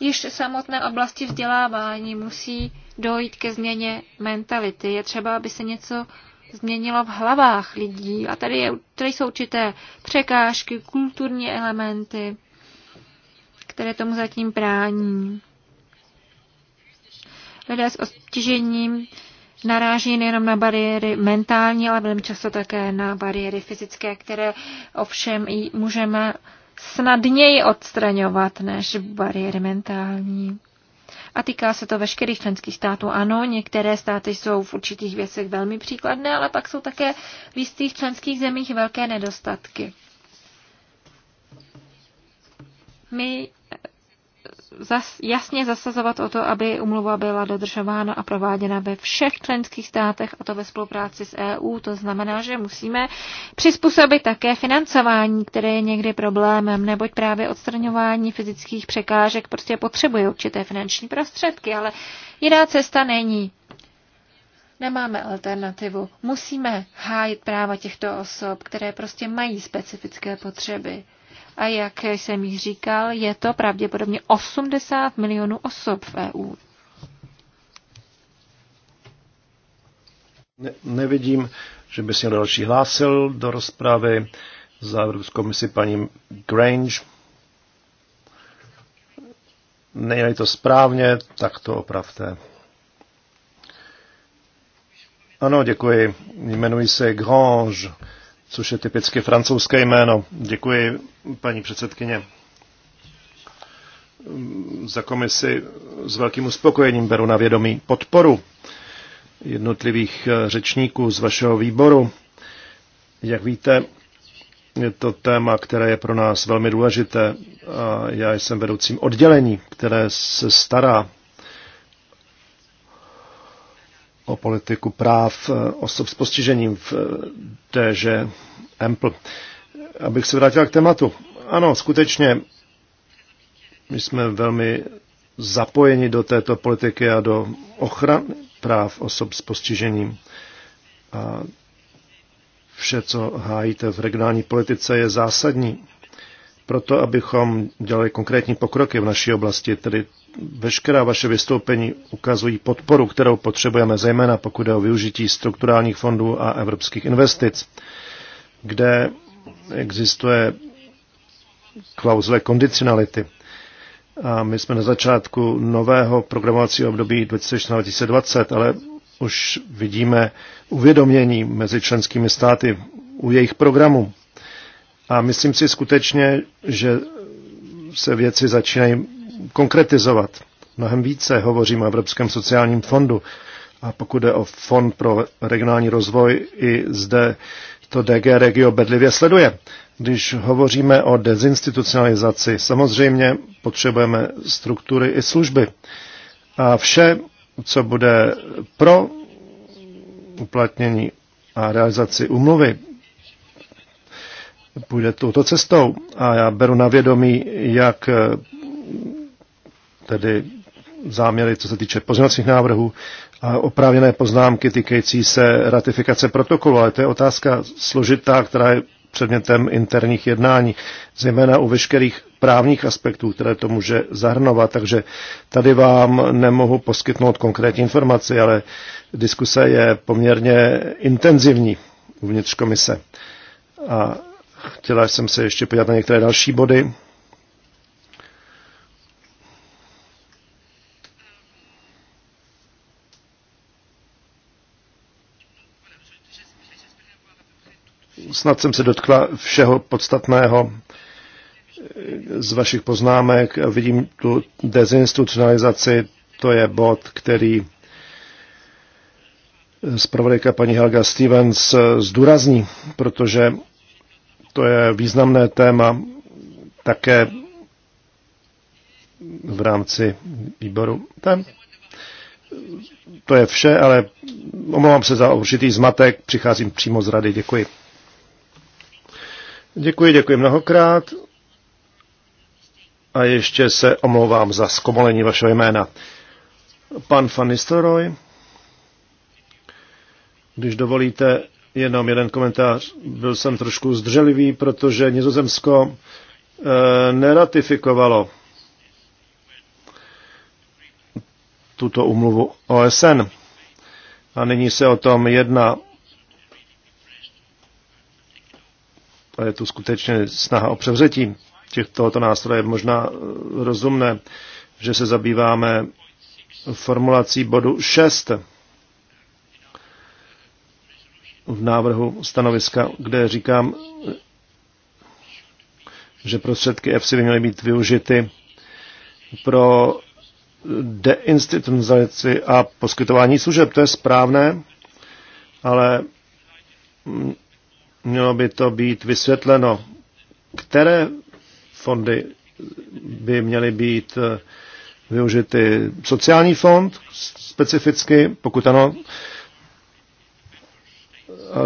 Již v samotné oblasti vzdělávání musí dojít ke změně mentality. Je třeba, aby se něco změnilo v hlavách lidí. A tady, je, tady jsou určité překážky, kulturní elementy které tomu zatím brání. Lidé s obtížením naráží nejenom na bariéry mentální, ale velmi často také na bariéry fyzické, které ovšem i můžeme snadněji odstraňovat než bariéry mentální. A týká se to veškerých členských států. Ano, některé státy jsou v určitých věcech velmi příkladné, ale pak jsou také v jistých členských zemích velké nedostatky. My zas, jasně zasazovat o to, aby umluva byla dodržována a prováděna ve všech členských státech, a to ve spolupráci s EU. To znamená, že musíme přizpůsobit také financování, které je někdy problémem, neboť právě odstraňování fyzických překážek prostě potřebuje určité finanční prostředky, ale jiná cesta není. Nemáme alternativu. Musíme hájit práva těchto osob, které prostě mají specifické potřeby a jak jsem již říkal, je to pravděpodobně 80 milionů osob v EU. Ne, nevidím, že by se někdo další hlásil do rozpravy za Evropskou komisi paní Grange. Nejde to správně, tak to opravte. Ano, děkuji. Jmenuji se Grange což je typicky francouzské jméno. Děkuji, paní předsedkyně. Za komisi s velkým uspokojením beru na vědomí podporu jednotlivých eh, řečníků z vašeho výboru. Jak víte, je to téma, které je pro nás velmi důležité. A já jsem vedoucím oddělení, které se stará o politiku práv eh, osob s postižením v eh, DŽ Ample. Abych se vrátil k tématu. Ano, skutečně, my jsme velmi zapojeni do této politiky a do ochrany práv osob s postižením. A vše, co hájíte v regionální politice, je zásadní proto, abychom dělali konkrétní pokroky v naší oblasti, tedy veškerá vaše vystoupení ukazují podporu, kterou potřebujeme, zejména pokud je o využití strukturálních fondů a evropských investic, kde existuje klauzule kondicionality. A my jsme na začátku nového programovacího období 2020 ale už vidíme uvědomění mezi členskými státy u jejich programů. A myslím si skutečně, že se věci začínají konkretizovat. Mnohem více hovořím o Evropském sociálním fondu. A pokud jde o Fond pro regionální rozvoj, i zde to DG Regio bedlivě sleduje. Když hovoříme o dezinstitucionalizaci, samozřejmě potřebujeme struktury i služby. A vše, co bude pro uplatnění a realizaci umluvy, půjde touto cestou. A já beru na vědomí, jak tedy záměry, co se týče pozměňovacích návrhů a oprávněné poznámky týkající se ratifikace protokolu, ale to je otázka složitá, která je předmětem interních jednání, zejména u veškerých právních aspektů, které to může zahrnovat. Takže tady vám nemohu poskytnout konkrétní informaci, ale diskuse je poměrně intenzivní uvnitř komise. A chtěla jsem se ještě podívat na některé další body. snad jsem se dotkla všeho podstatného eh, z vašich poznámek. Vidím tu dezinstitucionalizaci, to je bod, který zpravodajka paní Helga Stevens eh, zdůrazní, protože to je významné téma také v rámci výboru. Tam. To je vše, ale omlouvám se za určitý zmatek, přicházím přímo z rady, děkuji. Děkuji, děkuji mnohokrát. A ještě se omlouvám za zkomolení vašeho jména. Pan Fanistoroj, když dovolíte jenom jeden komentář, byl jsem trošku zdřelivý, protože Nizozemsko e, neratifikovalo tuto umluvu OSN. A nyní se o tom jedná a je tu skutečně snaha o převzetí těchto tohoto nástroje. Možná eh, rozumné, že se zabýváme formulací bodu 6 v návrhu stanoviska, kde říkám, že prostředky EFSI by měly být využity pro deinstitucionalizaci a poskytování služeb. To je správné, ale Mělo by to být vysvětleno, které fondy by měly být eh, využity. Sociální fond specificky, pokud ano,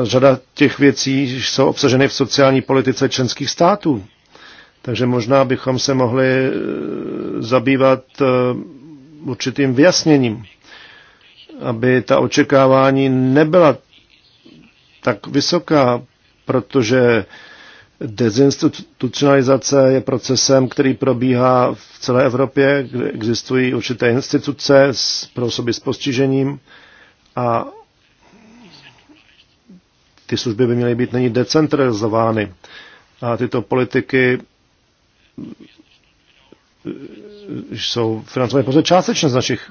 řada těch věcí jsou obsaženy v sociální politice členských států. Takže možná bychom se mohli eh, zabývat eh, určitým vyjasněním, aby ta očekávání nebyla tak vysoká, protože dezinstitucionalizace je procesem, který probíhá v celé Evropě, kde existují určité instituce pro osoby s postižením a ty služby by měly být není decentralizovány. A tyto politiky jsou financované pouze částečně z našich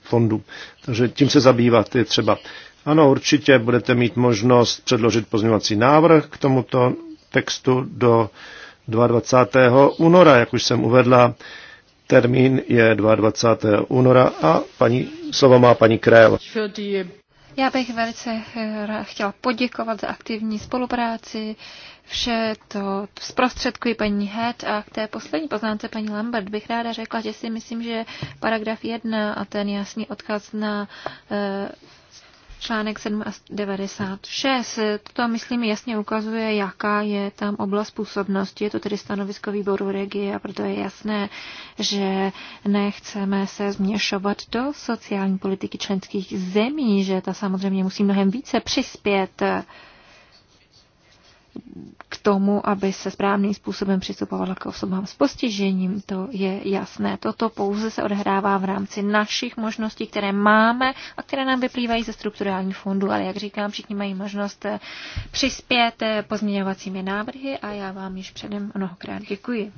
fondů. Takže tím se zabývat je třeba. Ano, určitě budete mít možnost předložit pozměňovací návrh k tomuto textu do 22. února, jak už jsem uvedla. Termín je 22. února a paní, slovo má paní Krél. Já bych velice eh, chtěla poděkovat za aktivní spolupráci. Vše to zprostředkuji paní Het a k té poslední poznámce paní Lambert bych ráda řekla, že si myslím, že paragraf 1 a ten jasný odkaz na eh, článek 796. To, myslím, jasně ukazuje, jaká je tam oblast působnosti. Je to tedy stanovisko výboru regie a proto je jasné, že nechceme se změšovat do sociální politiky členských zemí, že ta samozřejmě musí mnohem více přispět k tomu, aby se správným způsobem přistupovalo k osobám s postižením, to je jasné. Toto pouze se odehrává v rámci našich možností, které máme a které nám vyplývají ze strukturálních fondů, ale jak říkám, všichni mají možnost eh, přispět eh, pozměňovacími návrhy a já vám již předem mnohokrát děkuji.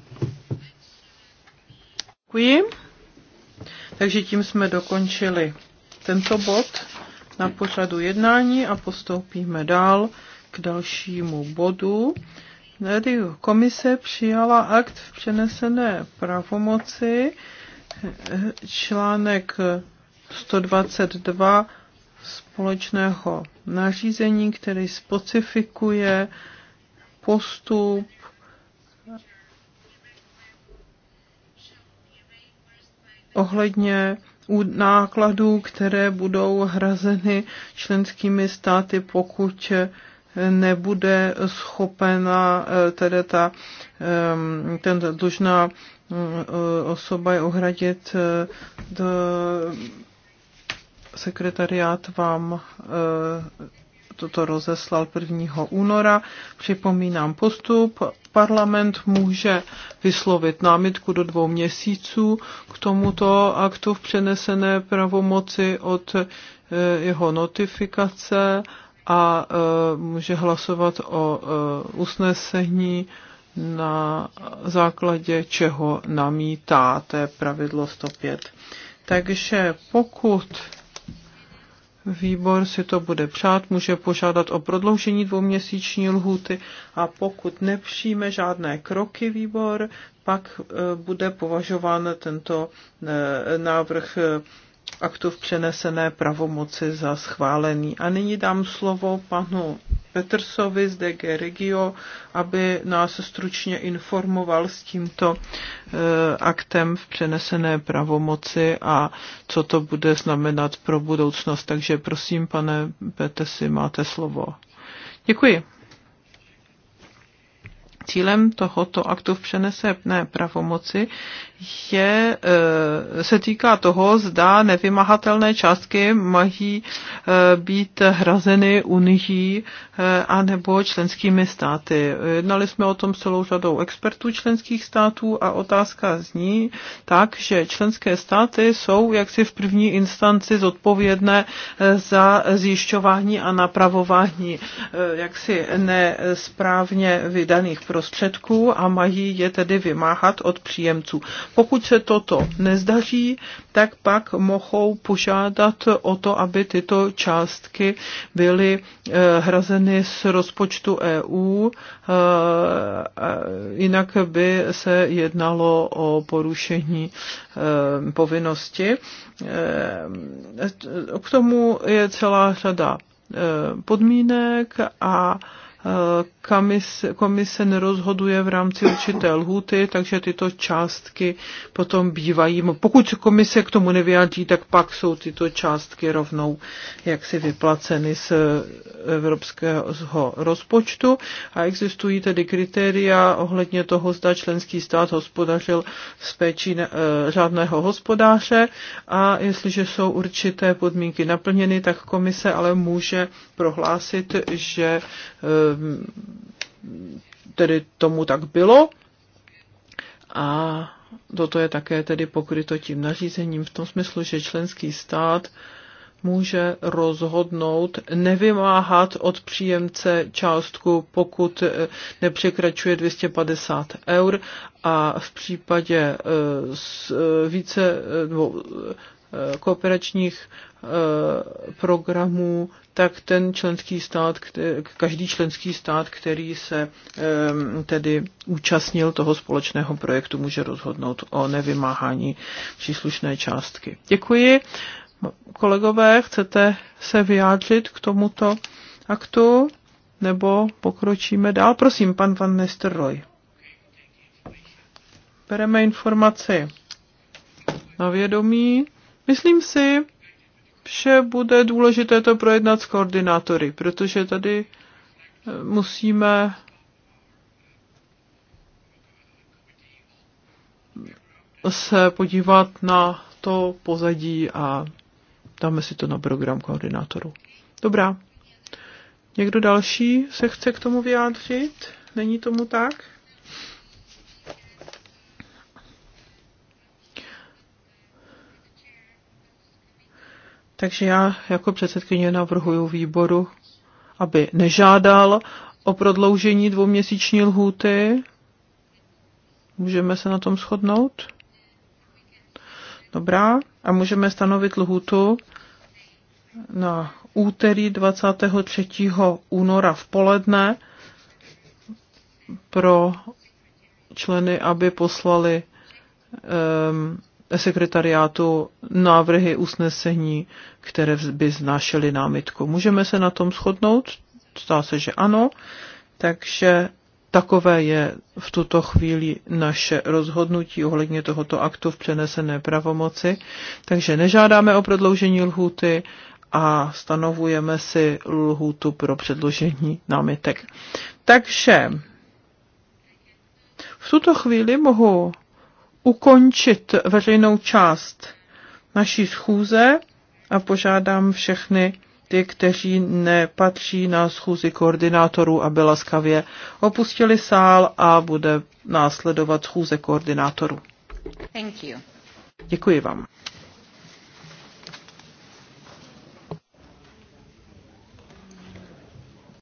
Děkuji. Takže tím jsme dokončili tento bod na pořadu jednání a postoupíme dál dalšímu bodu. Tady komise přijala akt v přenesené pravomoci, článek 122 společného nařízení, který specifikuje postup ohledně nákladů, které budou hrazeny členskými státy, pokud nebude schopena eh, tedy ta, ehm, ten dlužná mm, eh, osoba je ohradit eh, do sekretariát vám toto rozeslal 1. února. Připomínám postup. Parlament může vyslovit námitku do dvou měsíců k tomuto aktu v přenesené pravomoci od jeho notifikace a e, může hlasovat o e, usnesení, na základě čeho té pravidlo 105. Takže pokud výbor si to bude přát, může požádat o prodloužení dvouměsíční lhůty a pokud nepřijme žádné kroky výbor, pak e, bude považován tento návrh aktu v přenesené pravomoci za schválený. A nyní dám slovo panu Petersovi z DG Regio, aby nás stručně informoval s tímto e, aktem v přenesené pravomoci a co to bude znamenat pro budoucnost. Takže prosím, pane Petesi, máte slovo. Děkuji cílem tohoto aktu v přenesené pravomoci je, eh, se týká toho, zda nevymahatelné částky mají eh, být hrazeny Unií eh, a nebo členskými státy. Jednali jsme o tom celou řadou expertů členských států a otázka zní tak, že členské státy jsou jaksi v první instanci zodpovědné za zjišťování a napravování jaksi nesprávně vydaných prostředků prostředků a mají je tedy vymáhat od příjemců. Pokud se toto nezdaří, tak pak mohou požádat o to, aby tyto částky byly eh, hrazeny z rozpočtu EU, eh, jinak by se jednalo o porušení eh, povinnosti. K tomu je celá řada podmínek a komise, komise nerozhoduje v rámci určité lhuty, takže tyto částky potom bývají, pokud komise k tomu nevyjádří, tak pak jsou tyto částky rovnou jaksi vyplaceny z evropského rozpočtu a existují tedy kritéria ohledně toho, zda členský stát hospodařil s péčí eh, řádného hospodáře a jestliže jsou určité podmínky naplněny, tak komise ale může prohlásit, že eh, tedy tomu tak bylo. A toto je také tedy pokryto tím nařízením v tom smyslu, že členský stát může rozhodnout nevymáhat od příjemce částku, pokud eh, nepřekračuje 250 eur a v případě eh, eh, více nebo Eh, kooperačních eh, programů, tak ten členský stát, každý členský stát, který se eh, tedy účastnil toho společného projektu, může rozhodnout o nevymáhání příslušné částky. Děkuji. Kolegové, chcete se vyjádřit k tomuto aktu nebo pokročíme dál? Prosím, pan Van Nistelrooy. Bereme informaci na vědomí. Myslím si, že bude důležité to projednat s koordinátory, protože tady eh, musíme se podívat na to pozadí a dáme si to na program koordinátoru. Dobrá. Někdo další se chce k tomu vyjádřit? Není tomu tak? Takže já jako předsedkyně navrhuju výboru, aby nežádal o prodloužení dvouměsíční lhůty. Můžeme se na tom shodnout? Dobrá. A můžeme stanovit lhůtu na úterý 23. února v poledne pro členy, aby poslali um, sekretariátu návrhy usnesení, které by znášely námitku. Můžeme se na tom shodnout? Zdá se, že ano. Takže takové je v tuto chvíli naše rozhodnutí ohledně tohoto aktu v přenesené pravomoci. Takže nežádáme o prodloužení lhůty a stanovujeme si lhůtu pro předložení námitek. Takže v tuto chvíli mohu ukončit veřejnou část naší schůze a požádám všechny ty, kteří nepatří na schůzi koordinátorů, aby laskavě opustili sál a bude následovat schůze koordinátorů. Děkuji vám.